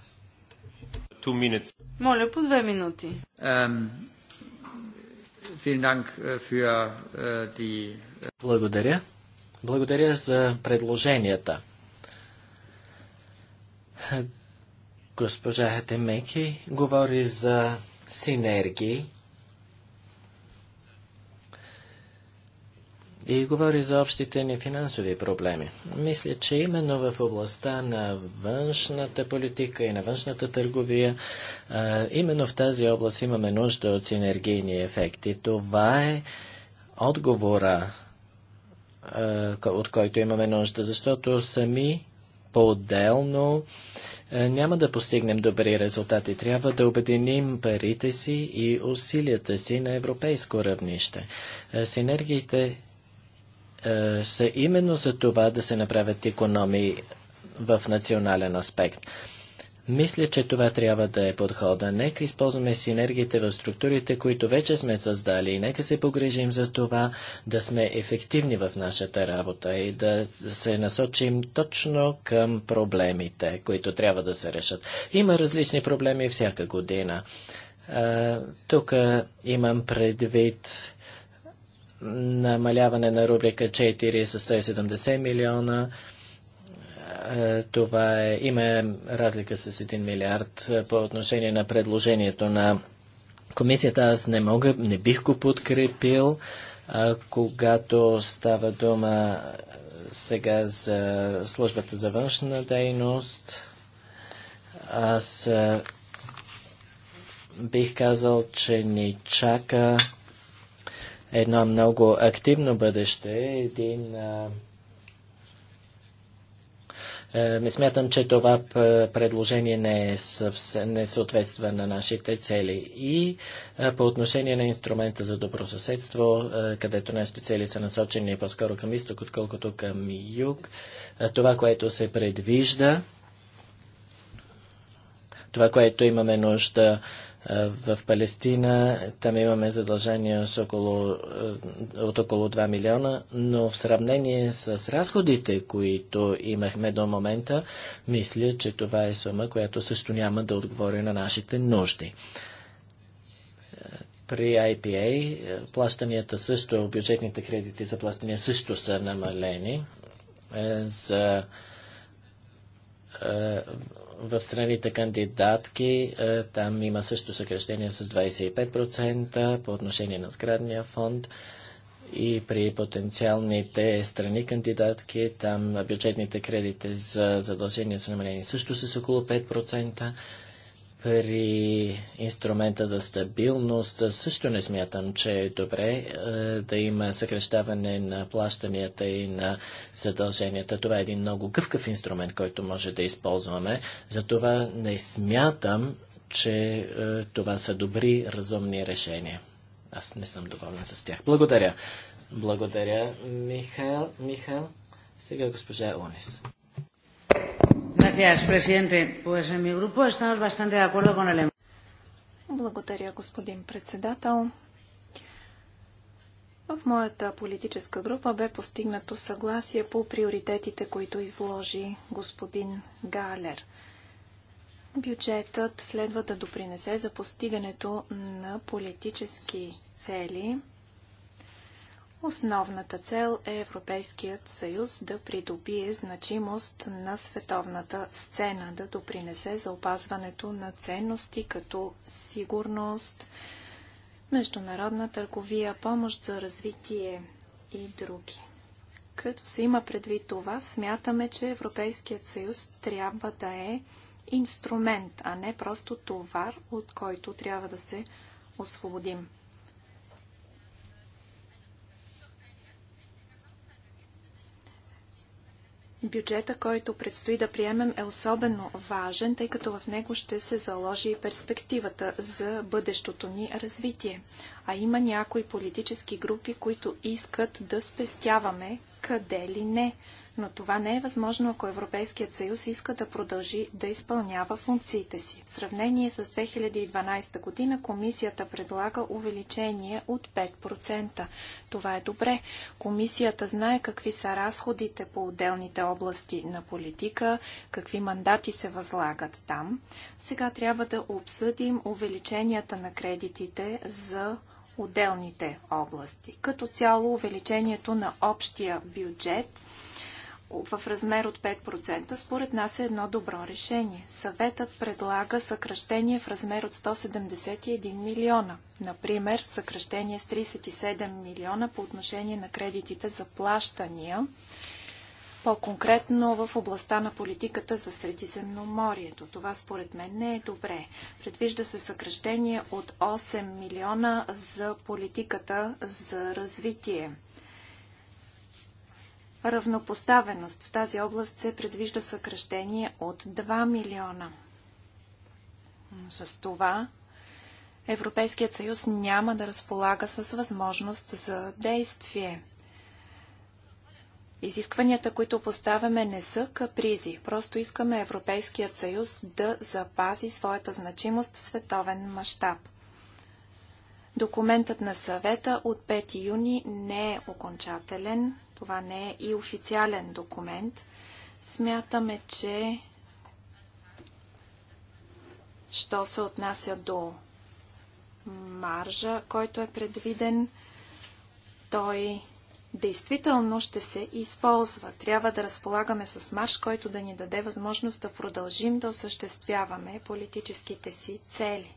Моля по две минути. Е, е, благодаря. Благодаря за предложенията. Госпожа Хатемеки говори за синергии и говори за общите ни финансови проблеми. Мисля, че именно в областта на външната политика и на външната търговия, именно в тази област имаме нужда от синергийни ефекти. Това е отговора, от който имаме нужда, защото сами по-отделно е, няма да постигнем добри резултати. Трябва да обединим парите си и усилията си на европейско равнище. Е, синергиите е, са именно за това да се направят економии в национален аспект. Мисля, че това трябва да е подхода. Нека използваме синергиите в структурите, които вече сме създали и нека се погрежим за това да сме ефективни в нашата работа и да се насочим точно към проблемите, които трябва да се решат. Има различни проблеми всяка година. Тук имам предвид намаляване на рубрика 4 с 170 милиона, е, това е, има разлика с 1 милиард е, по отношение на предложението на комисията. Аз не мога, не бих го подкрепил, а, когато става дума е, сега за службата за външна дейност. Аз а, бих казал, че ни чака едно много активно бъдеще, един а, е, не смятам, че това е, предложение не, е съвсем, не съответства на нашите цели. И е, по отношение на инструмента за добросъседство, където нашите цели са насочени по-скоро към изток, отколкото към юг, това, което се предвижда, това, което имаме нужда в Палестина там имаме задължения с около, е, от около 2 милиона, но в сравнение с разходите, които имахме до момента, мисля, че това е сума, която също няма да отговори на нашите нужди. При IPA е, плащанията също, бюджетните кредити за плащания също са намалени. Е, за в страните кандидатки е, там има също съкрещение с 25% по отношение на сградния фонд и при потенциалните страни кандидатки там бюджетните кредити за задължения са намалени също с около 5%. При инструмента за стабилност също не смятам, че е добре е, да има съкрещаване на плащанията и на задълженията. Това е един много гъвкав инструмент, който може да използваме. Затова не смятам, че е, това са добри, разумни решения. Аз не съм доволен с тях. Благодаря. Благодаря, Михаил. Михаил. Сега госпожа Унис. Gracias, presidente. Pues en mi grupo estamos bastante de acuerdo con el... Благодаря, господин председател. В моята политическа група бе постигнато съгласие по приоритетите, които изложи господин Галер. Бюджетът следва да допринесе за постигането на политически цели – Основната цел е Европейският съюз да придобие значимост на световната сцена, да допринесе за опазването на ценности като сигурност, международна търговия, помощ за развитие и други. Като се има предвид това, смятаме, че Европейският съюз трябва да е инструмент, а не просто товар, от който трябва да се освободим. Бюджета, който предстои да приемем, е особено важен, тъй като в него ще се заложи и перспективата за бъдещото ни развитие. А има някои политически групи, които искат да спестяваме къде ли не но това не е възможно, ако Европейският съюз иска да продължи да изпълнява функциите си. В сравнение с 2012 година комисията предлага увеличение от 5%. Това е добре. Комисията знае какви са разходите по отделните области на политика, какви мандати се възлагат там. Сега трябва да обсъдим увеличенията на кредитите за отделните области. Като цяло увеличението на общия бюджет в размер от 5%, според нас е едно добро решение. Съветът предлага съкръщение в размер от 171 милиона. Например, съкръщение с 37 милиона по отношение на кредитите за плащания, по-конкретно в областта на политиката за Средиземноморието. Това според мен не е добре. Предвижда се съкръщение от 8 милиона за политиката за развитие – равнопоставеност. В тази област се предвижда съкръщение от 2 милиона. С това Европейският съюз няма да разполага с възможност за действие. Изискванията, които поставяме, не са капризи. Просто искаме Европейският съюз да запази своята значимост в световен мащаб. Документът на съвета от 5 юни не е окончателен. Това не е и официален документ. Смятаме, че що се отнася до маржа, който е предвиден, той действително ще се използва. Трябва да разполагаме с марш, който да ни даде възможност да продължим да осъществяваме политическите си цели.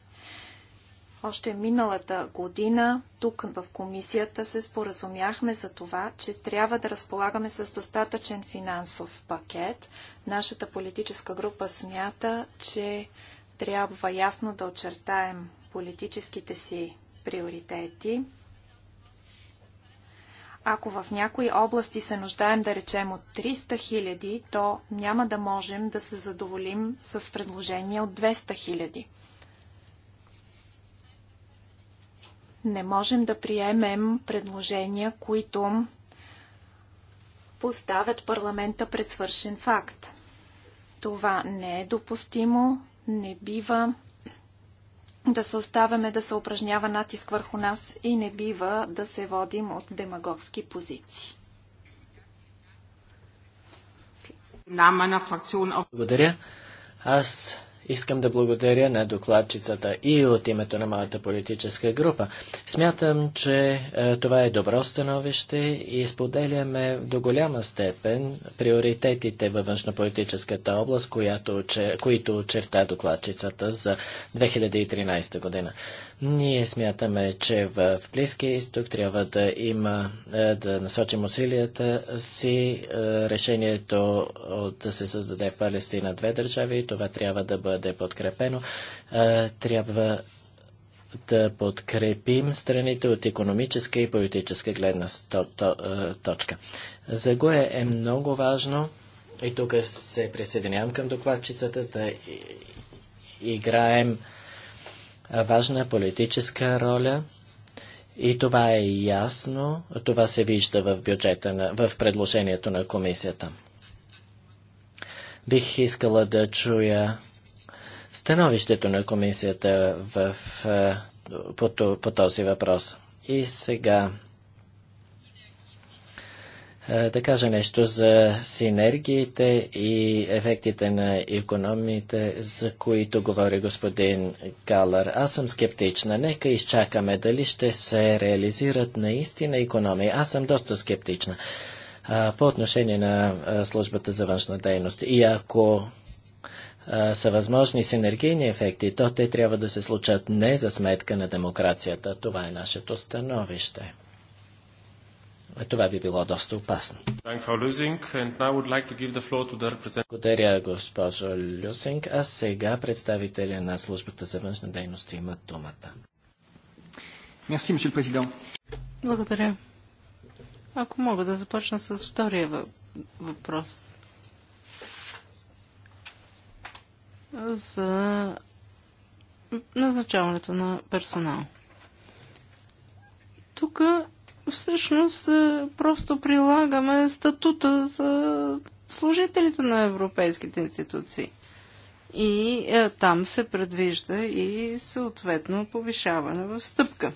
Още миналата година тук в комисията се споразумяхме за това, че трябва да разполагаме с достатъчен финансов пакет. Нашата политическа група смята, че трябва ясно да очертаем политическите си приоритети. Ако в някои области се нуждаем, да речем, от 300 хиляди, то няма да можем да се задоволим с предложение от 200 хиляди. Не можем да приемем предложения, които поставят парламента пред свършен факт. Това не е допустимо, не бива да се оставяме да се упражнява натиск върху нас и не бива да се водим от демагогски позиции. Благодаря. Аз Искам да благодаря на докладчицата и от името на моята политическа група. Смятам, че е, това е добро становище и споделяме до голяма степен приоритетите във външнополитическата област, която, които очерта докладчицата за 2013 година. Ние смятаме, че в Близкия изток трябва да има, е, да насочим усилията си. Е, решението да се създаде в Палестина две държави и това трябва да бъде подкрепено. Е, трябва да подкрепим страните от економическа и политическа гледна точка. За ГОЕ е много важно и тук се присъединявам към докладчицата да играем важна политическа роля и това е ясно, това се вижда в, бюджета на, в предложението на комисията. Бих искала да чуя становището на комисията в, по, по този въпрос. И сега е, да кажа нещо за синергиите и ефектите на економиите, за които говори господин Калър. Аз съм скептична. Нека изчакаме дали ще се реализират наистина економии. Аз съм доста скептична а, по отношение на а, службата за външна дейност. И ако са възможни синергийни ефекти, то те трябва да се случат не за сметка на демокрацията. Това е нашето становище. Това би било доста опасно. Благодаря, госпожо Люсинг. А сега представителя на службата за външна дейност има думата. Благодаря. Ако мога да започна с втория въпрос. За назначаването на персонал. Тук всъщност е, просто прилагаме статута за служителите на европейските институции. И е, там се предвижда и съответно повишаване в стъпка.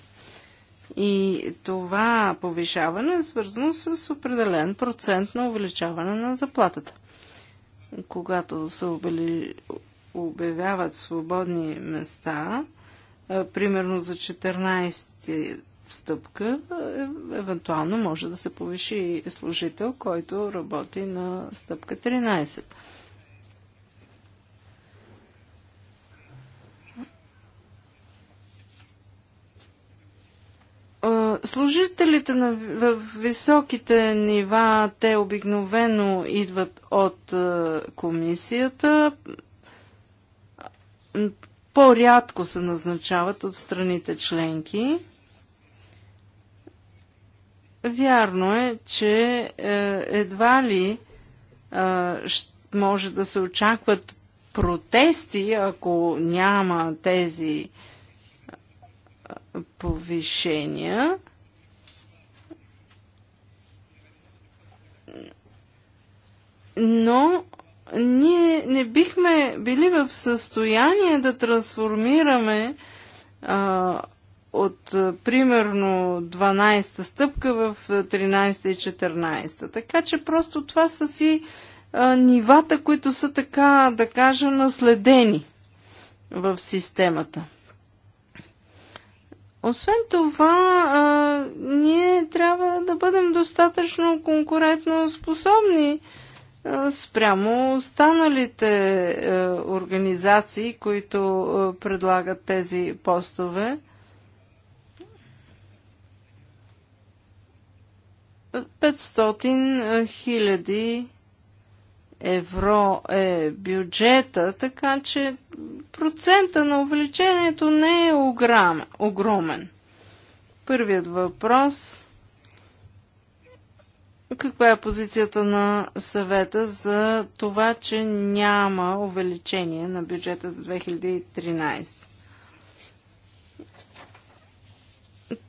И това повишаване е свързано с определен процент на увеличаване на заплатата. Когато се обели... обявяват свободни места, е, примерно за 14 стъпка. Е, евентуално може да се повиши и служител, който работи на стъпка 13. служителите на, в високите нива, те обикновено идват от комисията. По-рядко се назначават от страните членки. Вярно е, че е, едва ли е, може да се очакват протести, ако няма тези е, повишения. Но ние не бихме били в състояние да трансформираме от е, примерно 12-та стъпка в 13-та е, и 14-та. Така че просто това са си а, е, нивата, които са така, да кажа, наследени в системата. Освен това, а, ние трябва да бъдем достатъчно конкурентно способни а, спрямо останалите а, организации, които а, предлагат тези постове. 500 хиляди евро е бюджета, така че процента на увеличението не е огромен. Първият въпрос каква е позицията на съвета за това, че няма увеличение на бюджета за 2013?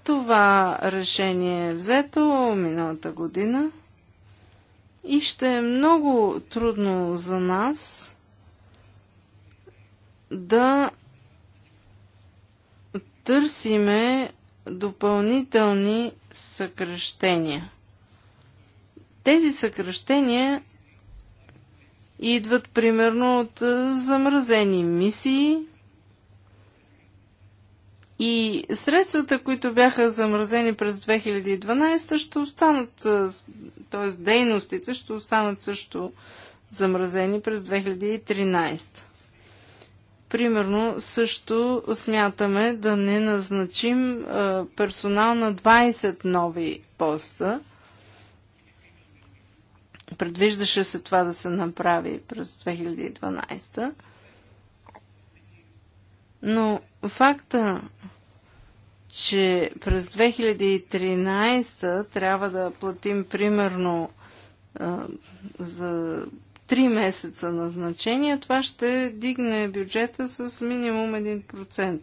Това решение е взето миналата година и ще е много трудно за нас да търсиме допълнителни съкръщения. Тези съкръщения идват примерно от замразени мисии и средствата, които бяха замразени през 2012, ще останат, т.е. дейностите ще останат също замразени през 2013. Примерно също смятаме да не назначим персонал на 20 нови поста. Предвиждаше се това да се направи през 2012. Но факта, че през 2013 трябва да платим примерно за 3 месеца назначение, това ще дигне бюджета с минимум 1%.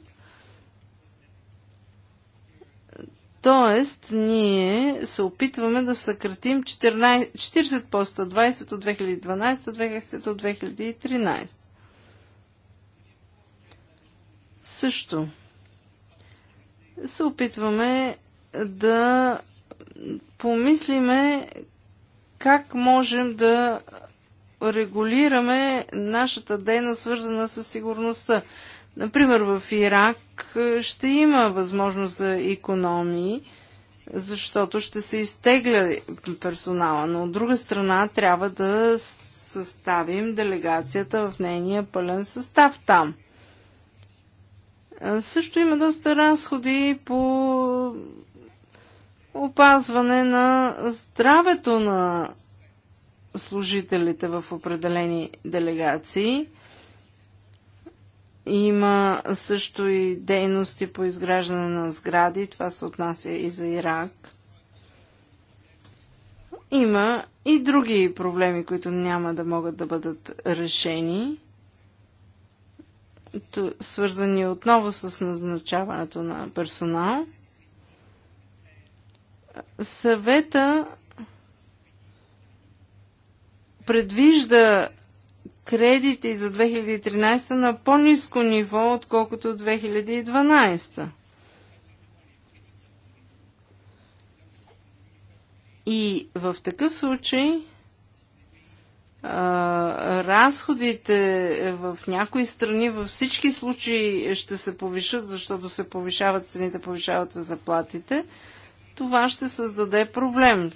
Тоест, ние се опитваме да съкратим 14, 40 поста, 20 от 2012, 20 от 2013. Също се опитваме да помислиме как можем да регулираме нашата дейност, свързана с сигурността. Например, в Ирак е, ще има възможност за економии, защото ще се изтегля персонала, но от друга страна трябва да съставим делегацията в нейния пълен състав там. Също има доста разходи по опазване на здравето на служителите в определени делегации. Има също и дейности по изграждане на сгради. Това се отнася и за Ирак. Има и други проблеми, които няма да могат да бъдат решени свързани отново с назначаването на персонал. Съвета предвижда кредити за 2013 на по-низко ниво, отколкото 2012. И в такъв случай разходите е, в някои страни във всички случаи ще се повишат, защото се повишават цените, повишават се заплатите, това ще създаде проблем.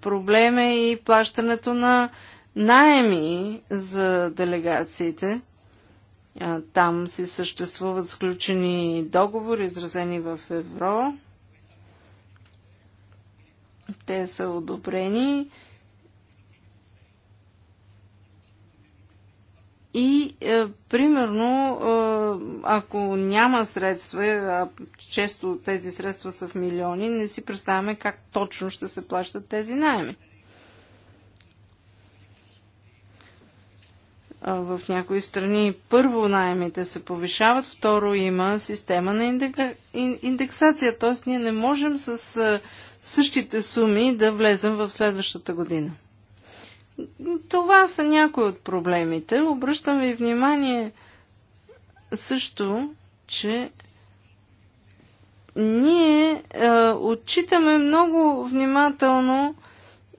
Проблем е и плащането на найеми за делегациите. Там си съществуват сключени договори, изразени в евро. Те са одобрени И, е, примерно, е, ако няма средства, е, а често тези средства са в милиони, не си представяме как точно ще се плащат тези найеми. в някои страни първо найемите се повишават, второ има система на индексация, т.е. ние не можем с е, същите суми да влезем в следващата година. Това са някои от проблемите. Обръщам ви внимание също, че ние е, отчитаме много внимателно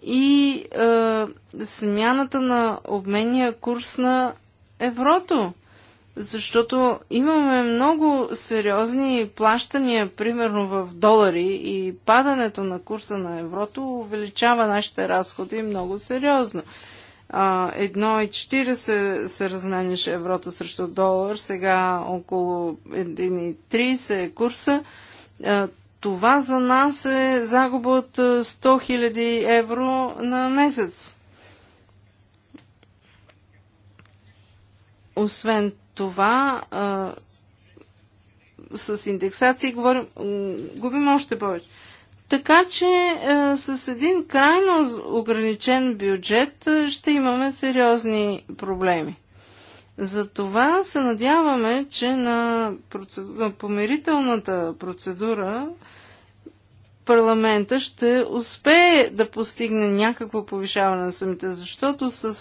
и е, смяната на обменния курс на еврото защото имаме много сериозни плащания, примерно в долари и падането на курса на еврото увеличава нашите разходи много сериозно. 1,40 се разменяше еврото срещу долар, сега около 1,30 е курса. Това за нас е загуба от 100 000 евро на месец. Освен това а, с индексации говорим, губим още повече. Така че а, с един крайно ограничен бюджет а, ще имаме сериозни проблеми. Затова се надяваме, че на, процеду... на помирителната процедура парламента ще успее да постигне някакво повишаване на самите, защото с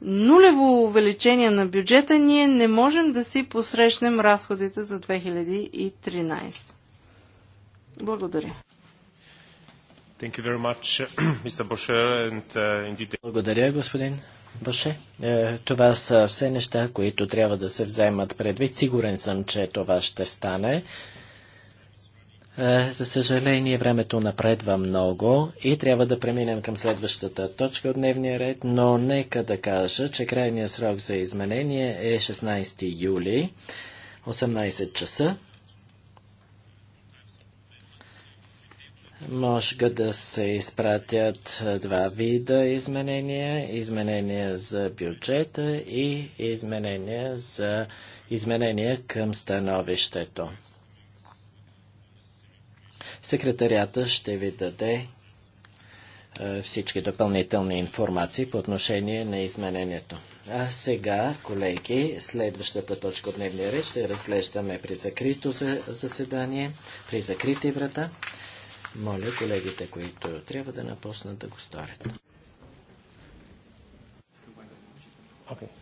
нулево увеличение на бюджета, ние не можем да си посрещнем разходите за 2013. Благодаря. *clears throat* Uh, Благодаря, господин Боше. Това са все неща, които трябва да се вземат предвид. Сигурен съм, че това ще стане. Е, за съжаление, времето напредва много и трябва да преминем към следващата точка от дневния ред, но нека да кажа, че крайният срок за изменение е 16 юли, 18 часа. Може да се изпратят два вида изменения. Изменения за бюджета и изменения, за, изменения към становището. Секретарията ще ви даде е, всички допълнителни информации по отношение на изменението. А сега, колеги, следващата точка от дневния ред ще разглеждаме при закрито заседание, при закрити врата. Моля колегите, които трябва да напуснат, да го сторят. Okay.